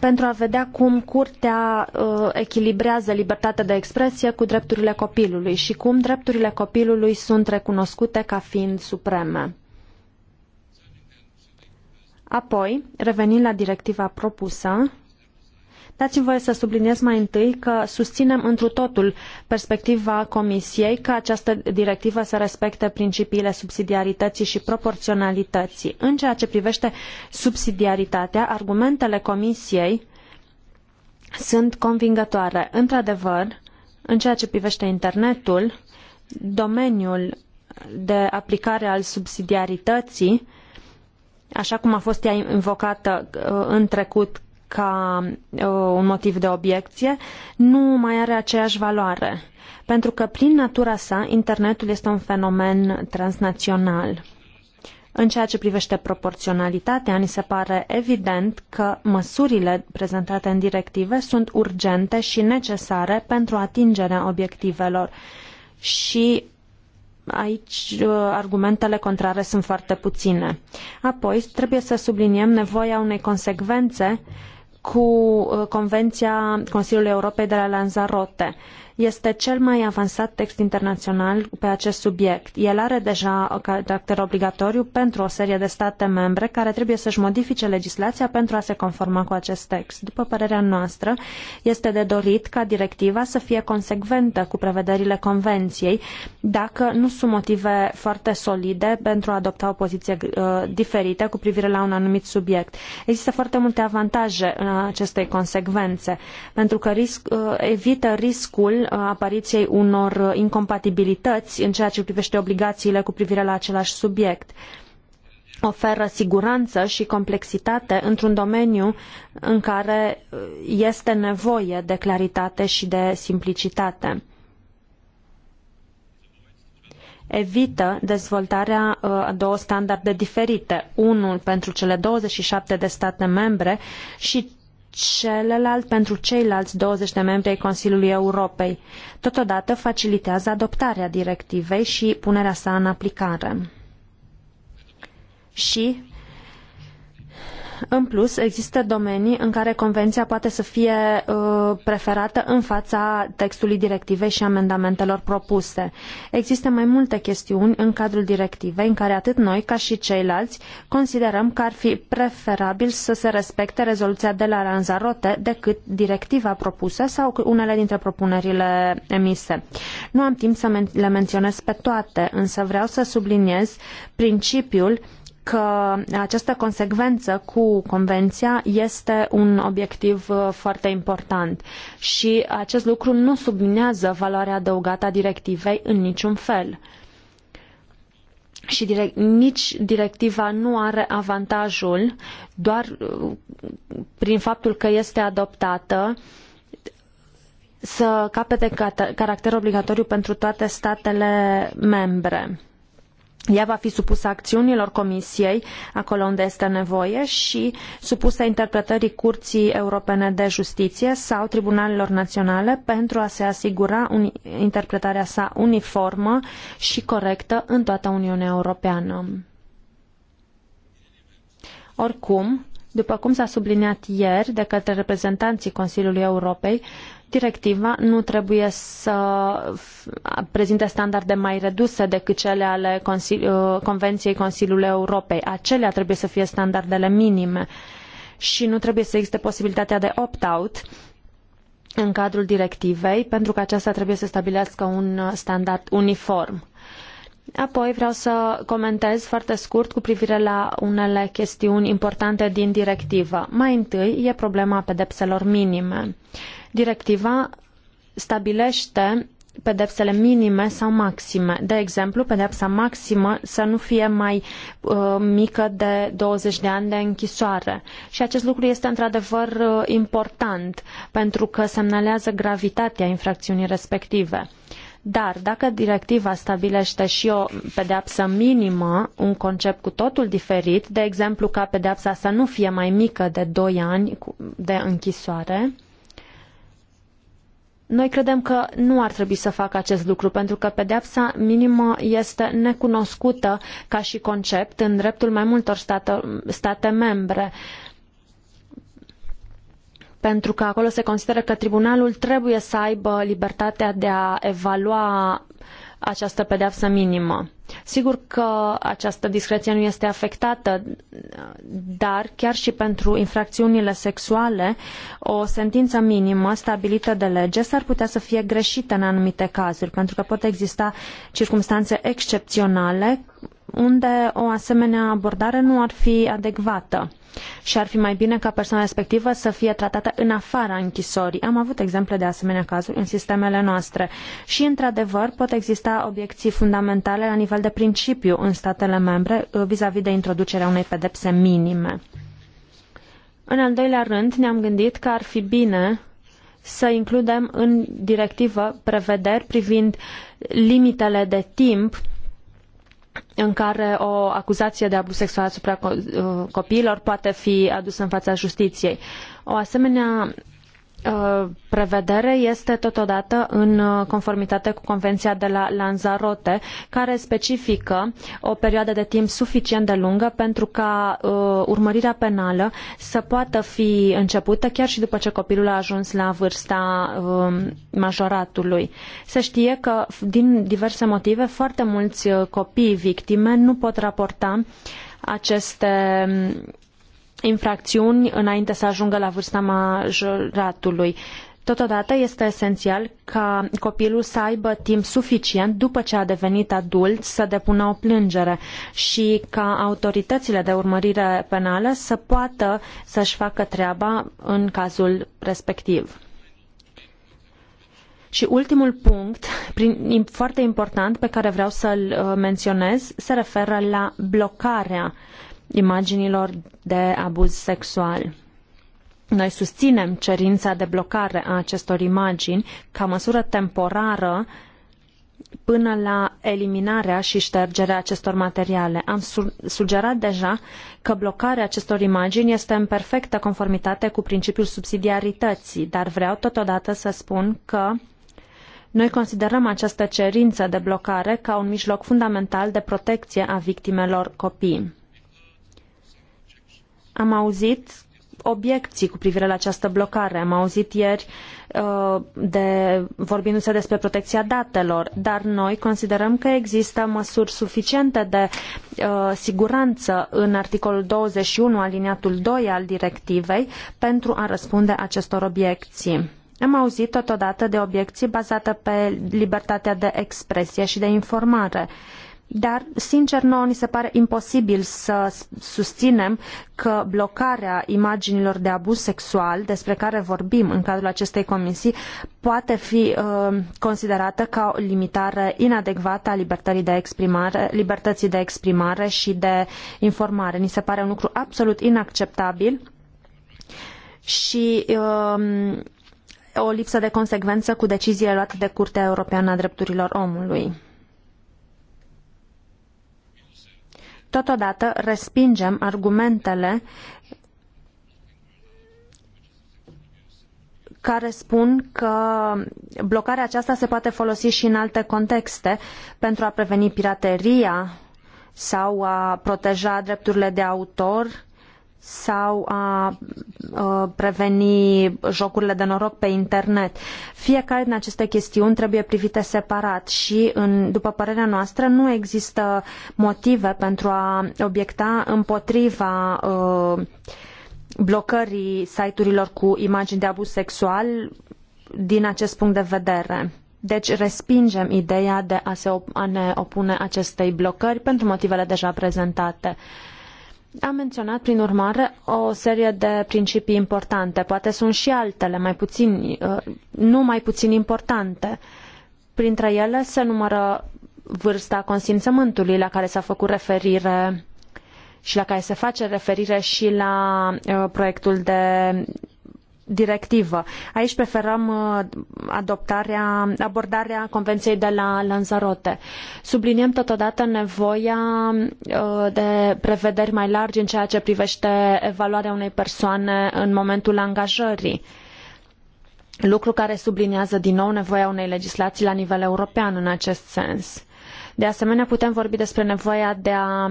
Speaker 1: pentru a vedea cum curtea uh, echilibrează libertatea de expresie cu drepturile copilului și cum drepturile copilului sunt recunoscute ca fiind supreme. Apoi, revenind la directiva propusă, Dați-mi voie să subliniez mai întâi că susținem întru totul perspectiva Comisiei că această directivă să respecte principiile subsidiarității și proporționalității. În ceea ce privește subsidiaritatea, argumentele Comisiei sunt convingătoare. Într-adevăr, în ceea ce privește internetul, domeniul de aplicare al subsidiarității, așa cum a fost ea invocată uh, în trecut ca uh, un motiv de obiecție, nu mai are aceeași valoare, pentru că prin natura sa internetul este un fenomen transnațional. În ceea ce privește proporționalitatea, ni se pare evident că măsurile prezentate în directive sunt urgente și necesare pentru atingerea obiectivelor și aici uh, argumentele contrare sunt foarte puține. Apoi, trebuie să subliniem nevoia unei consecvențe cu uh, Convenția Consiliului Europei de la Lanzarote este cel mai avansat text internațional pe acest subiect. El are deja caracter obligatoriu pentru o serie de state membre care trebuie să-și modifice legislația pentru a se conforma cu acest text. După părerea noastră, este de dorit ca directiva să fie consecventă cu prevederile convenției, dacă nu sunt motive foarte solide pentru a adopta o poziție uh, diferită cu privire la un anumit subiect. Există foarte multe avantaje în acestei consecvențe, pentru că risc, uh, evită riscul Uh, apariției unor uh, incompatibilități în ceea ce privește obligațiile cu privire la același subiect oferă siguranță și complexitate într-un domeniu în care uh, este nevoie de claritate și de simplicitate. Evită dezvoltarea a două standarde diferite, unul pentru cele 27 de state membre și celălalt pentru ceilalți 20 de membri ai Consiliului Europei. Totodată facilitează adoptarea directivei și punerea sa în aplicare. Și în plus, există domenii în care convenția poate să fie uh, preferată în fața textului directivei și amendamentelor propuse. Există mai multe chestiuni în cadrul directivei în care atât noi, ca și ceilalți, considerăm că ar fi preferabil să se respecte rezoluția de la Lanzarote decât directiva propusă sau unele dintre propunerile emise. Nu am timp să men le menționez pe toate, însă vreau să subliniez principiul că această consecvență cu convenția este un obiectiv uh, foarte important și acest lucru nu subminează valoarea adăugată a directivei în niciun fel. Și direct, nici directiva nu are avantajul, doar uh, prin faptul că este adoptată, să capete caracter obligatoriu pentru toate statele membre. Ea va fi supusă acțiunilor Comisiei, acolo unde este nevoie, și supusă interpretării Curții Europene de Justiție sau Tribunalelor Naționale pentru a se asigura un, interpretarea sa uniformă și corectă în toată Uniunea Europeană. Oricum, după cum s-a subliniat ieri de către reprezentanții Consiliului Europei, Directiva nu trebuie să prezinte standarde mai reduse decât cele ale Consili- uh, Convenției Consiliului Europei. Acelea trebuie să fie standardele minime și nu trebuie să existe posibilitatea de opt-out în cadrul directivei, pentru că aceasta trebuie să stabilească un standard uniform. Apoi vreau să comentez foarte scurt cu privire la unele chestiuni importante din directivă. Mai întâi e problema pedepselor minime. Directiva stabilește pedepsele minime sau maxime. De exemplu, pedepsa maximă să nu fie mai uh, mică de 20 de ani de închisoare. Și acest lucru este într-adevăr uh, important pentru că semnalează gravitatea infracțiunii respective. Dar dacă directiva stabilește și o pedeapsă minimă, un concept cu totul diferit, de exemplu ca pedeapsa să nu fie mai mică de 2 ani de închisoare, noi credem că nu ar trebui să facă acest lucru, pentru că pedeapsa minimă este necunoscută ca și concept în dreptul mai multor state, state membre. Uh, pentru că acolo se consideră că tribunalul trebuie să aibă libertatea de a evalua această pedeapsă minimă. Sigur că această discreție nu este afectată, dar chiar și pentru infracțiunile sexuale, o sentință minimă stabilită de lege s-ar putea să fie greșită în anumite cazuri, pentru că pot exista circumstanțe excepționale unde o asemenea abordare nu ar fi adecvată și ar fi mai bine ca persoana respectivă să fie tratată în afara închisorii. Am avut exemple de asemenea cazuri în sistemele noastre și, într-adevăr, pot exista obiecții fundamentale la nivel de principiu în statele membre uh, vis-a-vis de introducerea unei pedepse minime. În al doilea rând, ne-am gândit că ar fi bine să includem în directivă prevederi privind limitele de timp în care o acuzație de abuz sexual asupra uh, copiilor poate fi adusă în fața justiției. O asemenea Uh, prevedere este totodată în uh, conformitate cu Convenția de la Lanzarote, care specifică o perioadă de timp suficient de lungă pentru ca uh, urmărirea penală să poată fi începută chiar și după ce copilul a ajuns la vârsta um, majoratului. Se știe că, din diverse motive, foarte mulți copii victime nu pot raporta aceste um, infracțiuni înainte să ajungă la vârsta majoratului. Totodată este esențial ca copilul să aibă timp suficient după ce a devenit adult să depună o plângere și ca autoritățile de urmărire penală să poată să-și facă treaba în cazul respectiv. Și ultimul punct, prin, foarte important, pe care vreau să-l uh, menționez, se referă la blocarea imaginilor de abuz sexual. Noi susținem cerința de blocare a acestor imagini ca măsură temporară până la eliminarea și ștergerea acestor materiale. Am sugerat deja că blocarea acestor imagini este în perfectă conformitate cu principiul subsidiarității, dar vreau totodată să spun că noi considerăm această cerință de blocare ca un mijloc fundamental de protecție a victimelor copii. Am auzit obiecții cu privire la această blocare. Am auzit ieri uh, de, vorbindu-se despre protecția datelor, dar noi considerăm că există măsuri suficiente de uh, siguranță în articolul 21 aliniatul 2 al directivei pentru a răspunde acestor obiecții. Am auzit totodată de obiecții bazate pe libertatea de expresie și de informare. Uh, dar, sincer, nouă ni se pare imposibil să susținem că blocarea imaginilor de abuz sexual despre care vorbim în cadrul acestei comisii poate fi uh, considerată ca o limitare inadecvată a libertății de exprimare, libertății de exprimare și de informare. Ni se pare un lucru absolut inacceptabil și uh, o lipsă de consecvență cu deciziile luate de Curtea Europeană a Drepturilor Omului. Totodată respingem argumentele care spun că blocarea aceasta se poate folosi și în alte contexte pentru a preveni pirateria sau a proteja drepturile de autor sau a, a preveni jocurile de noroc pe internet. Fiecare din aceste chestiuni trebuie privite separat și, în, după părerea noastră, nu există motive pentru a obiecta împotriva a, blocării site-urilor cu imagini de abuz sexual din acest punct de vedere. Deci respingem ideea de a, se, a ne opune acestei blocări pentru motivele deja prezentate. Uh, am menționat, prin urmare, o serie de principii importante. Poate sunt și altele, mai puțin, uh, nu mai puțin importante. Printre ele se numără vârsta consimțământului la care s-a făcut referire și la care se face referire și la uh, proiectul de directivă. Aici preferăm uh, adoptarea, abordarea Convenției de la Lanzarote. Subliniem totodată nevoia uh, de prevederi mai largi în ceea ce privește evaluarea unei persoane în momentul angajării lucru care subliniază din nou nevoia unei legislații la nivel european în acest sens. De asemenea, putem vorbi despre nevoia de a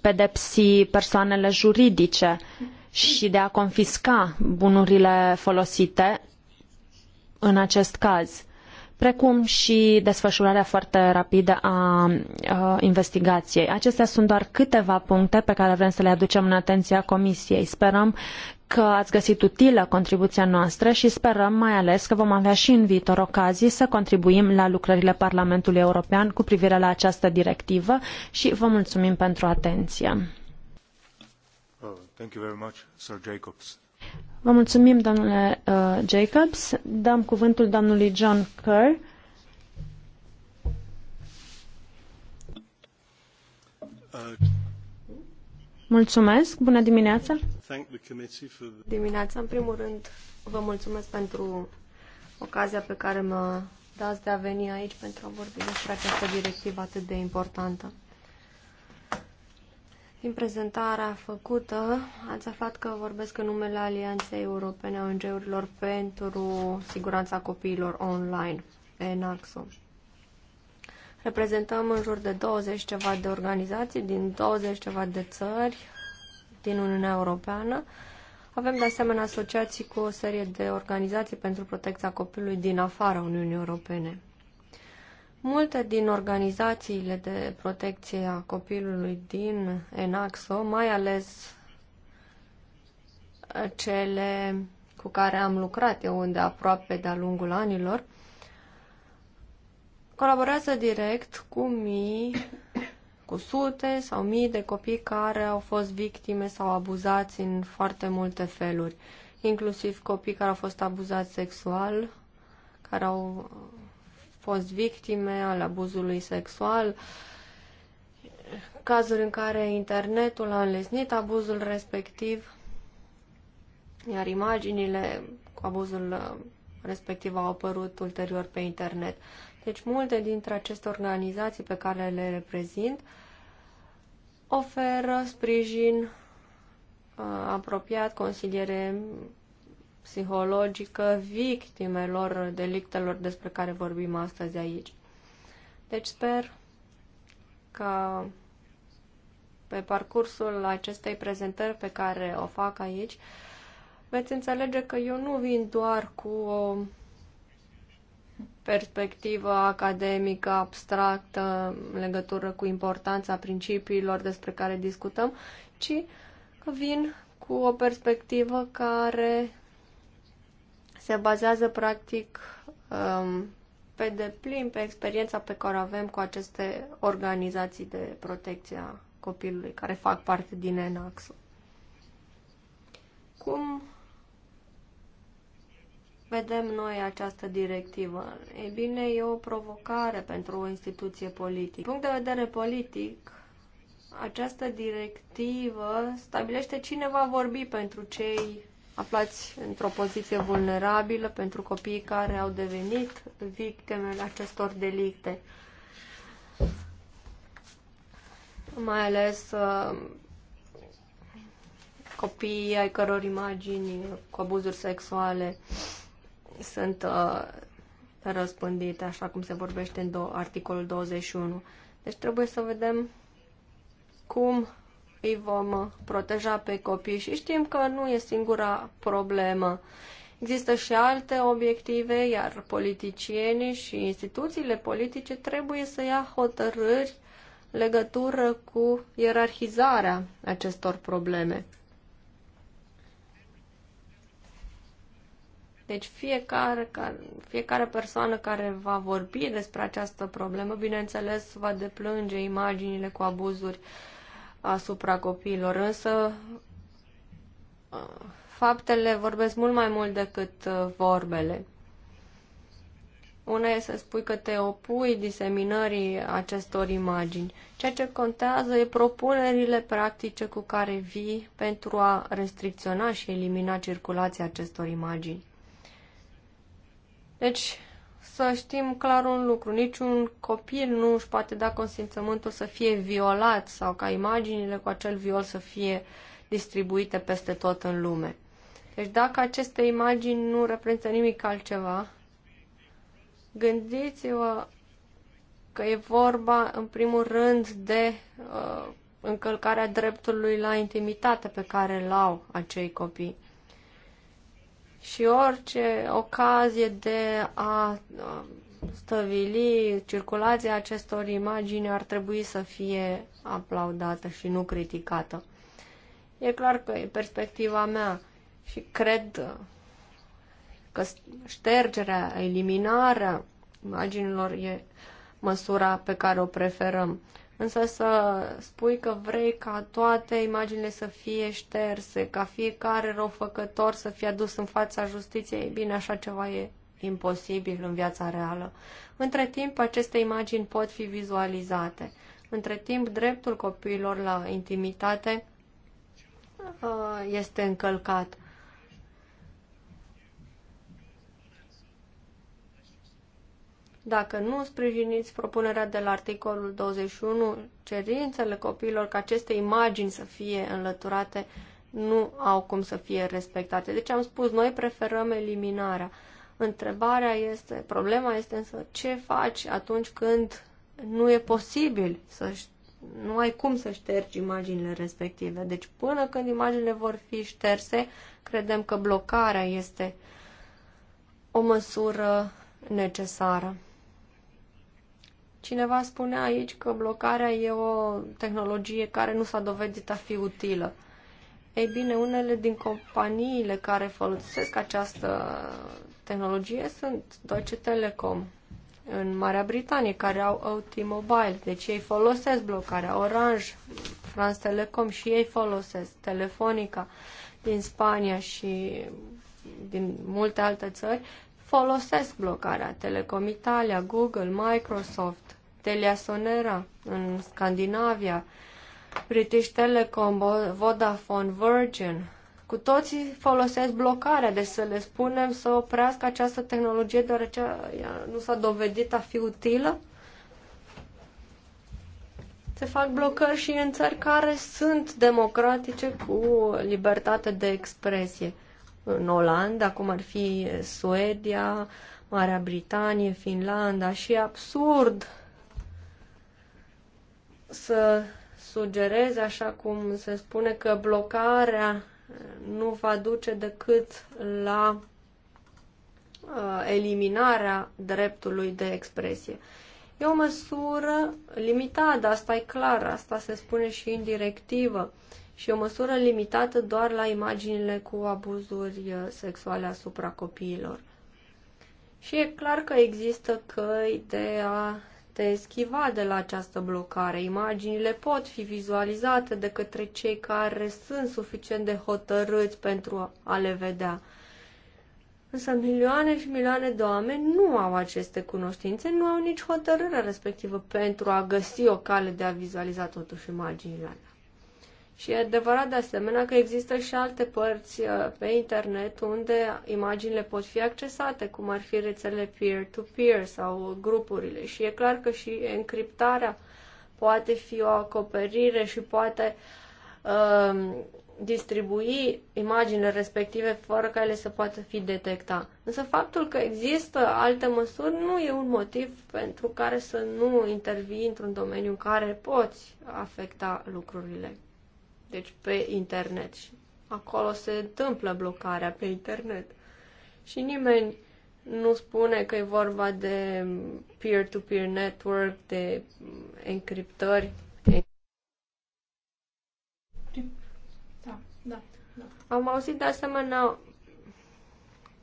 Speaker 1: pedepsi persoanele juridice și de a confisca bunurile folosite în acest caz, precum și desfășurarea foarte rapidă a, a investigației. Acestea sunt doar câteva puncte pe care vrem să le aducem în atenția Comisiei. Sperăm că ați găsit utilă contribuția noastră și sperăm mai ales că vom avea și în viitor ocazii să contribuim la lucrările Parlamentului European cu privire la această directivă și vă mulțumim pentru atenție.
Speaker 2: Thank you very much, Sir
Speaker 1: Jacobs. Vă mulțumim, domnule uh, Jacobs. Dăm cuvântul domnului John Kerr. Uh, mulțumesc. Bună dimineața.
Speaker 2: Dimineața, în primul rând, vă mulțumesc pentru ocazia pe care mă dați de a veni aici pentru a vorbi despre această directivă atât de importantă. Din prezentarea făcută, ați aflat că vorbesc în numele Alianței Europene a ONG-urilor pentru siguranța copiilor online, ENAXO. Reprezentăm în jur de 20 ceva de organizații din 20 ceva de țări din Uniunea Europeană. Avem de asemenea asociații cu o serie de organizații pentru protecția copilului din afara Uniunii Europene. Multe din organizațiile de protecție a copilului din ENAXO, mai ales cele cu care am lucrat eu unde aproape de-a lungul anilor, colaborează direct cu mii, cu sute sau mii de copii care au fost victime sau abuzați în foarte multe feluri, inclusiv copii care au fost abuzați sexual, care au fost victime al abuzului sexual, cazuri în care internetul a înlesnit abuzul respectiv, iar imaginile cu abuzul respectiv au apărut ulterior pe internet. Deci multe dintre aceste organizații pe care le reprezint oferă sprijin uh, apropiat, consiliere psihologică victimelor delictelor despre care vorbim astăzi aici. Deci sper că pe parcursul acestei prezentări pe care o fac aici, veți înțelege că eu nu vin doar cu o perspectivă academică abstractă în legătură cu importanța principiilor despre care discutăm, ci că vin cu o perspectivă care se bazează practic um, pe deplin pe experiența pe care o avem cu aceste organizații de protecție a copilului care fac parte din ENAXO. Cum vedem noi această directivă? E bine, e o provocare pentru o instituție politică. Din punct de vedere politic, această directivă stabilește cine va vorbi pentru cei aflați într-o poziție vulnerabilă pentru copiii care au devenit victimele acestor delicte. Mai ales uh, copiii ai căror imagini cu abuzuri sexuale sunt uh, răspândite, așa cum se vorbește în articolul 21. Deci trebuie să vedem cum îi vom uh, proteja pe copii și știm că nu e singura problemă. Există și alte obiective, iar politicienii și instituțiile politice trebuie să ia hotărâri legătură cu ierarhizarea acestor probleme. Deci fiecare, fiecare persoană care va vorbi despre această problemă, bineînțeles, va deplânge imaginile cu abuzuri uh, asupra copiilor, însă uh, faptele vorbesc mult mai mult decât uh, vorbele. Una e să spui că te opui diseminării acestor imagini. Ceea ce contează e propunerile practice cu care vii pentru a restricționa și elimina circulația acestor imagini. Deci, să știm clar un lucru. Niciun copil nu își poate da consimțământul să fie violat sau ca imaginile cu acel viol să fie distribuite peste tot în lume. Deci dacă aceste imagini nu reprezintă nimic altceva, gândiți-vă că e vorba în primul rând de uh, încălcarea dreptului la intimitate pe care îl au acei copii și orice ocazie de a stăvili circulația acestor imagini ar trebui să fie aplaudată și nu criticată. E clar că e perspectiva mea și cred că ștergerea, eliminarea imaginilor e măsura pe care o preferăm. Însă să spui că vrei ca toate imaginile să fie șterse, ca fiecare răufăcător să fie adus în fața justiției, e bine, așa ceva e imposibil în viața reală. Între timp, aceste imagini pot fi vizualizate. Între timp, dreptul copiilor la intimitate uh, este încălcat. Dacă nu sprijiniți propunerea de la articolul 21, cerințele copiilor ca aceste imagini să fie înlăturate nu au cum să fie respectate. Deci am spus, noi preferăm eliminarea. Întrebarea este, problema este însă ce faci atunci când nu e posibil să nu ai cum să ștergi imaginile respective. Deci până când imaginile vor fi șterse, credem că blocarea este o măsură necesară. Cineva spune aici că blocarea e o tehnologie care nu s-a dovedit a fi utilă. Ei bine, unele din companiile care folosesc această tehnologie sunt Deutsche Telekom în Marea Britanie, care au OT Mobile, deci ei folosesc blocarea Orange, France Telecom și ei folosesc Telefonica din Spania și din multe alte țări folosesc blocarea Telecom Italia, Google, Microsoft, Sonera în Scandinavia, British Telecom, Vodafone, Virgin. Cu toții folosesc blocarea, deci să le spunem să oprească această tehnologie deoarece ea nu s-a dovedit a fi utilă. Se fac blocări și în țări care sunt democratice cu libertate de expresie. În Olanda, cum ar fi Suedia, Marea Britanie, Finlanda și absurd să sugerez, așa cum se spune, că blocarea nu va duce decât la uh, eliminarea dreptului de expresie. E o măsură limitată, asta e clar, asta se spune și în directivă, și o măsură limitată doar la imaginile cu abuzuri uh, sexuale asupra copiilor. Și e clar că există căi de a te eschiva de la această blocare. Imaginile pot fi vizualizate de către cei care sunt suficient de hotărâți pentru a le vedea. Însă milioane și milioane de oameni nu au aceste cunoștințe, nu au nici hotărârea respectivă pentru a găsi o cale de a vizualiza totuși imaginile alea. Și e adevărat de asemenea că există și alte părți uh, pe internet unde imaginile pot fi accesate, cum ar fi rețele peer-to-peer -peer sau grupurile. Și e clar că și încriptarea poate fi o acoperire și poate uh, distribui imaginile respective fără ca ele să poată fi detecta. Însă faptul că există alte măsuri nu e un motiv pentru care să nu intervii într-un domeniu în care poți afecta lucrurile deci pe internet. Și acolo se întâmplă blocarea pe internet. Și nimeni nu spune că e vorba de peer-to-peer -peer network, de encriptări. Da, da, da. Am auzit de asemenea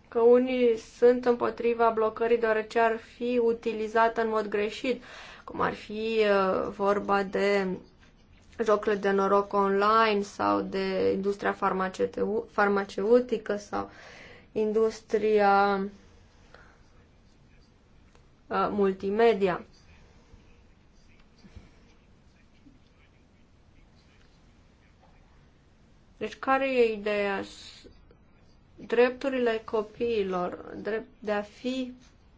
Speaker 2: că unii sunt împotriva blocării deoarece ar fi utilizată în mod greșit, cum ar fi uh, vorba de jocurile de noroc online sau de industria farmaceutică sau industria uh, multimedia. Deci care e ideea? Drepturile copiilor, drept de a fi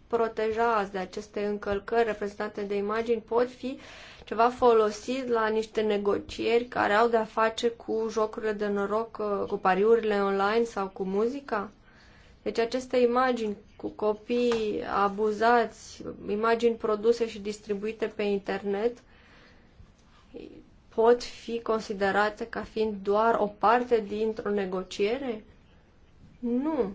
Speaker 2: protejați de aceste încălcări reprezentate de imagini pot fi uh, ceva folosit la niște negocieri care au de-a face cu jocurile de noroc, uh, cu pariurile online sau cu muzica? Deci aceste imagini cu copii abuzați, imagini produse și distribuite pe internet, pot fi considerate ca fiind doar o parte dintr-o negociere? Nu.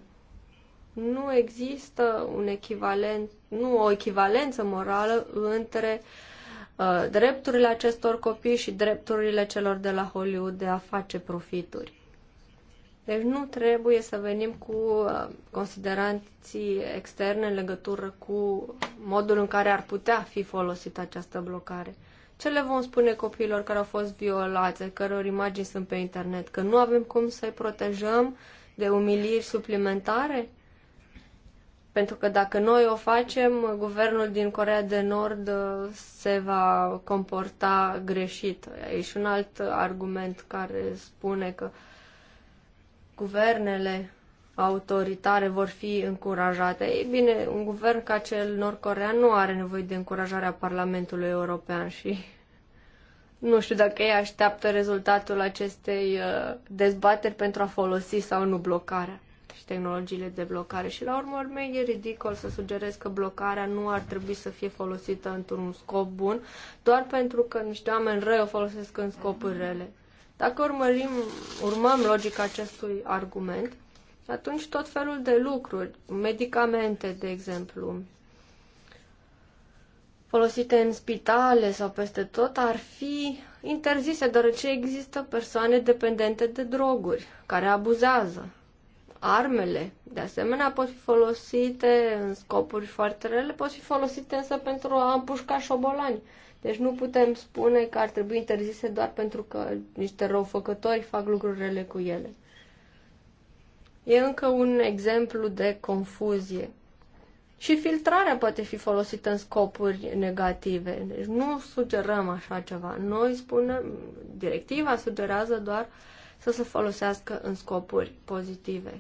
Speaker 2: Nu există un echivalent, nu o echivalență morală între uh, Uh, drepturile acestor copii și drepturile celor de la Hollywood de a face profituri. Deci nu trebuie să venim cu uh, considerații externe în legătură cu modul în care ar putea fi folosită această blocare. Ce le vom spune copiilor care au fost violați, căror imagini sunt pe internet? Că nu avem cum să-i protejăm de umiliri suplimentare? Pentru că dacă noi o facem, guvernul din Corea de Nord uh, se va comporta greșit. E și un alt argument care spune că guvernele autoritare vor fi încurajate. Ei bine, un guvern ca cel nordcorean nu are nevoie de încurajarea Parlamentului European și nu știu dacă ei așteaptă rezultatul acestei uh, dezbateri pentru a folosi sau nu blocarea și tehnologiile de blocare. Și la urmă e ridicol să sugerez că blocarea nu ar trebui să fie folosită într-un scop bun, doar pentru că niște oameni răi o folosesc în scopuri rele. Dacă urmărim, urmăm logica acestui argument, atunci tot felul de lucruri, medicamente, de exemplu, folosite în spitale sau peste tot, ar fi interzise, deoarece există persoane dependente de droguri, care abuzează. Armele, de asemenea, pot fi folosite în scopuri foarte rele, pot fi folosite însă pentru a împușca șobolani. Deci nu putem spune că ar trebui interzise doar pentru că niște răufăcători fac lucruri rele cu ele. E încă un exemplu de confuzie. Și filtrarea poate fi folosită în scopuri negative. Deci nu sugerăm așa ceva. Noi spunem, directiva sugerează doar să se folosească în scopuri pozitive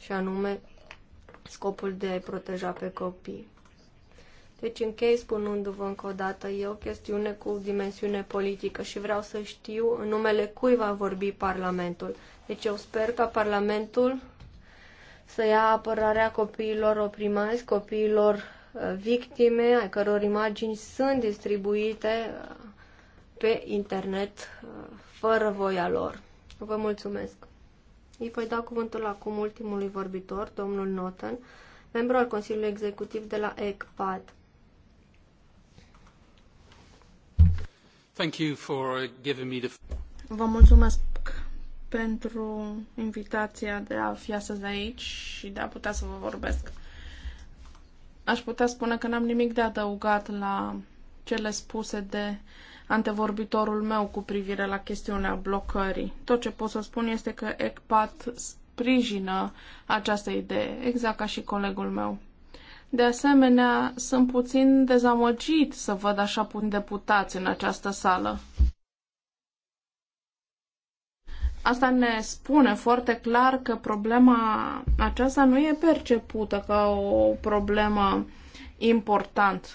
Speaker 2: și anume scopul de a proteja pe copii. Deci închei spunându-vă încă o dată, e o chestiune cu dimensiune politică și vreau să știu în numele cui va vorbi Parlamentul. Deci eu sper ca Parlamentul să ia apărarea copiilor oprimați, copiilor uh, victime, ai căror imagini sunt distribuite uh, pe internet uh, fără voia lor. Vă mulțumesc! Îi voi da cuvântul acum ultimului vorbitor, domnul Noten, membru al Consiliului Executiv de la ECPAD.
Speaker 3: Thank you for giving me the... Vă mulțumesc pentru invitația de a fi astăzi aici și de a putea să vă vorbesc. Aș putea spune că n-am nimic de adăugat la cele spuse de uh, antevorbitorul meu cu privire la chestiunea blocării. Tot ce pot să spun este că ECPAT sprijină această idee, exact ca și colegul meu. De asemenea, sunt puțin dezamăgit să văd așa puțin deputați în această sală. Asta ne spune foarte clar că problema aceasta nu e percepută ca o problemă importantă.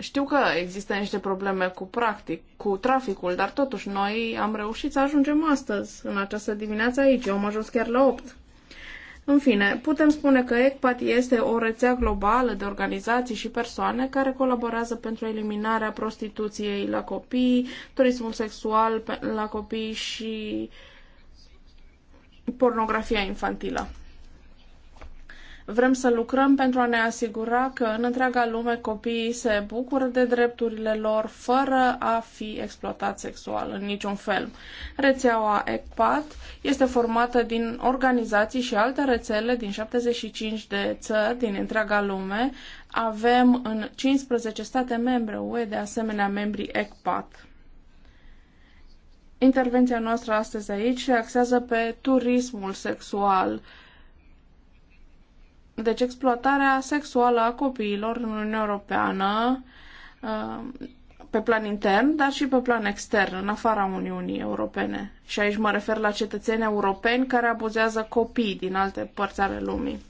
Speaker 3: Știu că există niște probleme cu practic, cu traficul, dar totuși noi am reușit să ajungem astăzi, în această dimineață aici. Eu am ajuns chiar la 8. În fine, putem spune că ECPAT este o rețea globală de organizații și persoane care colaborează pentru eliminarea prostituției la copii, turismul sexual la copii și pornografia infantilă. Vrem să lucrăm pentru a ne asigura că în întreaga lume copiii se bucură de drepturile lor fără a fi exploatat sexual în niciun fel. Rețeaua ECPAT este formată din organizații și alte rețele din 75 de țări din întreaga lume. Avem în 15 state membre UE de asemenea membri ECPAT. Intervenția noastră astăzi aici se axează pe turismul sexual deci exploatarea sexuală a copiilor în Uniunea Europeană uh, pe plan intern, dar și pe plan extern, în afara Uniunii Europene. Și aici mă refer la cetățeni europeni care abuzează copii din alte părți ale lumii.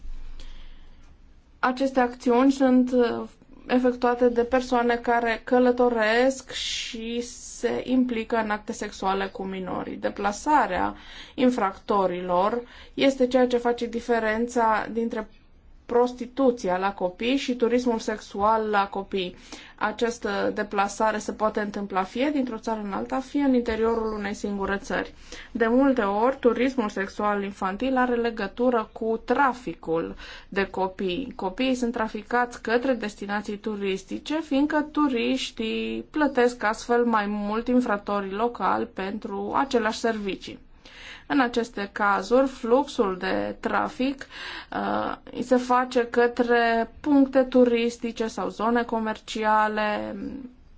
Speaker 3: Aceste acțiuni sunt uh, efectuate de persoane care călătoresc și se implică în acte sexuale cu minorii. Deplasarea infractorilor este ceea ce face diferența dintre prostituția la copii și turismul sexual la copii. Această deplasare se poate întâmpla fie dintr-o țară în alta, fie în interiorul unei singure țări. De multe ori, turismul sexual infantil are legătură cu traficul de copii. Copiii sunt traficați către destinații turistice, fiindcă turiștii plătesc astfel mai mult infratorii locali pentru aceleași servicii. În aceste cazuri, fluxul de trafic uh, se face către puncte turistice sau zone comerciale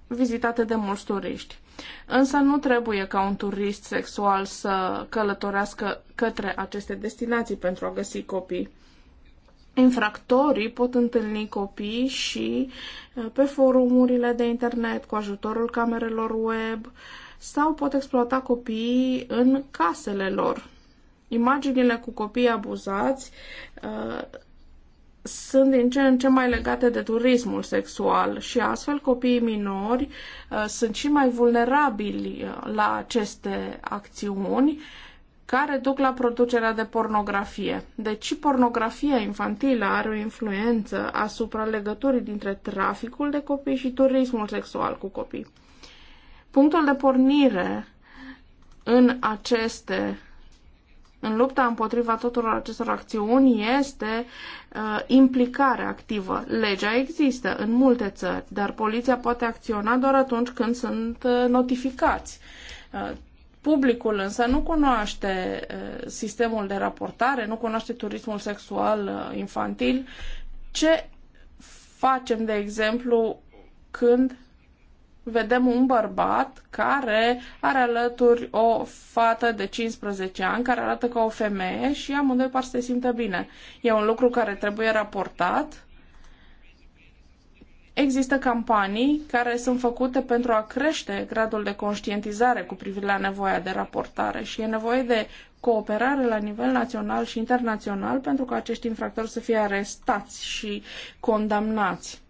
Speaker 3: vizitate de mulți turiști. Însă nu trebuie ca un turist sexual să călătorească către aceste destinații pentru a găsi copii. Infractorii pot întâlni copii și uh, pe forumurile de internet, cu ajutorul camerelor web, uh, sau pot exploata copiii în casele lor. Imaginile cu copii abuzați uh, sunt din ce în ce mai legate de turismul sexual și astfel copiii minori uh, sunt și mai vulnerabili uh, la aceste acțiuni care duc la producerea de pornografie. Deci și pornografia infantilă are o influență asupra legăturii dintre traficul de copii și turismul sexual cu copii. Punctul de pornire în aceste în lupta împotriva tuturor acestor acțiuni este uh, implicarea activă. Legea există în multe țări, dar poliția poate acționa doar atunci când sunt uh, notificați. Uh, Publicul însă nu cunoaște uh, sistemul de raportare, nu cunoaște turismul sexual uh, infantil. Ce facem, de exemplu, când vedem un bărbat care are alături o fată de 15 ani care arată ca o femeie și amândoi par să se simtă bine. E un lucru care trebuie raportat. Există campanii care sunt făcute pentru a crește gradul de conștientizare cu privire la nevoia de raportare și e nevoie de cooperare la nivel național și internațional pentru ca acești infractori să fie arestați și condamnați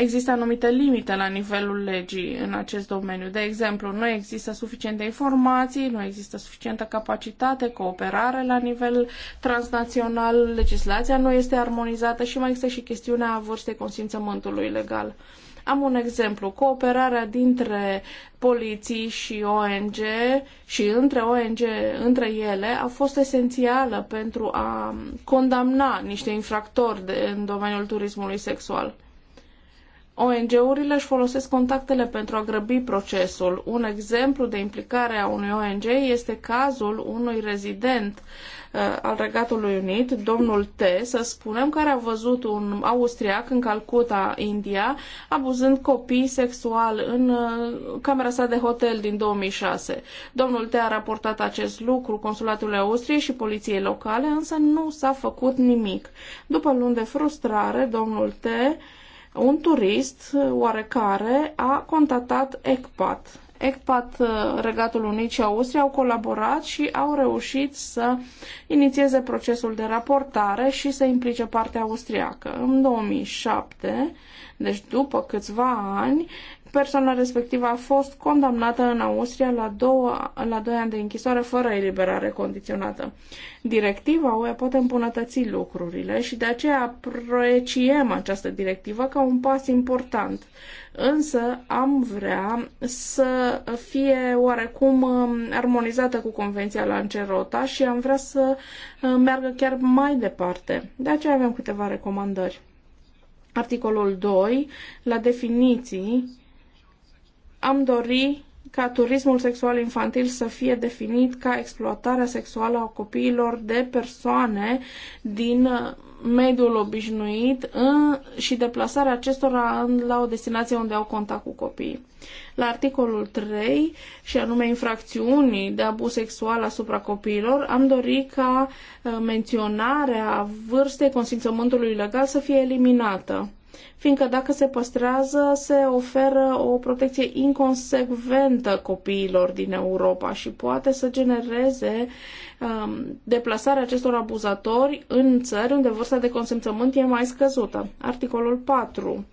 Speaker 3: există anumite limite la nivelul legii în acest domeniu. De exemplu, nu există suficiente informații, nu există suficientă capacitate, cooperare la nivel transnațional, legislația nu este armonizată și mai există și chestiunea vârstei consimțământului legal. Am un exemplu, cooperarea dintre poliții și ONG și între ONG, între ele, a fost esențială pentru a condamna niște infractori de, în domeniul turismului sexual. ONG-urile își folosesc contactele pentru a grăbi procesul. Un exemplu de implicare a unui ONG este cazul unui rezident uh, al Regatului Unit, domnul T, să spunem, care a văzut un austriac în Calcuta, India, abuzând copii sexual în uh, camera sa de hotel din 2006. Domnul T a raportat acest lucru consulatului Austriei și poliției locale, însă nu s-a făcut nimic. După luni de frustrare, domnul T un turist uh, oarecare a contactat ECPAT. ECPAT, uh, Regatul Unit și Austria au colaborat și au reușit să inițieze procesul de raportare și să implice partea austriacă. În 2007, deci după câțiva ani, Persoana respectivă a fost condamnată în Austria la, două, la doi ani de închisoare fără eliberare condiționată. Directiva UE poate îmbunătăți lucrurile și de aceea apreciem această directivă ca un pas important. Însă am vrea să fie oarecum um, armonizată cu Convenția Lancerota și am vrea să uh, meargă chiar mai departe. De aceea avem câteva recomandări. Articolul 2, la definiții, am dori ca turismul sexual infantil să fie definit ca exploatarea sexuală a copiilor de persoane din uh, mediul obișnuit în, și deplasarea acestora la o destinație unde au contact cu copiii. La articolul 3, și anume infracțiunii de abuz sexual asupra copiilor, am dorit ca uh, menționarea vârstei consimțământului legal să fie eliminată Fiindcă dacă se păstrează, se oferă o protecție inconsecventă copiilor din Europa și poate să genereze um, deplasarea acestor abuzatori în țări unde vârsta de consimțământ e mai scăzută. Articolul 4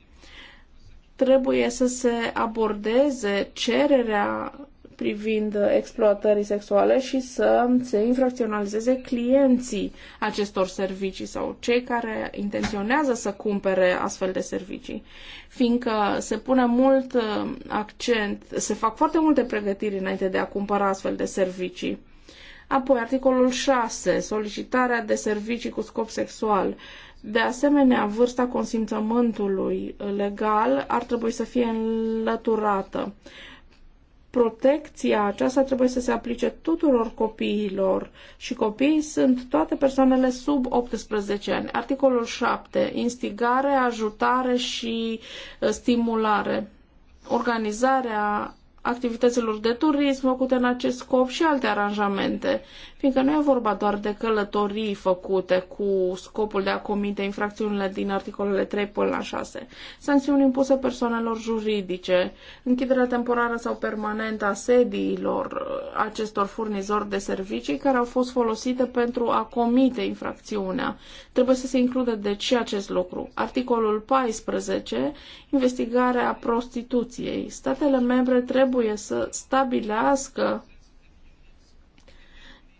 Speaker 3: trebuie să se abordeze cererea privind exploatării sexuale și să se infracționalizeze clienții acestor servicii sau cei care intenționează să cumpere astfel de servicii. Fiindcă se pune mult uh, accent, se fac foarte multe pregătiri înainte de a cumpăra astfel de servicii. Apoi, articolul 6, solicitarea de servicii cu scop sexual. De asemenea, vârsta consimțământului legal ar trebui să fie înlăturată protecția aceasta trebuie să se aplice tuturor copiilor și copiii sunt toate persoanele sub 18 ani. Articolul 7. Instigare, ajutare și uh, stimulare. Organizarea activităților de turism făcute în acest scop și alte aranjamente fiindcă nu e vorba doar de călătorii făcute cu scopul de a comite infracțiunile din articolele 3 până la 6, sancțiuni impuse persoanelor juridice, închiderea temporară sau permanentă a sediilor uh, acestor furnizori de servicii care au fost folosite pentru a comite infracțiunea. Trebuie să se includă deci ce acest lucru. Articolul 14, investigarea prostituției. Statele membre trebuie să stabilească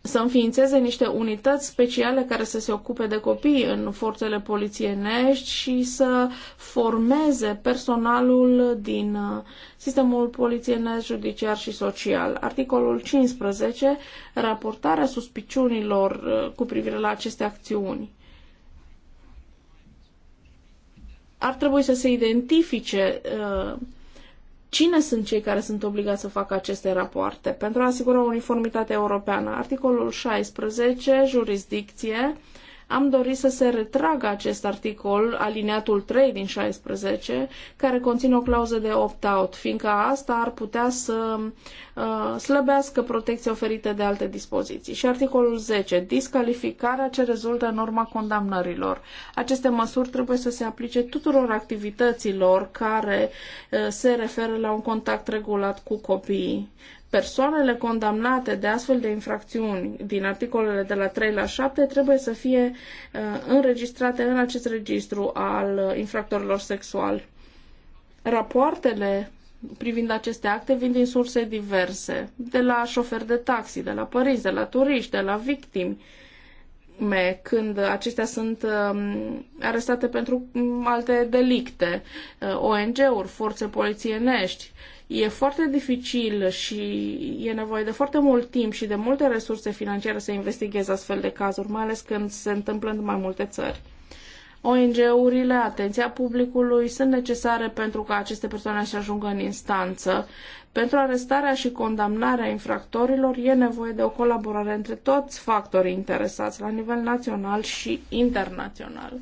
Speaker 3: să înființeze niște unități speciale care să se ocupe de copii în forțele polițienești și să formeze personalul din uh, sistemul polițienesc, judiciar și social. Articolul 15, raportarea suspiciunilor uh, cu privire la aceste acțiuni. Ar trebui să se identifice uh, Cine sunt cei care sunt obligați să facă aceste rapoarte? Pentru a asigura uniformitatea europeană, articolul 16, jurisdicție, am dorit să se retragă acest articol, alineatul 3 din 16, care conține o clauză de opt-out, fiindcă asta ar putea să uh, slăbească protecția oferită de alte dispoziții. Și articolul 10, discalificarea ce rezultă în urma condamnărilor. Aceste măsuri trebuie să se aplice tuturor activităților care uh, se referă la un contact regulat cu copiii. Persoanele condamnate de astfel de infracțiuni din articolele de la 3 la 7 trebuie să fie uh, înregistrate în acest registru al uh, infractorilor sexuali. Rapoartele privind aceste acte vin din surse diverse, de la șoferi de taxi, de la părinți, de la turiști, de la victimi, me, când acestea sunt uh, arestate pentru um, alte delicte, uh, ONG-uri, forțe polițienești, E foarte dificil și e nevoie de foarte mult timp și de multe resurse financiare să investighezi astfel de cazuri, mai ales când se întâmplă în mai multe țări. ONG-urile, atenția publicului sunt necesare pentru ca aceste persoane să ajungă în instanță. Pentru arestarea și condamnarea infractorilor e nevoie de o colaborare între toți factorii interesați la nivel național și internațional.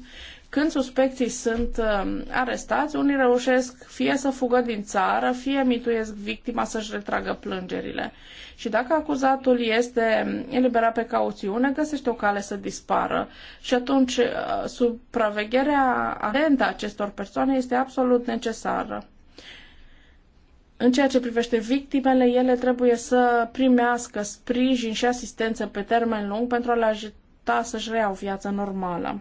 Speaker 3: Când suspecții sunt um, arestați, unii reușesc fie să fugă din țară, fie mituiesc victima să-și retragă plângerile. Și dacă acuzatul este um, eliberat pe cauțiune, găsește o cale să dispară. Și atunci uh, supravegherea atentă a acestor persoane este absolut necesară. În ceea ce privește victimele, ele trebuie să primească sprijin și asistență pe termen lung pentru a le ajuta să-și reiau viața normală.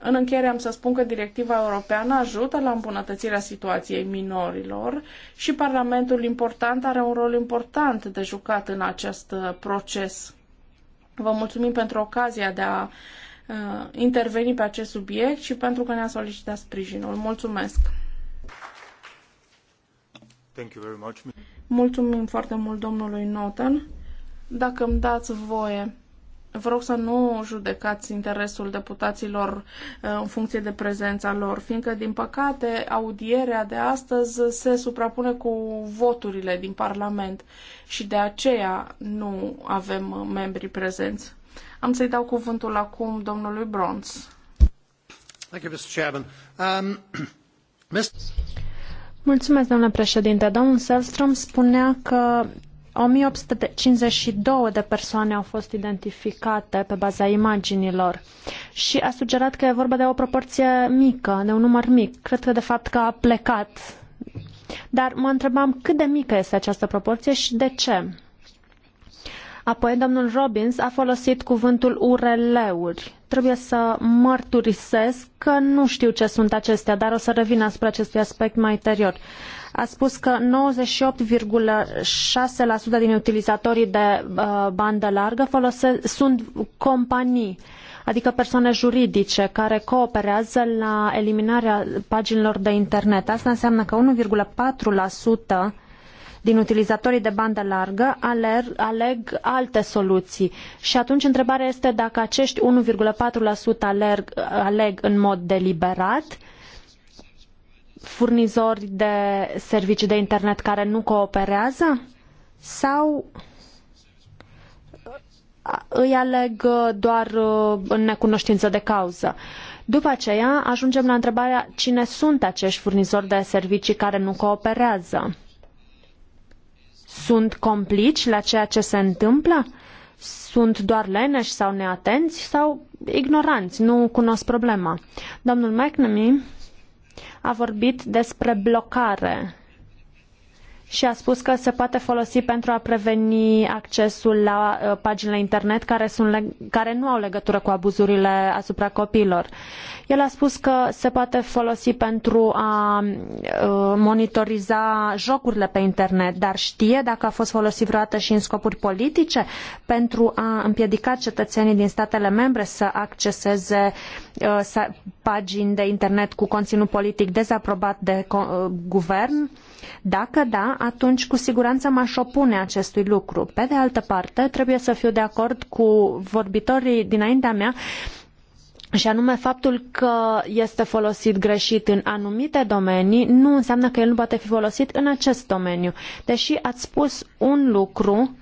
Speaker 3: În încheiere am să spun că directiva europeană ajută la îmbunătățirea situației minorilor și Parlamentul important are un rol important de jucat în acest uh, proces. Vă mulțumim pentru ocazia de a uh, interveni pe acest subiect și pentru că ne-a solicitat sprijinul. Mulțumesc!
Speaker 2: Thank you very much.
Speaker 3: Mulțumim foarte mult domnului Noten. Dacă îmi dați voie, Vă rog să nu judecați interesul deputaților uh, în funcție de prezența lor, fiindcă, din păcate, audierea de astăzi se suprapune cu voturile din Parlament și de aceea nu avem uh, membri prezenți. Am să-i dau cuvântul acum domnului Bronz. Um,
Speaker 1: Mulțumesc, domnule președinte. Domnul Selstrom spunea că 1852 de persoane au fost identificate pe baza imaginilor și a sugerat că e vorba de o proporție mică, de un număr mic. Cred că de fapt că a plecat. Dar mă întrebam cât de mică este această proporție și de ce. Apoi domnul Robbins a folosit cuvântul ureleuri trebuie să mărturisesc că nu știu ce sunt acestea, dar o să revin asupra acestui aspect mai interior. A spus că 98,6% din utilizatorii de uh, bandă largă folose, sunt companii, adică persoane juridice care cooperează la eliminarea paginilor de internet. Asta înseamnă că 1,4% din utilizatorii de bandă largă aleg alte soluții. Și atunci întrebarea este dacă acești 1,4% aleg, aleg în mod deliberat furnizori de servicii de internet care nu cooperează sau îi aleg doar uh, în necunoștință de cauză. După aceea ajungem la întrebarea cine sunt acești furnizori de servicii care nu cooperează. Sunt complici la ceea ce se întâmplă? Sunt doar leneși sau neatenți sau ignoranți? Nu cunosc problema. Domnul McNamee a vorbit despre blocare și a spus că se poate folosi pentru a preveni accesul la uh, paginile internet care, sunt, care nu au legătură cu abuzurile asupra copiilor. El a spus că se poate folosi pentru a uh, monitoriza jocurile pe internet, dar știe dacă a fost folosit vreodată și în scopuri politice pentru a împiedica cetățenii din statele membre să acceseze uh, pagini de internet cu conținut politic dezaprobat de uh, guvern? Dacă da, atunci cu siguranță m-aș opune acestui lucru. Pe de altă parte, trebuie să fiu de acord cu vorbitorii dinaintea mea uh, și anume faptul că este folosit greșit în anumite domenii nu înseamnă că el nu poate fi folosit în acest domeniu. Deși ați spus un lucru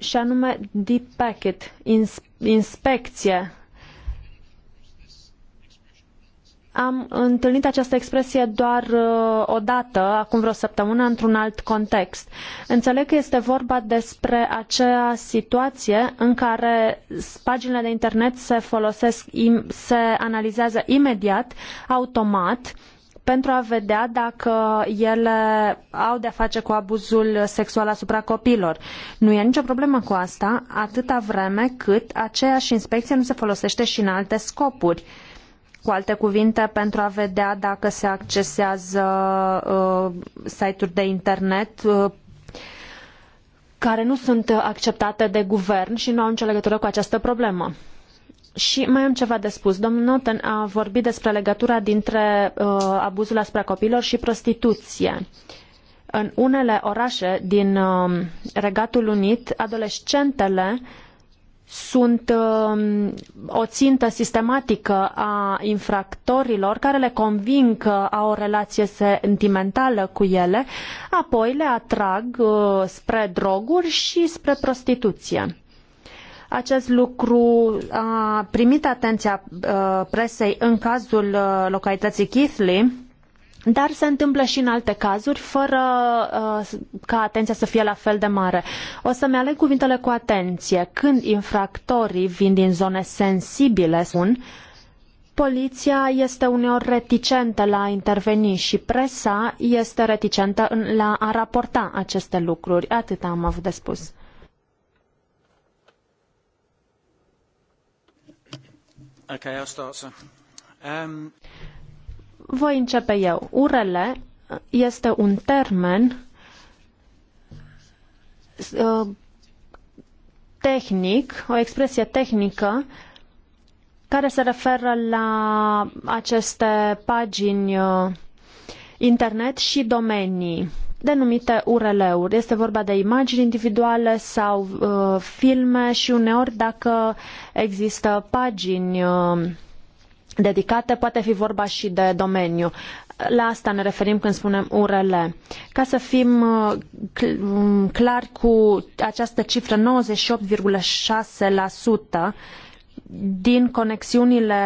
Speaker 1: și anume deep packet, inspecție Am întâlnit această expresie doar uh, o dată, acum vreo săptămână, într-un alt context. Înțeleg că este vorba despre acea situație în care paginile de internet se folosesc, se analizează imediat, automat, pentru a vedea dacă ele au de-a face cu abuzul sexual asupra copiilor. Nu e nicio problemă cu asta, atâta vreme cât aceeași inspecție nu se folosește și în alte scopuri. Uh, cu alte cuvinte, pentru a vedea dacă se accesează uh, site-uri de internet uh, care nu sunt acceptate de guvern și nu au nicio legătură cu această problemă. Și mai am ceva de spus. Domnul Noten a vorbit despre legătura dintre uh, abuzul asupra copiilor și prostituție. În unele orașe din uh, Regatul Unit, adolescentele uh, sunt um, o țintă sistematică a infractorilor care le convin că au o relație sentimentală cu ele, apoi le atrag uh, spre droguri și spre prostituție. Acest lucru a primit atenția uh, presei în cazul uh, localității Keithley, dar se întâmplă și în alte cazuri, fără uh, ca atenția să fie la fel de mare. O să-mi aleg cuvintele cu atenție. Când infractorii vin din zone sensibile, spun, poliția este uneori reticentă la a interveni și presa este reticentă la a raporta aceste lucruri. Atât am avut de spus. Okay, I'll start, sir. Um... Voi începe eu. Urele este un termen uh, tehnic, o expresie tehnică care se referă la aceste pagini uh, internet și domenii denumite URL-uri. Este vorba de imagini individuale sau uh, filme și uneori dacă există pagini uh, dedicate, poate fi vorba și de domeniu. La asta ne referim când spunem URL. Ca să fim uh, mm, clari cu această cifră, 98,6% din conexiunile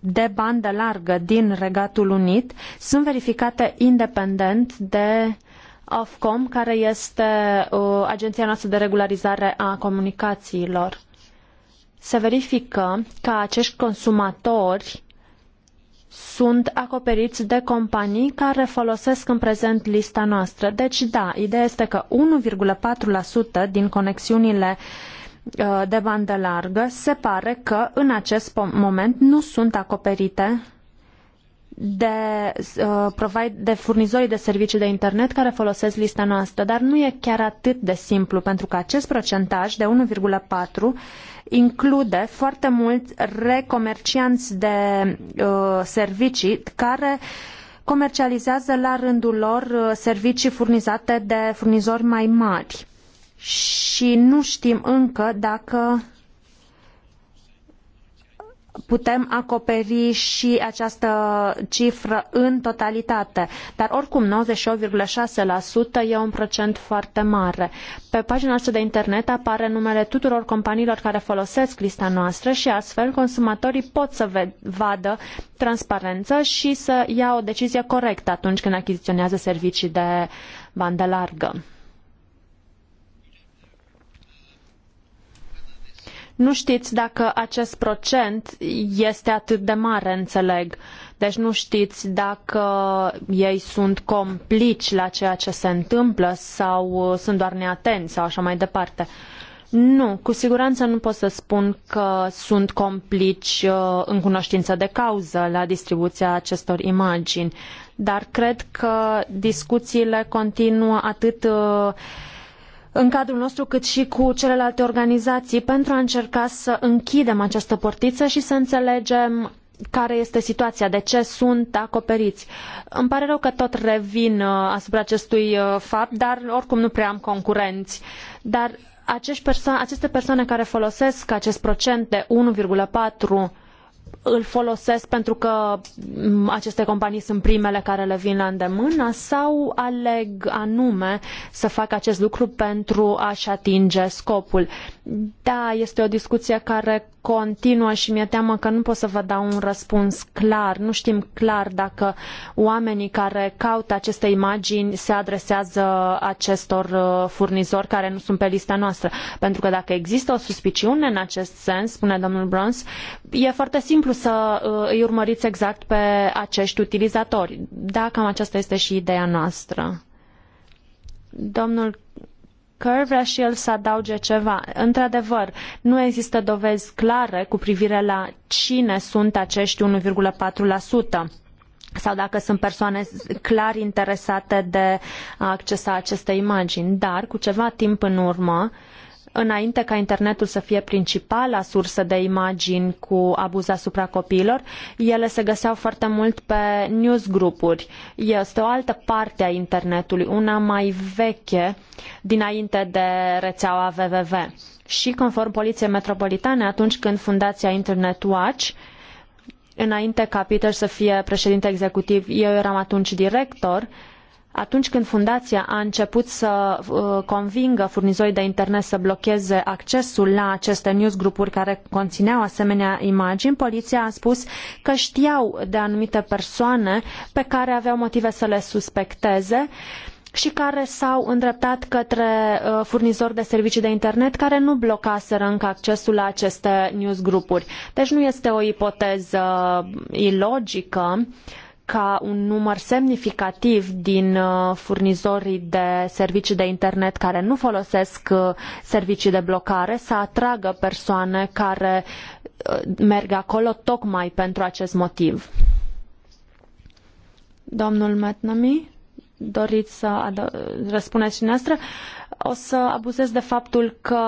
Speaker 1: de bandă largă din Regatul Unit sunt verificate independent de Ofcom, care este uh, agenția noastră de regularizare a comunicațiilor. Se verifică că acești consumatori sunt acoperiți de companii care folosesc în prezent lista noastră. Deci, da, ideea este că 1,4% din conexiunile uh, de bandă largă se pare că în acest moment nu sunt acoperite de, uh, de furnizorii de servicii de internet care folosesc lista noastră, dar nu e chiar atât de simplu, pentru că acest procentaj de 1,4 include foarte mulți recomercianți de uh, servicii care comercializează la rândul lor uh, servicii furnizate de furnizori mai mari. Și nu știm încă dacă putem acoperi și această cifră în totalitate. Dar oricum 98,6% e un procent foarte mare. Pe pagina noastră de internet apare numele tuturor companiilor care folosesc lista noastră și astfel consumatorii pot să vadă transparență și să ia o decizie corectă atunci când achiziționează servicii de bandă largă. Nu știți dacă acest procent este atât de mare, înțeleg. Deci nu știți dacă ei sunt complici la ceea ce se întâmplă sau uh, sunt doar neatenți sau așa mai departe. Nu, cu siguranță nu pot să spun că sunt complici uh, în cunoștință de cauză la distribuția acestor imagini, dar cred că discuțiile continuă atât uh, în cadrul nostru cât și cu celelalte organizații pentru a încerca să închidem această portiță și să înțelegem care este situația, de ce sunt acoperiți. Îmi pare rău că tot revin uh, asupra acestui uh, fapt, dar oricum nu prea am concurenți. Dar perso aceste persoane care folosesc acest procent de 1,4 îl folosesc pentru că mm, aceste companii sunt primele care le vin la îndemână sau aleg anume să facă acest lucru pentru a-și atinge scopul. Da, este o discuție care continuă și mi-e teamă că nu pot să vă dau un răspuns clar. Nu știm clar dacă oamenii care caută aceste imagini se adresează acestor uh, furnizori care nu sunt pe lista noastră. Pentru că dacă există o suspiciune în acest sens, spune domnul Brons, e foarte simplu simplu să uh, îi urmăriți exact pe acești utilizatori. Da, cam aceasta este și ideea noastră. Domnul Kerr vrea și el să adauge ceva. Într-adevăr, nu există dovezi clare cu privire la cine sunt acești 1,4% sau dacă sunt persoane clar interesate de a accesa aceste imagini. Dar, cu ceva timp în urmă, înainte ca internetul să fie principala sursă de imagini cu abuz asupra copiilor, ele se găseau foarte mult pe newsgrupuri. Este o altă parte a internetului, una mai veche, dinainte de rețeaua www. Și conform Poliției Metropolitane, atunci când Fundația Internet Watch înainte ca Peter să fie președinte executiv, eu eram atunci director, uh, atunci când fundația a început să uh, convingă furnizorii de internet să blocheze accesul la aceste newsgrupuri care conțineau asemenea imagini, poliția a spus că știau de anumite persoane pe care aveau motive să le suspecteze și care s-au îndreptat către uh, furnizori de servicii de internet care nu blocaseră încă accesul la aceste newsgrupuri. Deci nu este o ipoteză uh, ilogică. Uh, ca un număr semnificativ din uh, furnizorii de servicii de internet care nu folosesc uh, servicii de blocare să atragă persoane care uh, merg acolo tocmai pentru acest motiv. Domnul Metnami, doriți să răspundeți și noastră? O să abuzez de faptul că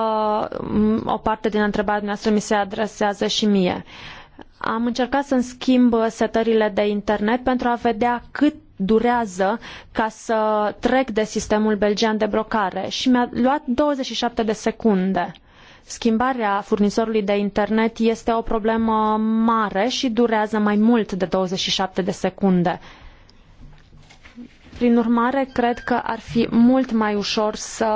Speaker 1: mm, o parte din întrebarea noastră mi se adresează și mie. Uh, am încercat să-mi schimb setările de internet pentru a vedea cât durează ca să trec de sistemul belgian de brocare și mi-a luat 27 de secunde. Schimbarea furnizorului de internet este o problemă mare și durează mai mult de 27 de secunde. Prin urmare, cred că ar fi mult mai ușor să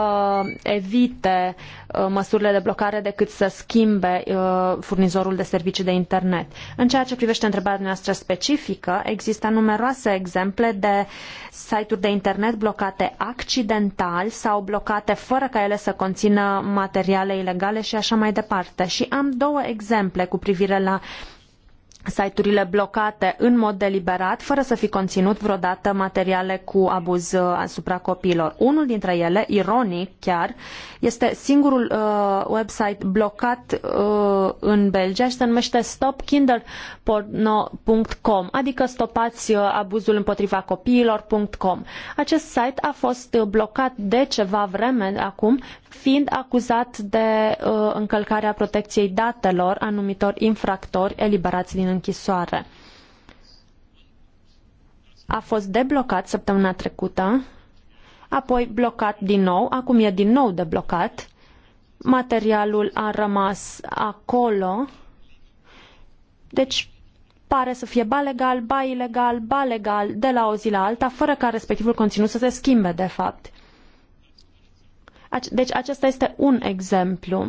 Speaker 1: evite uh, măsurile de blocare decât să schimbe uh, furnizorul de servicii de internet. În ceea ce privește întrebarea noastră specifică, există numeroase exemple de site-uri de internet blocate accidental sau blocate fără ca ele să conțină materiale ilegale și așa mai departe. Și am două exemple cu privire la uh, site-urile blocate în mod deliberat, fără să fi conținut vreodată materiale cu abuz uh, asupra copiilor. Unul dintre ele, ironic chiar, este singurul uh, website blocat uh, în Belgia și se numește stopkinderporno.com, adică stopați uh, abuzul împotriva copiilor.com. Acest site a fost uh, blocat de ceva vreme acum fiind acuzat de uh, încălcarea protecției datelor anumitor infractori eliberați din închisoare. A fost deblocat săptămâna trecută, apoi blocat din nou, acum e din nou deblocat. Materialul a rămas acolo. Deci pare să fie ba legal, ba ilegal, ba legal, de la o zi la alta, fără ca respectivul conținut să se schimbe, de fapt. Deci acesta este un exemplu.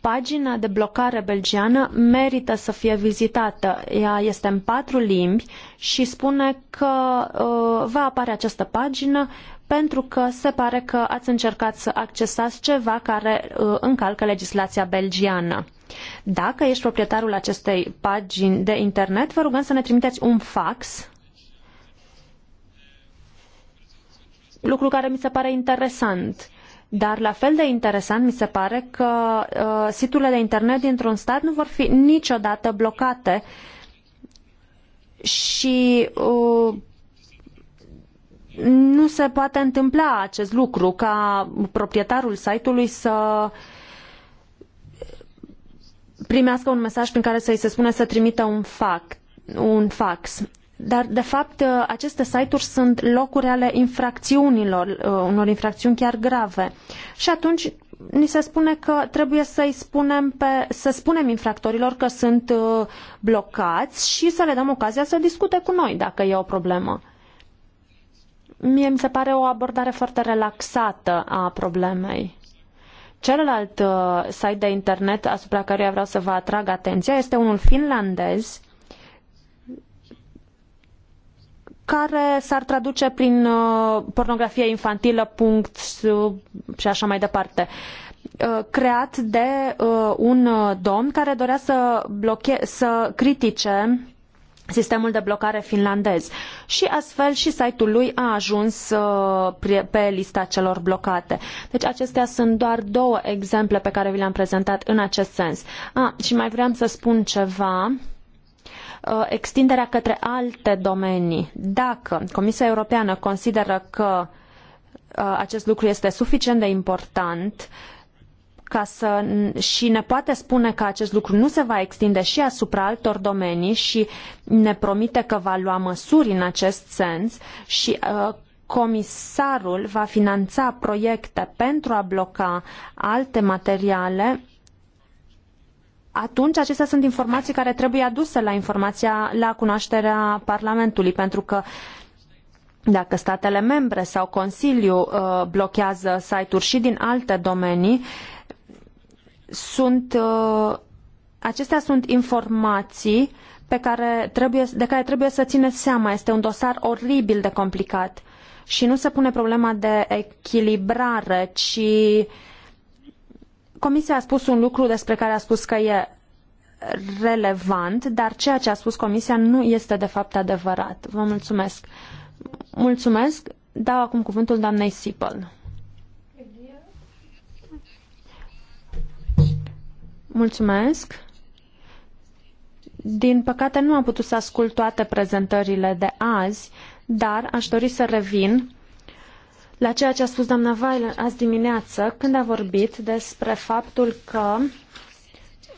Speaker 1: Pagina de blocare belgiană merită să fie vizitată. Ea este în patru limbi și spune că uh, va apare această pagină pentru că se pare că ați încercat să accesați ceva care uh, încalcă legislația belgiană. Dacă ești proprietarul acestei pagini de internet, vă rugăm să ne trimiteți un fax lucru care mi se pare interesant. Dar la fel de interesant mi se pare că uh, siturile de internet dintr-un stat nu vor fi niciodată blocate și uh, nu se poate întâmpla acest lucru ca proprietarul site-ului să primească un mesaj prin care să-i se spune să trimită un fax un fax. Dar, de fapt, uh, aceste site-uri sunt locuri ale infracțiunilor, uh, unor infracțiuni chiar grave. Și atunci ni se spune că trebuie să-i spunem pe, să spunem infractorilor că sunt uh, blocați și să le dăm ocazia să discute cu noi dacă e o problemă. Mie mi se pare o abordare foarte relaxată a problemei. Celălalt site de internet asupra căruia vreau să vă atrag atenția este unul finlandez care s-ar traduce prin uh, pornografie infantilă, punct și așa mai departe uh, creat de uh, un domn care dorea să, bloche- să critique sistemul de blocare finlandez. Și astfel și site-ul lui a ajuns pe lista celor blocate. Deci acestea sunt doar două exemple pe care vi le-am prezentat în acest sens. Ah, și mai vreau să spun ceva. Uh, extinderea către alte domenii. Dacă Comisia Europeană consideră că uh, acest lucru este suficient de important ca să și ne poate spune că acest lucru nu se va extinde și asupra altor domenii și ne promite că va lua măsuri în acest sens și uh, comisarul va finanța proiecte pentru a bloca alte materiale atunci acestea sunt informații care trebuie aduse la informația, la cunoașterea Parlamentului, pentru că dacă statele membre sau Consiliu uh, blochează site-uri și din alte domenii, sunt, uh, acestea sunt informații pe care trebuie, de care trebuie să țineți seama. Este un dosar oribil de complicat și nu se pune problema de echilibrare, ci Comisia a spus un lucru despre care a spus că e relevant, dar ceea ce a spus Comisia nu este de fapt adevărat. Vă mulțumesc. Mulțumesc. Dau acum cuvântul doamnei Sipăl. Mulțumesc. Din păcate nu am putut să ascult toate prezentările de azi, dar aș dori să revin la ceea ce a spus doamna Weil azi dimineață, când a vorbit despre faptul că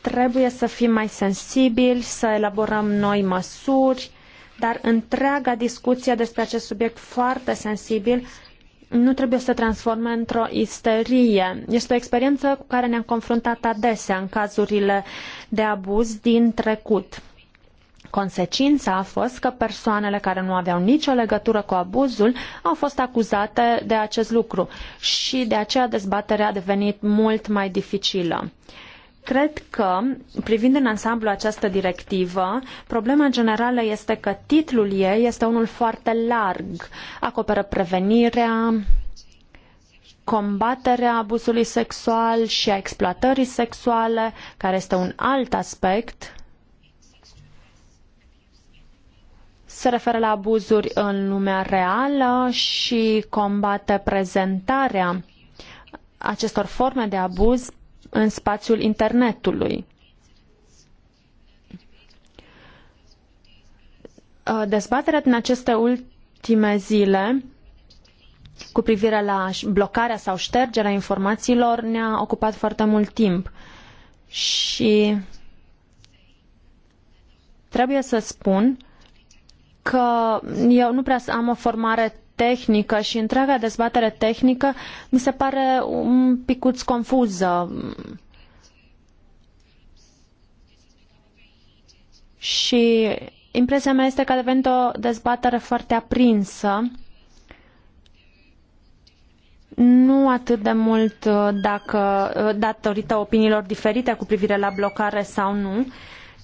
Speaker 1: trebuie să fim mai sensibili, să elaborăm noi măsuri, dar întreaga discuție despre acest subiect foarte sensibil nu trebuie să se transforme într-o isterie. Este o experiență cu care ne-am confruntat adesea în cazurile de abuz din trecut. Consecința a fost că persoanele care nu aveau nicio legătură cu abuzul au fost acuzate de acest lucru și de aceea dezbaterea a devenit mult mai dificilă. Cred că, privind în ansamblu această directivă, problema generală este că titlul ei este unul foarte larg. Acoperă prevenirea, combaterea abuzului sexual și a exploatării sexuale, care este un alt aspect se referă la abuzuri în lumea reală și combate prezentarea acestor forme de abuz în spațiul internetului. Uh, dezbaterea din aceste ultime zile cu privire la blocarea sau ștergerea informațiilor ne-a ocupat foarte mult timp și trebuie să spun că eu nu prea am o formare tehnică și întreaga dezbatere tehnică mi se pare un picuț confuză. Și impresia mea este că a devenit o dezbatere foarte aprinsă. Nu atât de mult uh, dacă, uh, datorită opiniilor diferite cu privire la blocare sau nu,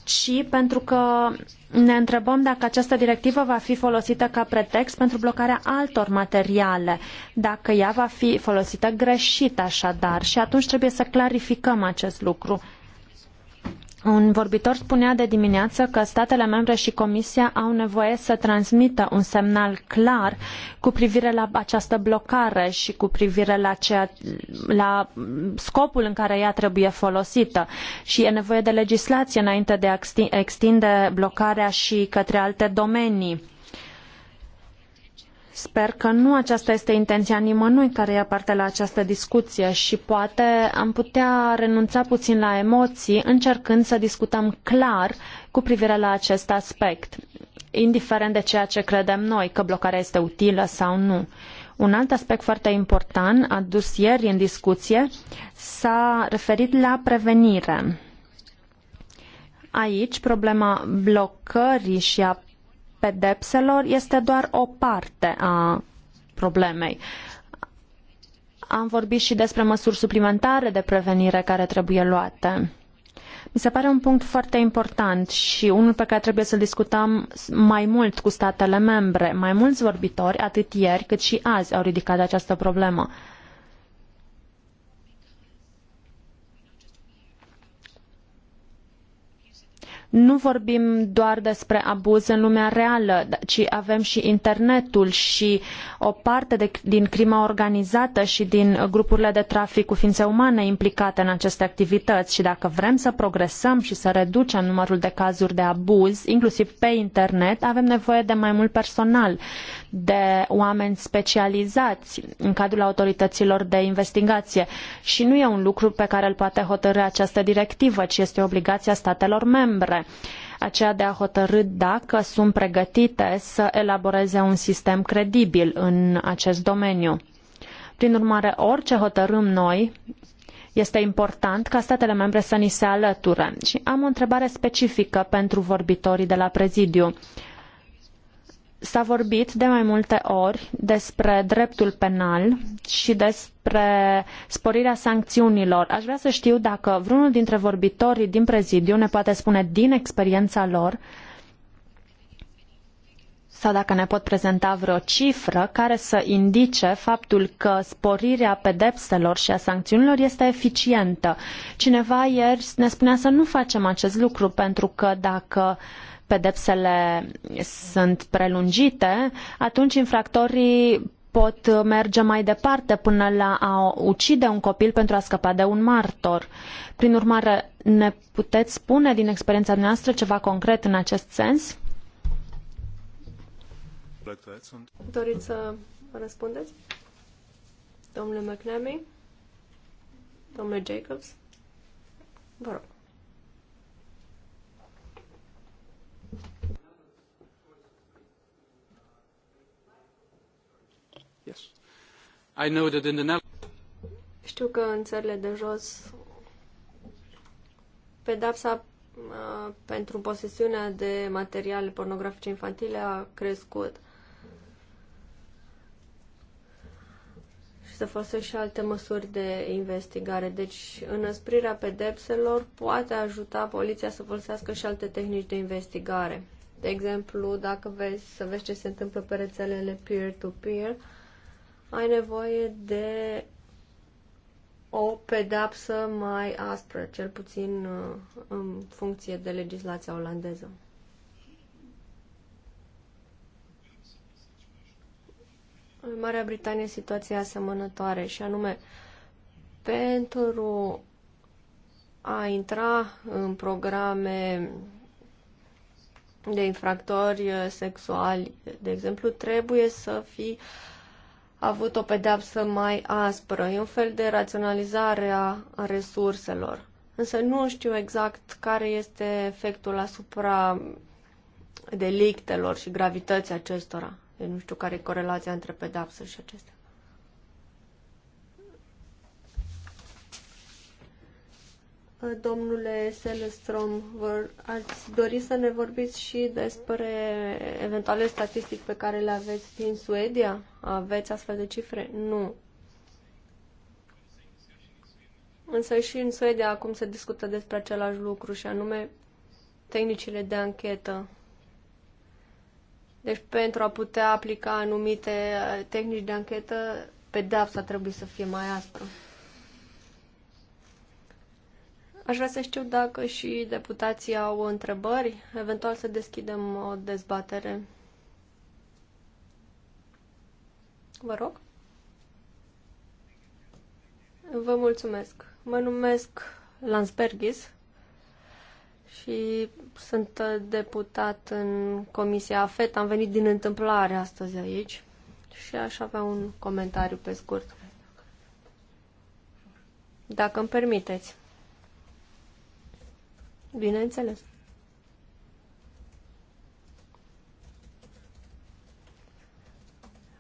Speaker 1: ci pentru că ne întrebăm dacă această directivă va fi folosită ca pretext pentru blocarea altor materiale, dacă ea va fi folosită greșit așadar și atunci trebuie să clarificăm acest lucru. Un vorbitor spunea de dimineață că statele membre și Comisia au nevoie să transmită un semnal clar cu privire la această blocare și cu privire la, la scopul în care ea trebuie folosită. Și e nevoie de legislație înainte de a extinde blocarea și către alte domenii Sper că nu aceasta este intenția nimănui care ia parte la această discuție și poate am putea renunța puțin la emoții încercând să discutăm clar cu privire la acest aspect, indiferent de ceea ce credem noi, că blocarea este utilă sau nu. Un alt aspect foarte important adus ieri în discuție s-a referit la prevenire. Aici, problema blocării și a pedepselor este doar o parte a problemei. Am vorbit și despre măsuri suplimentare de prevenire care trebuie luate. Mi se pare un punct foarte important și unul pe care trebuie să discutăm mai mult cu statele membre. Mai mulți vorbitori, atât ieri cât și azi, au ridicat această problemă. nu vorbim doar despre abuz în lumea reală, ci avem și internetul și o parte de, din crima organizată și din grupurile de trafic cu ființe umane implicate în aceste activități și dacă vrem să progresăm și să reducem numărul de cazuri de abuz, inclusiv pe internet, avem nevoie de mai mult personal, de oameni specializați în cadrul autorităților de investigație și nu e un lucru pe care îl poate hotărî această directivă, ci este obligația statelor membre aceea de a hotărî dacă sunt pregătite să elaboreze un sistem credibil în acest domeniu. Prin urmare, orice hotărâm noi, este important ca statele membre să ni se alăture. Și am o întrebare specifică pentru vorbitorii de la prezidiu. S-a vorbit de mai multe ori despre dreptul penal și despre sporirea sancțiunilor. Aș vrea să știu dacă vreunul dintre vorbitorii din prezidiu ne poate spune din experiența lor sau dacă ne pot prezenta vreo cifră care să indice faptul că sporirea pedepselor și a sancțiunilor este eficientă. Cineva ieri ne spunea să nu facem acest lucru pentru că dacă uh, pedepsele sunt prelungite, atunci infractorii pot merge mai departe până la a ucide un copil pentru a scăpa de un martor. Prin urmare, ne puteți spune din experiența noastră ceva concret în acest sens?
Speaker 2: Doriți să răspundeți? Domnule McNamee? Domnule Jacobs?
Speaker 1: Vă rog. Yes. I know that in the
Speaker 2: Știu că în țările de jos pedapsa uh, pentru posesiunea de materiale pornografice infantile a crescut. și să folosești și alte măsuri de investigare. Deci, înăsprirea pedepselor poate ajuta poliția să folosească și alte tehnici de investigare. De exemplu, dacă vezi, să vezi ce se întâmplă pe rețelele peer-to-peer, -peer, ai nevoie de o pedapsă mai aspră, cel puțin uh, în funcție de legislația olandeză. În Marea Britanie situația asemănătoare și anume pentru a intra în programe de infractori sexuali, de exemplu, trebuie să fii uh, avut o pedeapsă mai aspră. E un fel de raționalizare a resurselor. Însă nu știu exact care este efectul asupra delictelor și gravității acestora. Eu nu știu care e corelația între pedeapsă și acestea. Domnule Selestrom, vor, ați dori să ne vorbiți și despre eventuale statistici pe care le aveți din Suedia? Aveți astfel de cifre? Nu. Însă și în Suedia acum se discută despre același lucru și anume tehnicile de anchetă. Deci pentru a putea aplica anumite tehnici de anchetă, pedeapsa trebuie să fie mai aspră. Aș vrea să știu dacă și deputații au întrebări, eventual să deschidem o dezbatere. Vă rog. Vă mulțumesc. Mă numesc Lansbergis și sunt deputat în Comisia AFET. Am venit din întâmplare astăzi aici și aș avea un comentariu pe scurt. Dacă îmi permiteți. Bineînțeles.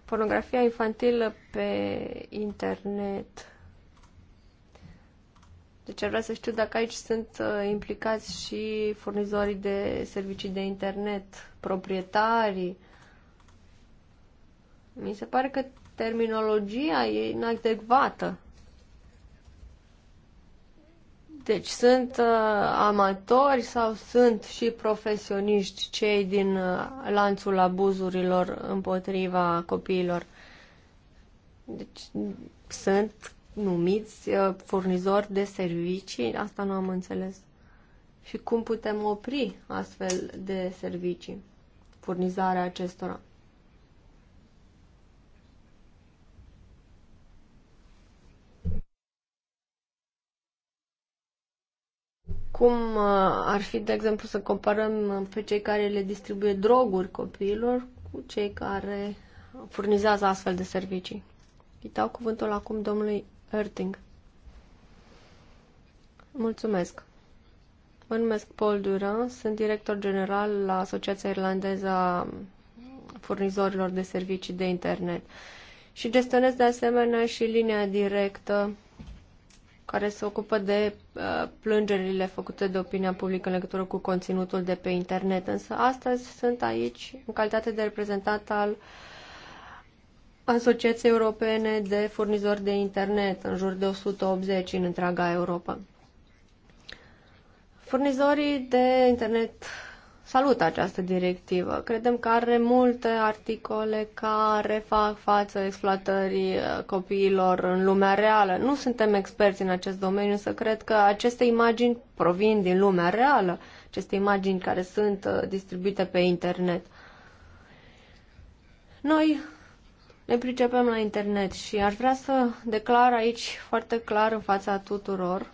Speaker 2: Pornografia infantilă pe internet. Deci ar vrea să știu dacă aici sunt uh, implicați și furnizorii de servicii de internet, proprietarii. Mi se pare că terminologia e inadecvată. Deci sunt uh, amatori sau sunt și profesioniști cei din uh, lanțul abuzurilor împotriva copiilor. Deci sunt numiți uh, furnizori de servicii, asta nu am înțeles. Și cum putem opri astfel de servicii, furnizarea acestora? Cum uh, ar fi, de exemplu, să comparăm uh, pe cei care le distribuie droguri copiilor cu cei care furnizează astfel de servicii? Îi dau cuvântul acum domnului Erting. Mulțumesc. Mă numesc Paul Duran, sunt director general la Asociația Irlandeză a Furnizorilor de Servicii de Internet și gestionez de asemenea și linia directă care se ocupă de uh, plângerile făcute de opinia publică în legătură cu conținutul de pe internet. Însă astăzi sunt aici în calitate de reprezentant al Asociației Europene de Furnizori de Internet, în jur de 180 în întreaga Europa. Furnizorii de internet salută această directivă. Credem că are multe articole care fac față exploatării uh, copiilor în lumea reală. Nu suntem experți în acest domeniu, însă cred că aceste imagini provin din lumea reală, aceste imagini care sunt uh, distribuite pe internet. Noi ne pricepem la internet și aș vrea să declar aici foarte clar în fața tuturor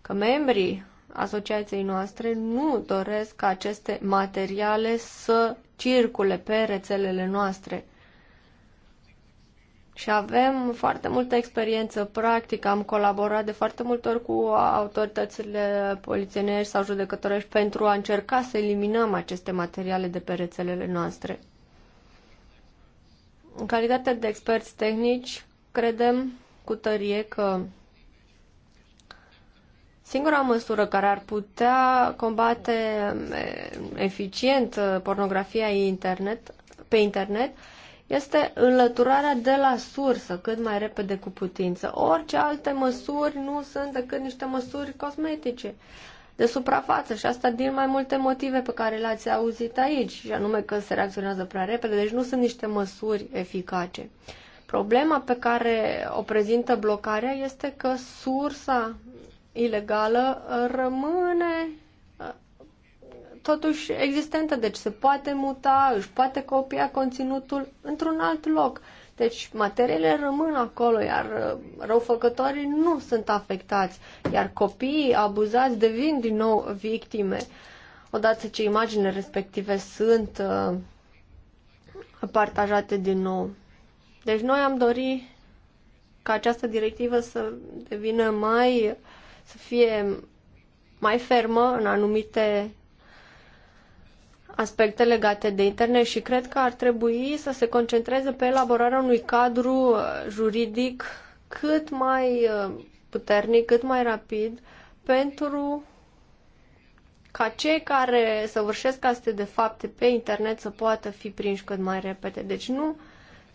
Speaker 2: că membrii asociației noastre nu doresc ca aceste materiale să circule pe rețelele noastre. Și avem foarte multă experiență practică, am colaborat de foarte multe ori cu autoritățile polițienești sau judecătorești pentru a încerca să eliminăm aceste materiale de pe rețelele noastre. În calitate de experți tehnici, credem cu tărie că Singura măsură care ar putea combate eficient pornografia internet, pe internet este înlăturarea de la sursă cât mai repede cu putință. Orice alte măsuri nu sunt decât niște măsuri cosmetice de suprafață și asta din mai multe motive pe care le-ați auzit aici, și anume că se reacționează prea repede, deci nu sunt niște măsuri eficace. Problema pe care o prezintă blocarea este că sursa ilegală uh, rămâne uh, totuși existentă, deci se poate muta, își poate copia conținutul într-un alt loc. Deci materiile rămân acolo, iar uh, răufăcătorii nu sunt afectați, iar copiii abuzați devin din nou victime. Odată ce imaginile respective sunt uh, partajate din nou. Deci noi am dorit ca această directivă să devină mai uh, să fie mai fermă în anumite aspecte legate de internet și cred că ar trebui să se concentreze pe elaborarea unui cadru uh, juridic cât mai uh, puternic, cât mai rapid pentru ca cei care săvârșesc astea de fapte pe internet să poată fi prinși cât mai repede. Deci nu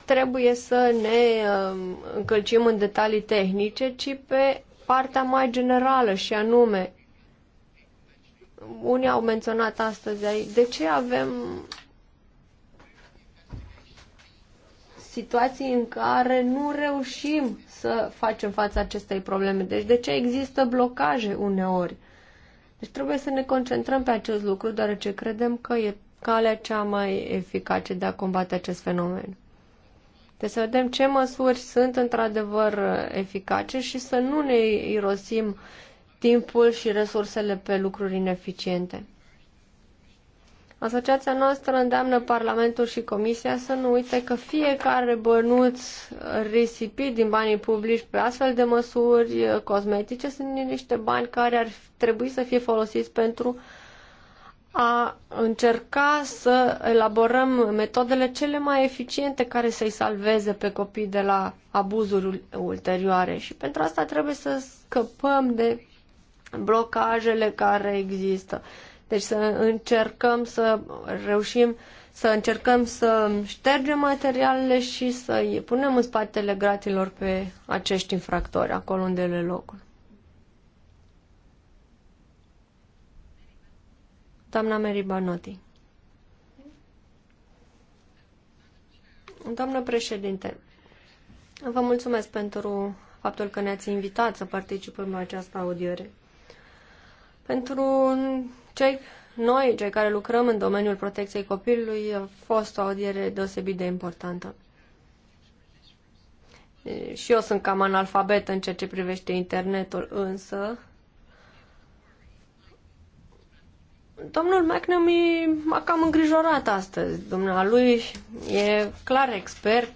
Speaker 2: trebuie să ne uh, încălcim în detalii tehnice, ci pe partea mai generală și anume, unii au menționat astăzi aici, de ce avem situații în care nu reușim să facem față acestei probleme. Deci de ce există blocaje uneori? Deci trebuie să ne concentrăm pe acest lucru, deoarece credem că e calea cea mai eficace de a combate acest fenomen. Deci să vedem ce măsuri sunt într-adevăr eficace și să nu ne irosim timpul și resursele pe lucruri ineficiente. Asociația noastră îndeamnă Parlamentul și Comisia să nu uite că fiecare bănuț risipit din banii publici pe astfel de măsuri cosmetice sunt niște bani care ar trebui să fie folosiți pentru a încerca să elaborăm metodele cele mai eficiente care să-i salveze pe copii de la abuzuri ulterioare și pentru asta trebuie să scăpăm de blocajele care există. Deci să încercăm să reușim să încercăm să ștergem materialele și să-i punem în spatele gratilor pe acești infractori, acolo unde le locul. Doamna Mary Banotti. Doamnă președinte, vă mulțumesc pentru faptul că ne-ați invitat să participăm la această audiere. Pentru cei noi, cei care lucrăm în domeniul protecției copilului, a fost o audiere deosebit de importantă. Și eu sunt cam analfabet în ceea ce privește internetul, însă Domnul McNamee m-a cam îngrijorat astăzi. Dumnealui e clar expert,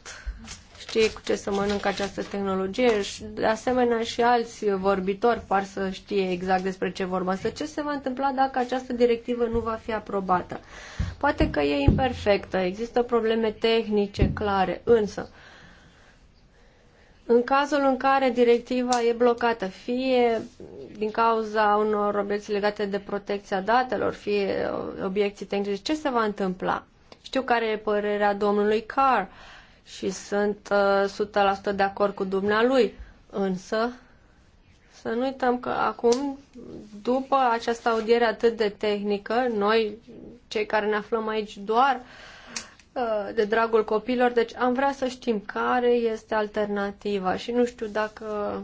Speaker 2: știe cu ce să mănâncă această tehnologie și de asemenea și alți vorbitori par să știe exact despre ce vorba. Să ce se va întâmpla dacă această directivă nu va fi aprobată? Poate că e imperfectă, există probleme tehnice clare, însă uh, în cazul în care directiva e blocată, fie din cauza unor obiecții legate de protecția datelor, fie obiecții tehnice, ce se va întâmpla? Știu care e părerea domnului Carr și sunt uh, 100% de acord cu dumnealui, însă să nu uităm că acum, după această audiere atât de tehnică, noi, cei care ne aflăm aici doar uh, Uh, de dragul copilor, deci am vrea să știm care este alternativa și nu știu dacă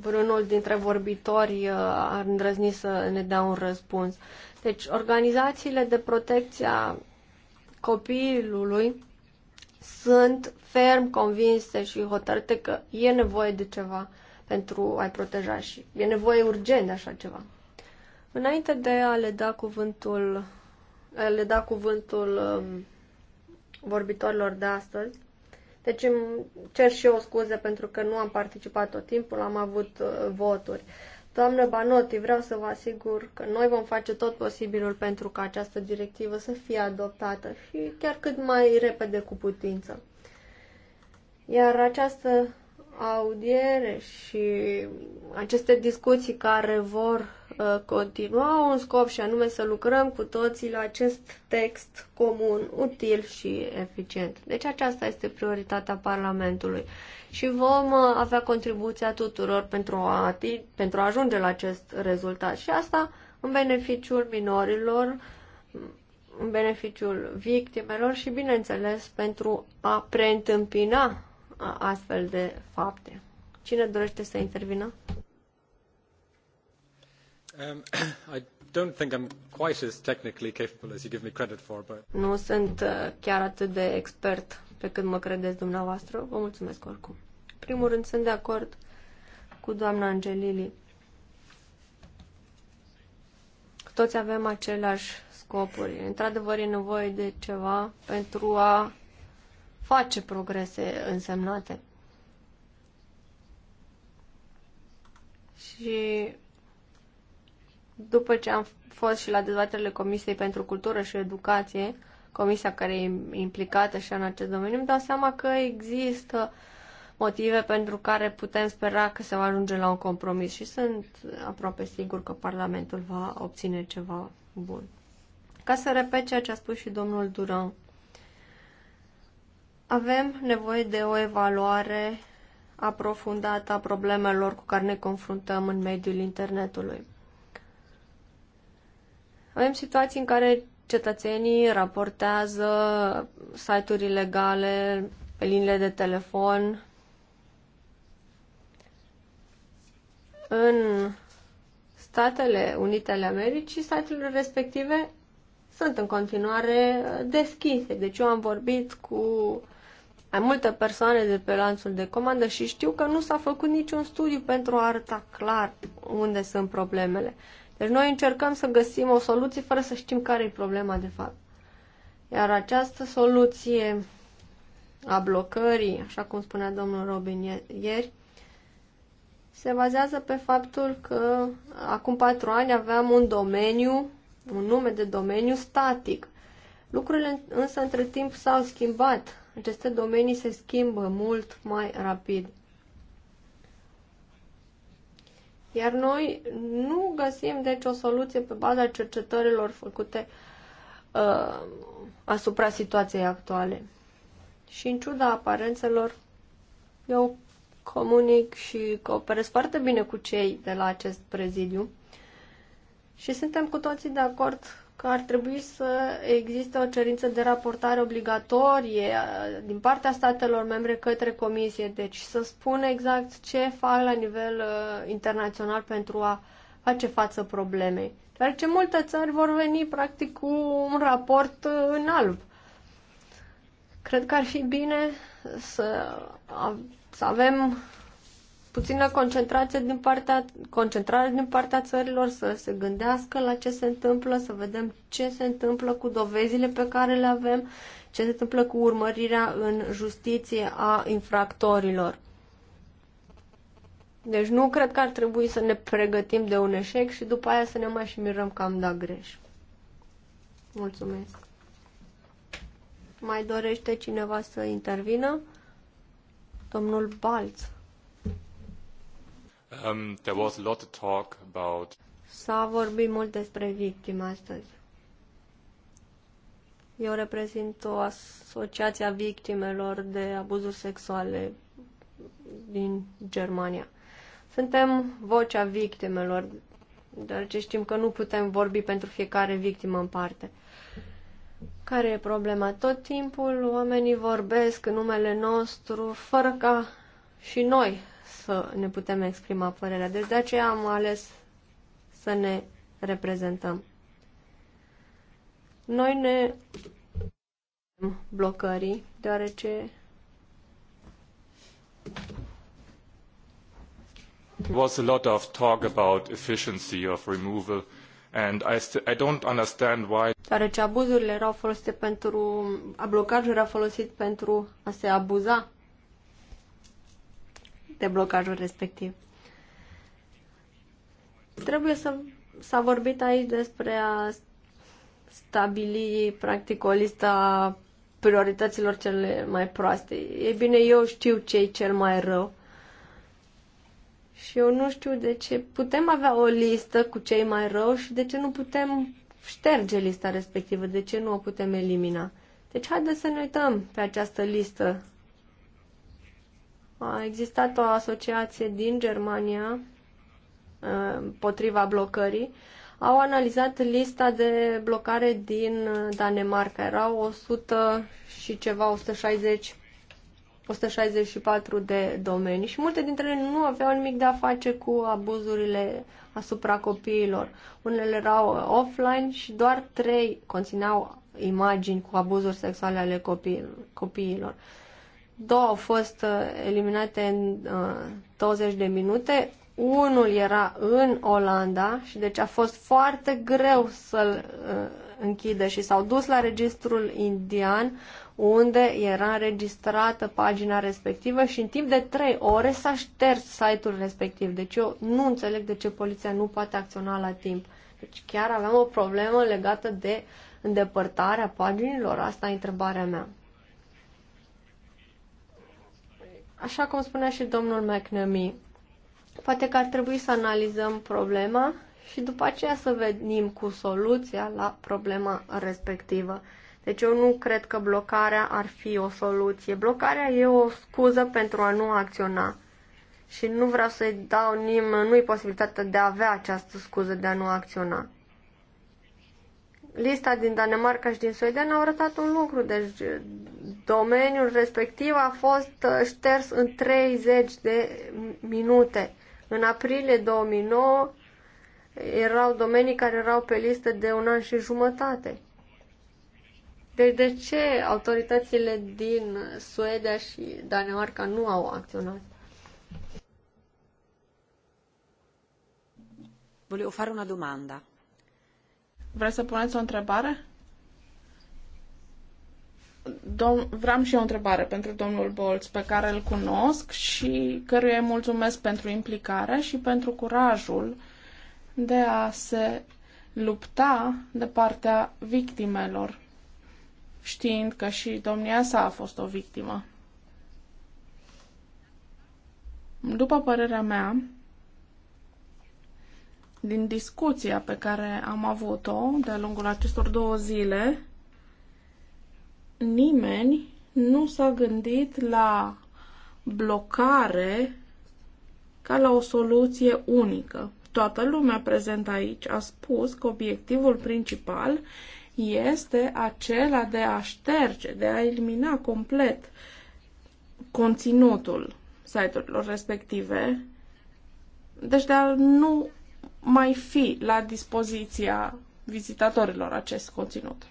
Speaker 2: vreunul dintre vorbitori uh, ar îndrăzni să ne dea un răspuns. Deci, organizațiile de protecție a copilului sunt ferm convinse și hotărâte că e nevoie de ceva pentru a-i proteja și e nevoie urgent de așa ceva. Înainte de a le da cuvântul le da cuvântul um, vorbitorilor de astăzi. Deci îmi cer și eu scuze pentru că nu am participat tot timpul, am avut uh, voturi. Doamnă Banoti, vreau să vă asigur că noi vom face tot posibilul pentru ca această directivă să fie adoptată și chiar cât mai repede cu putință. Iar această audiere și aceste discuții care vor Uh, continua un scop și anume să lucrăm cu toții la acest text comun, util și eficient. Deci aceasta este prioritatea Parlamentului și vom uh, avea contribuția tuturor pentru a, pentru a ajunge la acest rezultat și asta în beneficiul minorilor, în beneficiul victimelor și, bineînțeles, pentru a preîntâmpina uh, astfel de fapte. Cine dorește să intervină?
Speaker 1: Nu sunt uh,
Speaker 2: chiar atât de expert pe cât mă credeți dumneavoastră. Vă mulțumesc oricum. În primul rând, sunt de acord cu doamna Angelili. Toți avem aceleași scopuri. Într-adevăr, e nevoie de ceva pentru a face progrese însemnate. Și după ce am fost și la dezbaterile Comisiei pentru Cultură și Educație, comisia care e implicată și în acest domeniu, îmi dau seama că există motive pentru care putem spera că se va ajunge la un compromis și sunt aproape sigur că Parlamentul va obține ceva bun. Ca să repet ceea ce a spus și domnul Duran, avem nevoie de o evaluare aprofundată a problemelor cu care ne confruntăm în mediul internetului. Avem situații în care cetățenii raportează site-uri ilegale, pe liniile de telefon. În Statele Unite ale Americii, site-urile respective sunt în continuare deschise. Deci eu am vorbit cu mai multe persoane de pe lanțul de comandă și știu că nu s-a făcut niciun studiu pentru a arăta clar unde sunt problemele. Deci noi încercăm să găsim o soluție fără să știm care e problema de fapt. Iar această soluție a blocării, așa cum spunea domnul Robin ieri, se bazează pe faptul că acum patru ani aveam un domeniu, un nume de domeniu static. Lucrurile însă între timp s-au schimbat. Aceste domenii se schimbă mult mai rapid. Iar noi nu găsim, deci, o soluție pe baza cercetărilor făcute uh, asupra situației actuale. Și în ciuda aparențelor, eu comunic și cooperez foarte bine cu cei de la acest prezidiu și suntem cu toții de acord că ar trebui să existe o cerință de raportare obligatorie uh, din partea statelor membre către comisie, deci să spună exact ce fac la nivel uh, internațional pentru a face față problemei. Dar ce multe țări vor veni practic cu un raport uh, în alb. Cred că ar fi bine să, să avem puțină concentrație din partea, concentrare din partea țărilor să se gândească la ce se întâmplă, să vedem ce se întâmplă cu dovezile pe care le avem, ce se întâmplă cu urmărirea în justiție a infractorilor. Deci nu cred că ar trebui să ne pregătim de un eșec și după aia să ne mai și mirăm că am dat greș. Mulțumesc. Mai dorește cineva să intervină? Domnul Balț. Um, there was a lot of talk about... S-a vorbit mult despre victime astăzi. Eu reprezint o asociație a victimelor de abuzuri sexuale din Germania. Suntem vocea victimelor, ce știm că nu putem vorbi pentru fiecare victimă în parte. Care e problema? Tot timpul oamenii vorbesc în numele nostru, fără ca și noi să ne putem exprima părerea. Deci de aceea am ales să ne reprezentăm. Noi ne blocării, deoarece was a lot of talk about efficiency of removal and I, I don't understand why deoarece abuzurile erau folosite pentru a blocajul era folosit pentru a se abuza de blocajul respectiv. Trebuie să s-a vorbit aici despre a stabili practic o listă a priorităților cele mai proaste. E bine, eu știu ce e cel mai rău. Și eu nu știu de ce putem avea o listă cu cei mai rău și de ce nu putem șterge lista respectivă, de ce nu o putem elimina. Deci haideți să ne uităm pe această listă a existat o asociație din Germania uh, împotriva blocării. Au analizat lista de blocare din uh, Danemarca. Erau 100 și ceva, 160 164 de domenii și multe dintre ele nu aveau nimic de a face cu abuzurile asupra copiilor. Unele erau offline și doar trei conțineau imagini cu abuzuri sexuale ale copiilor două au fost uh, eliminate în 20 uh, de minute, unul era în Olanda și deci a fost foarte greu să-l uh, închidă și s-au dus la registrul indian unde era înregistrată pagina respectivă și în timp de 3 ore s-a șters site-ul respectiv. Deci eu nu înțeleg de ce poliția nu poate acționa la timp. Deci chiar aveam o problemă legată de îndepărtarea paginilor. Asta e întrebarea mea. Așa cum spunea și domnul McNamee, poate că ar trebui să analizăm problema și după aceea să venim cu soluția la problema respectivă. Deci eu nu cred că blocarea ar fi o soluție. Blocarea e o scuză pentru a nu acționa. Și nu vreau să-i dau nimănui posibilitatea de a avea această scuză de a nu acționa lista din Danemarca și din Suedia ne-au arătat un lucru. Deci domeniul respectiv a fost uh, șters în 30 de minute. În aprilie 2009 erau domenii care erau pe listă de un an și jumătate. Deci de ce autoritățile din Suedia și Danemarca nu au
Speaker 3: acționat? Volevo fare una domanda. Vreți să puneți o întrebare? Dom- vreau și o întrebare pentru domnul Bolț, pe care îl cunosc și căruia îi mulțumesc pentru implicare și pentru curajul de a se lupta de partea victimelor, știind că și domnia sa a fost o victimă. După părerea mea, din discuția pe care am avut-o de-a lungul acestor două zile, nimeni nu s-a gândit la blocare ca la o soluție unică. Toată lumea prezentă aici a spus că obiectivul principal este acela de a șterge, de a elimina complet conținutul site-urilor respective, deci de a nu mai fi la dispoziția vizitatorilor acest conținut.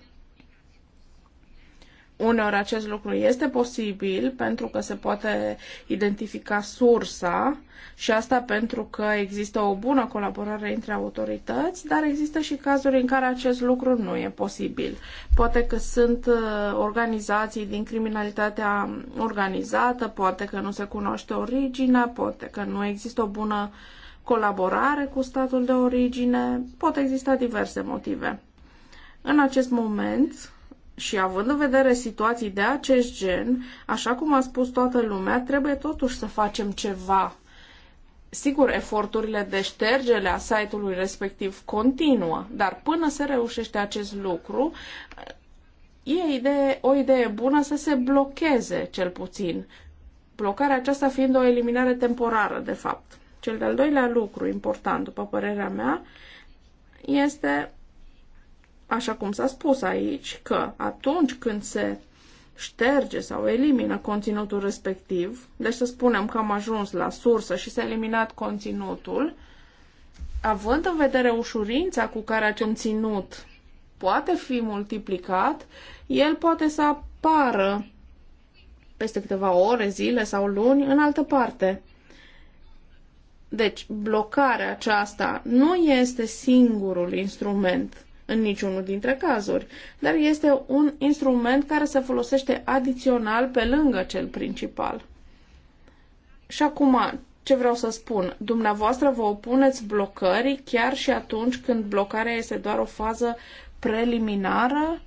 Speaker 3: Uneori acest lucru este posibil pentru că se poate identifica sursa și asta pentru că există o bună colaborare între autorități, dar există și cazuri în care acest lucru nu e posibil. Poate că sunt uh, organizații din criminalitatea organizată, poate că nu se cunoaște originea, poate că nu există o bună uh, colaborare cu statul de origine, pot exista diverse motive. În acest moment, și având în vedere situații de acest gen, așa cum a spus toată lumea, trebuie totuși să facem ceva. Sigur, eforturile de ștergere a site-ului respectiv continuă, dar până se reușește acest lucru, e idee, o idee bună să se blocheze, cel puțin. Blocarea aceasta fiind o eliminare temporară, de fapt. Cel de-al doilea lucru important, după părerea mea, este, așa cum s-a spus aici, că atunci când se șterge sau elimină conținutul respectiv, deci să spunem că am ajuns la sursă și s-a eliminat conținutul, având în vedere ușurința cu care acel ținut poate fi multiplicat, el poate să apară peste câteva ore, zile sau luni în altă parte. Deci, blocarea aceasta nu este singurul instrument în niciunul dintre cazuri, dar este un instrument care se folosește adițional pe lângă cel principal. Și acum, ce vreau să spun? Dumneavoastră vă opuneți blocării chiar și atunci când blocarea este doar o fază preliminară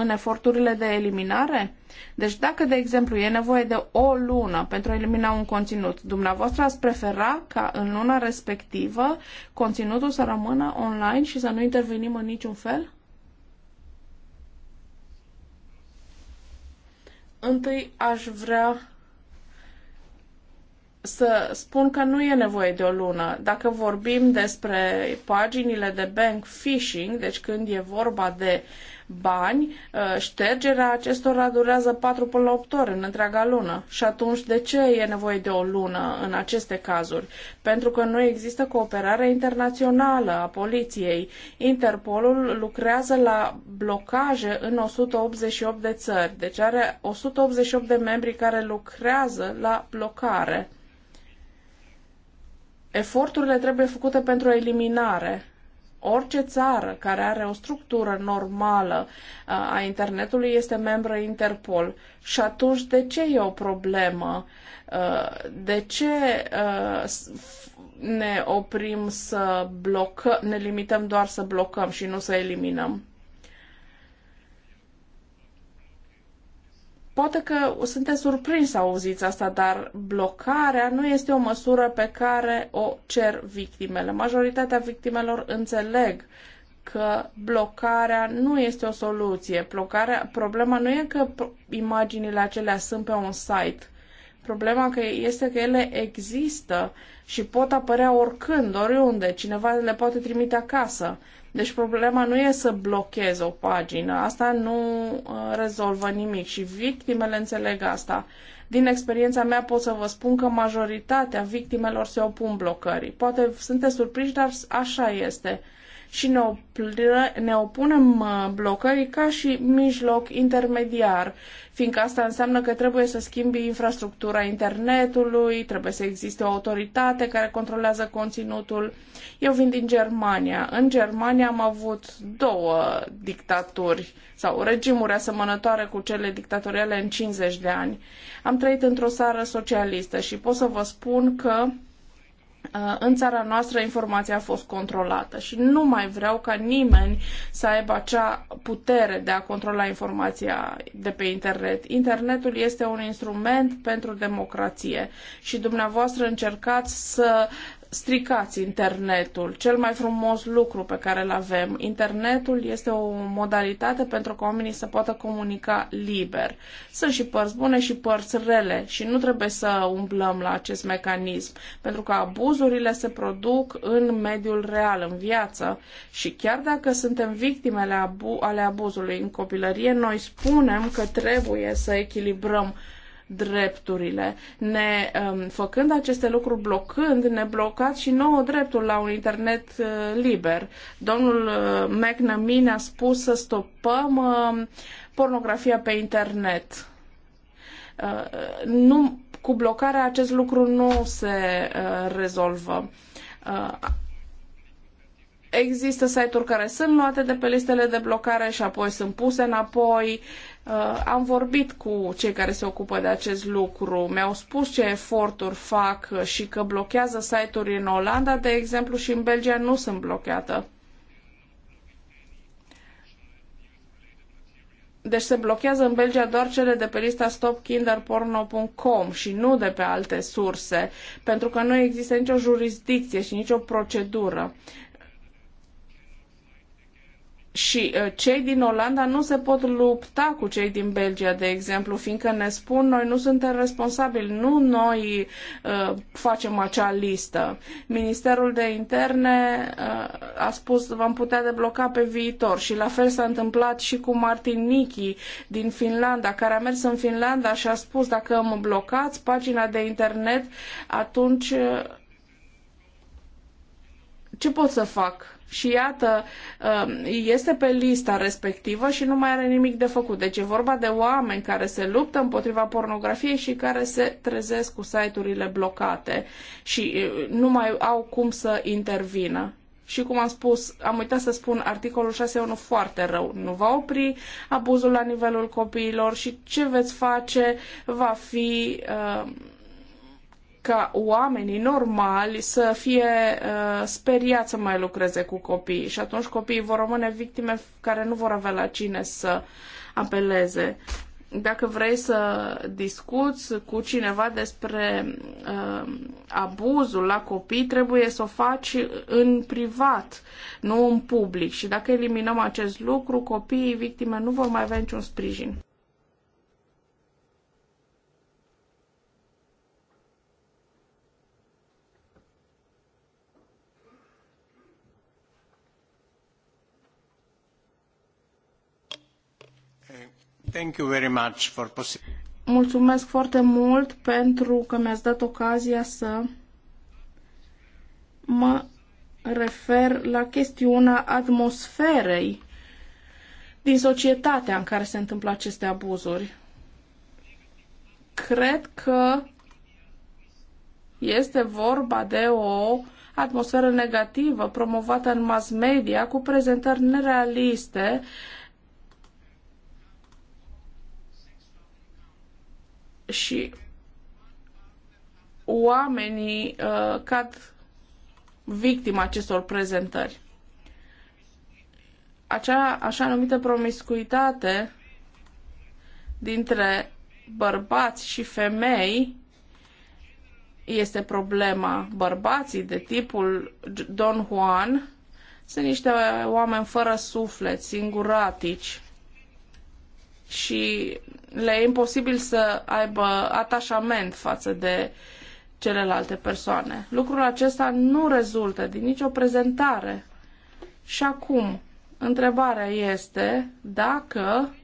Speaker 3: în eforturile de eliminare? Deci dacă, de exemplu, e nevoie de o lună pentru a elimina un conținut, dumneavoastră ați prefera ca în luna respectivă conținutul să rămână online și să nu intervenim în niciun fel? Întâi aș vrea să spun că nu e nevoie de o lună. Dacă vorbim despre paginile de bank phishing, deci când e vorba de uh, bani, uh, ștergerea acestora durează 4 până la 8 ore în întreaga lună. Și atunci de ce e nevoie de o lună în aceste cazuri? Pentru că nu există cooperare internațională a poliției. Interpolul lucrează la blocaje în 188 de țări, deci are 188 de membri care lucrează la blocare. Eforturile trebuie făcute pentru eliminare Orice țară care are o structură normală uh, a internetului este membră Interpol. Și atunci de ce e o problemă? Uh, de ce uh, ne oprim să blocăm, ne limităm doar să blocăm și nu să eliminăm? Poate că sunteți surprins să auziți asta, dar blocarea nu este o măsură pe care o cer victimele. Majoritatea victimelor înțeleg că blocarea nu este o soluție. Blocarea, problema nu e că imaginile acelea sunt pe un site. Problema că este că ele există și pot apărea oricând, oriunde. Cineva le poate trimite acasă. Deci problema nu e să blochezi o pagină, asta nu uh, rezolvă nimic și victimele înțeleg asta. Din experiența mea pot să vă spun că majoritatea victimelor se opun blocării. Poate sunteți surprinși, dar așa este și ne, ne opunem uh, blocării ca și mijloc intermediar, fiindcă asta înseamnă că trebuie să schimbi infrastructura internetului, trebuie să existe o autoritate care controlează conținutul. Eu vin din Germania. În Germania am avut două dictaturi sau regimuri asemănătoare cu cele dictatoriale în 50 de ani. Am trăit într-o țară socialistă și pot să vă spun că Uh, în țara noastră informația a fost controlată și nu mai vreau ca nimeni să aibă acea putere de a controla informația de pe internet. Internetul este un instrument pentru democrație și dumneavoastră încercați să stricați internetul, cel mai frumos lucru pe care îl avem. Internetul este o modalitate pentru ca oamenii să poată comunica liber. Sunt și părți bune și părți rele și nu trebuie să umblăm la acest mecanism, pentru că abuzurile se produc în mediul real, în viață și chiar dacă suntem victimele abu- ale abuzului în copilărie, noi spunem că trebuie să echilibrăm drepturile. Ne um, făcând aceste lucruri blocând, ne blocați și nouă dreptul la un internet uh, liber. Domnul uh, McNamee ne-a spus să stopăm uh, pornografia pe internet. Uh, nu, cu blocarea acest lucru nu se uh, rezolvă. Uh, există site-uri care sunt luate de pe listele de blocare și apoi sunt puse înapoi. Uh, Uh, am vorbit cu cei care se ocupă de acest lucru, mi-au spus ce eforturi fac și că blochează site-uri în Olanda, de exemplu, și în Belgia nu sunt blocheată. Deci se blochează în Belgia doar cele de pe lista stopkinderporno.com și nu de pe alte surse, pentru că nu există nicio jurisdicție și nicio procedură și uh, cei din Olanda nu se pot lupta cu cei din Belgia, de exemplu, fiindcă ne spun noi nu suntem responsabili, nu noi uh, facem acea listă. Ministerul de Interne uh, a spus vom putea debloca pe viitor și la fel s-a întâmplat și cu Martin Nichi din Finlanda, care a mers în Finlanda și a spus dacă mă blocați pagina de internet, atunci uh, ce pot să fac? și iată, um, este pe lista respectivă și nu mai are nimic de făcut. Deci e vorba de oameni care se luptă împotriva pornografiei și care se trezesc cu site-urile blocate și uh, nu mai au cum să intervină. Și cum am spus, am uitat să spun, articolul 6 e unul foarte rău. Nu va opri abuzul la nivelul copiilor și ce veți face va fi uh, ca oamenii normali să fie uh, speriați să mai lucreze cu copiii și atunci copiii vor rămâne victime care nu vor avea la cine să apeleze. Dacă vrei să discuți cu cineva despre uh, abuzul la copii, trebuie să o faci în privat, nu în public. Și dacă eliminăm acest lucru, copiii victime nu vor mai avea niciun sprijin.
Speaker 2: Thank you very much for
Speaker 3: Mulțumesc foarte mult pentru că mi-ați dat ocazia să mă refer la chestiunea atmosferei din societatea în care se întâmplă aceste abuzuri. Cred că este vorba de o atmosferă negativă promovată în mass media cu prezentări nerealiste și oamenii uh, cad victima acestor prezentări. Acea așa numită promiscuitate dintre bărbați și femei este problema. Bărbații de tipul Don Juan sunt niște oameni fără suflet, singuratici, și le e imposibil să aibă atașament față de celelalte persoane. Lucrul acesta nu rezultă din nicio prezentare. Și acum, întrebarea este dacă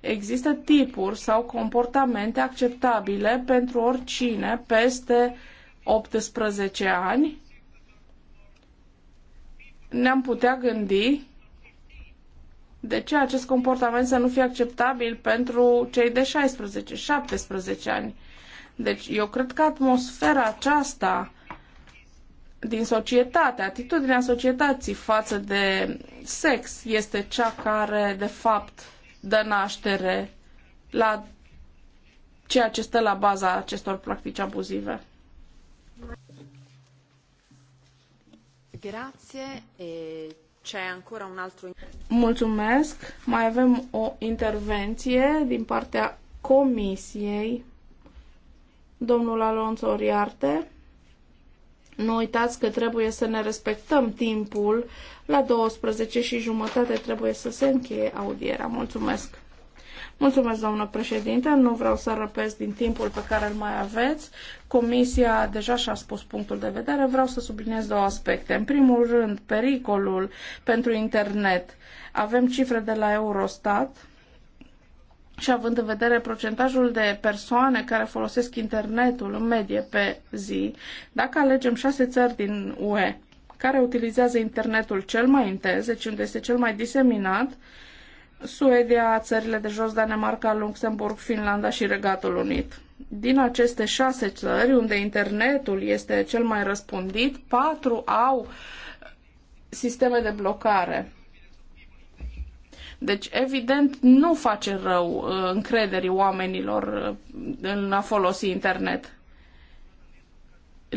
Speaker 3: există tipuri sau comportamente acceptabile pentru oricine peste 18 ani, ne-am putea gândi de ce acest comportament să nu fie acceptabil pentru cei de 16-17 ani? Deci eu cred că atmosfera aceasta din societate, atitudinea societății față de sex este cea care de fapt dă naștere la ceea ce stă la baza acestor practici abuzive.
Speaker 1: Grazie. E... C'è ancora un altro...
Speaker 3: Mulțumesc. Mai avem o intervenție din partea Comisiei. Domnul Alonso Oriarte. Nu uitați că trebuie să ne respectăm timpul. La 12 și jumătate trebuie să se încheie audierea. Mulțumesc! Mulțumesc, doamnă președinte. Nu vreau să răpesc din timpul pe care îl mai aveți. Comisia deja și-a spus punctul de vedere. Vreau să subliniez două aspecte. În primul rând, pericolul pentru internet. Avem cifre de la Eurostat și având în vedere procentajul de persoane care folosesc internetul în medie pe zi, dacă alegem șase țări din UE care utilizează internetul cel mai intens, deci unde este cel mai diseminat, Suedia, țările de jos, Danemarca, Luxemburg, Finlanda și Regatul Unit. Din aceste șase țări, unde internetul este cel mai răspândit, patru au sisteme de blocare. Deci, evident, nu face rău uh, încrederii oamenilor uh, în a folosi internet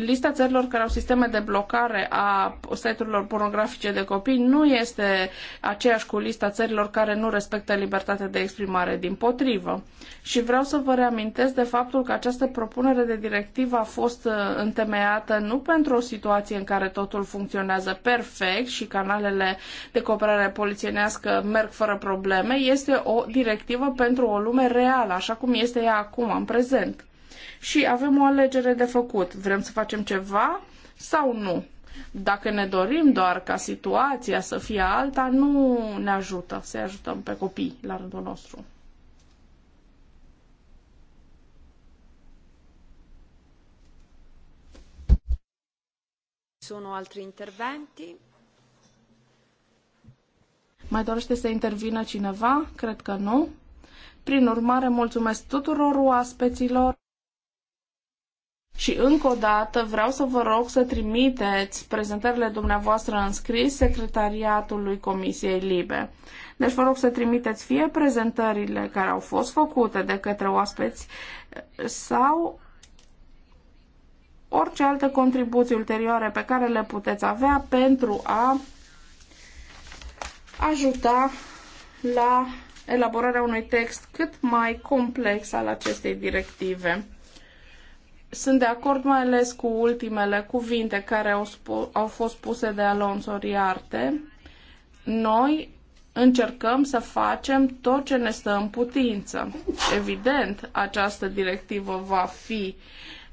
Speaker 3: lista țărilor care au sisteme de blocare a site-urilor pornografice de copii nu este aceeași cu lista țărilor care nu respectă libertatea de exprimare, din potrivă. Și vreau să vă reamintesc de faptul că această propunere de directivă a fost uh, întemeiată nu pentru o situație în care totul funcționează perfect și canalele de cooperare polițienească merg fără probleme, este o directivă pentru o lume reală, așa cum este ea acum, în prezent și avem o alegere de făcut. Vrem să facem ceva sau nu? Dacă ne dorim doar ca situația să fie alta, nu ne ajută să ajutăm pe copii la rândul nostru.
Speaker 2: Sunt altri interventi?
Speaker 3: Mai dorește să intervină cineva? Cred că nu. Prin urmare, mulțumesc tuturor oaspeților. Și încă o dată vreau să vă rog să trimiteți prezentările dumneavoastră în scris secretariatului Comisiei Libe. Deci vă rog să trimiteți fie prezentările care au fost făcute de către oaspeți sau orice alte contribuții ulterioare pe care le puteți avea pentru a ajuta la elaborarea unui text cât mai complex al acestei directive. Sunt de acord mai ales cu ultimele cuvinte care au, au fost puse de Alonso Riarte. Noi încercăm să facem tot ce ne stă în putință. Evident, această directivă va fi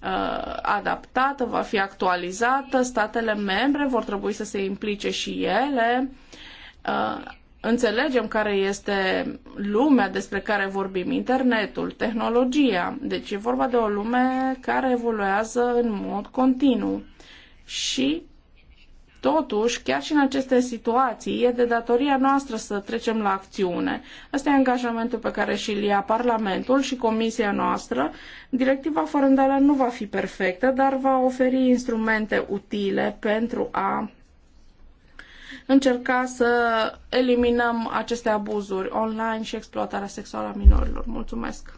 Speaker 3: uh, adaptată, va fi actualizată, statele membre vor trebui să se implice și ele. Uh, înțelegem care este lumea despre care vorbim, internetul, tehnologia. Deci e vorba de o lume care evoluează în mod continuu. Și Totuși, chiar și în aceste situații, e de datoria noastră să trecem la acțiune. Asta e angajamentul pe care și-l ia Parlamentul și Comisia noastră. Directiva fără îndoială nu va fi perfectă, dar va oferi instrumente utile pentru a încerca să eliminăm aceste abuzuri online și exploatarea sexuală a minorilor. Mulțumesc!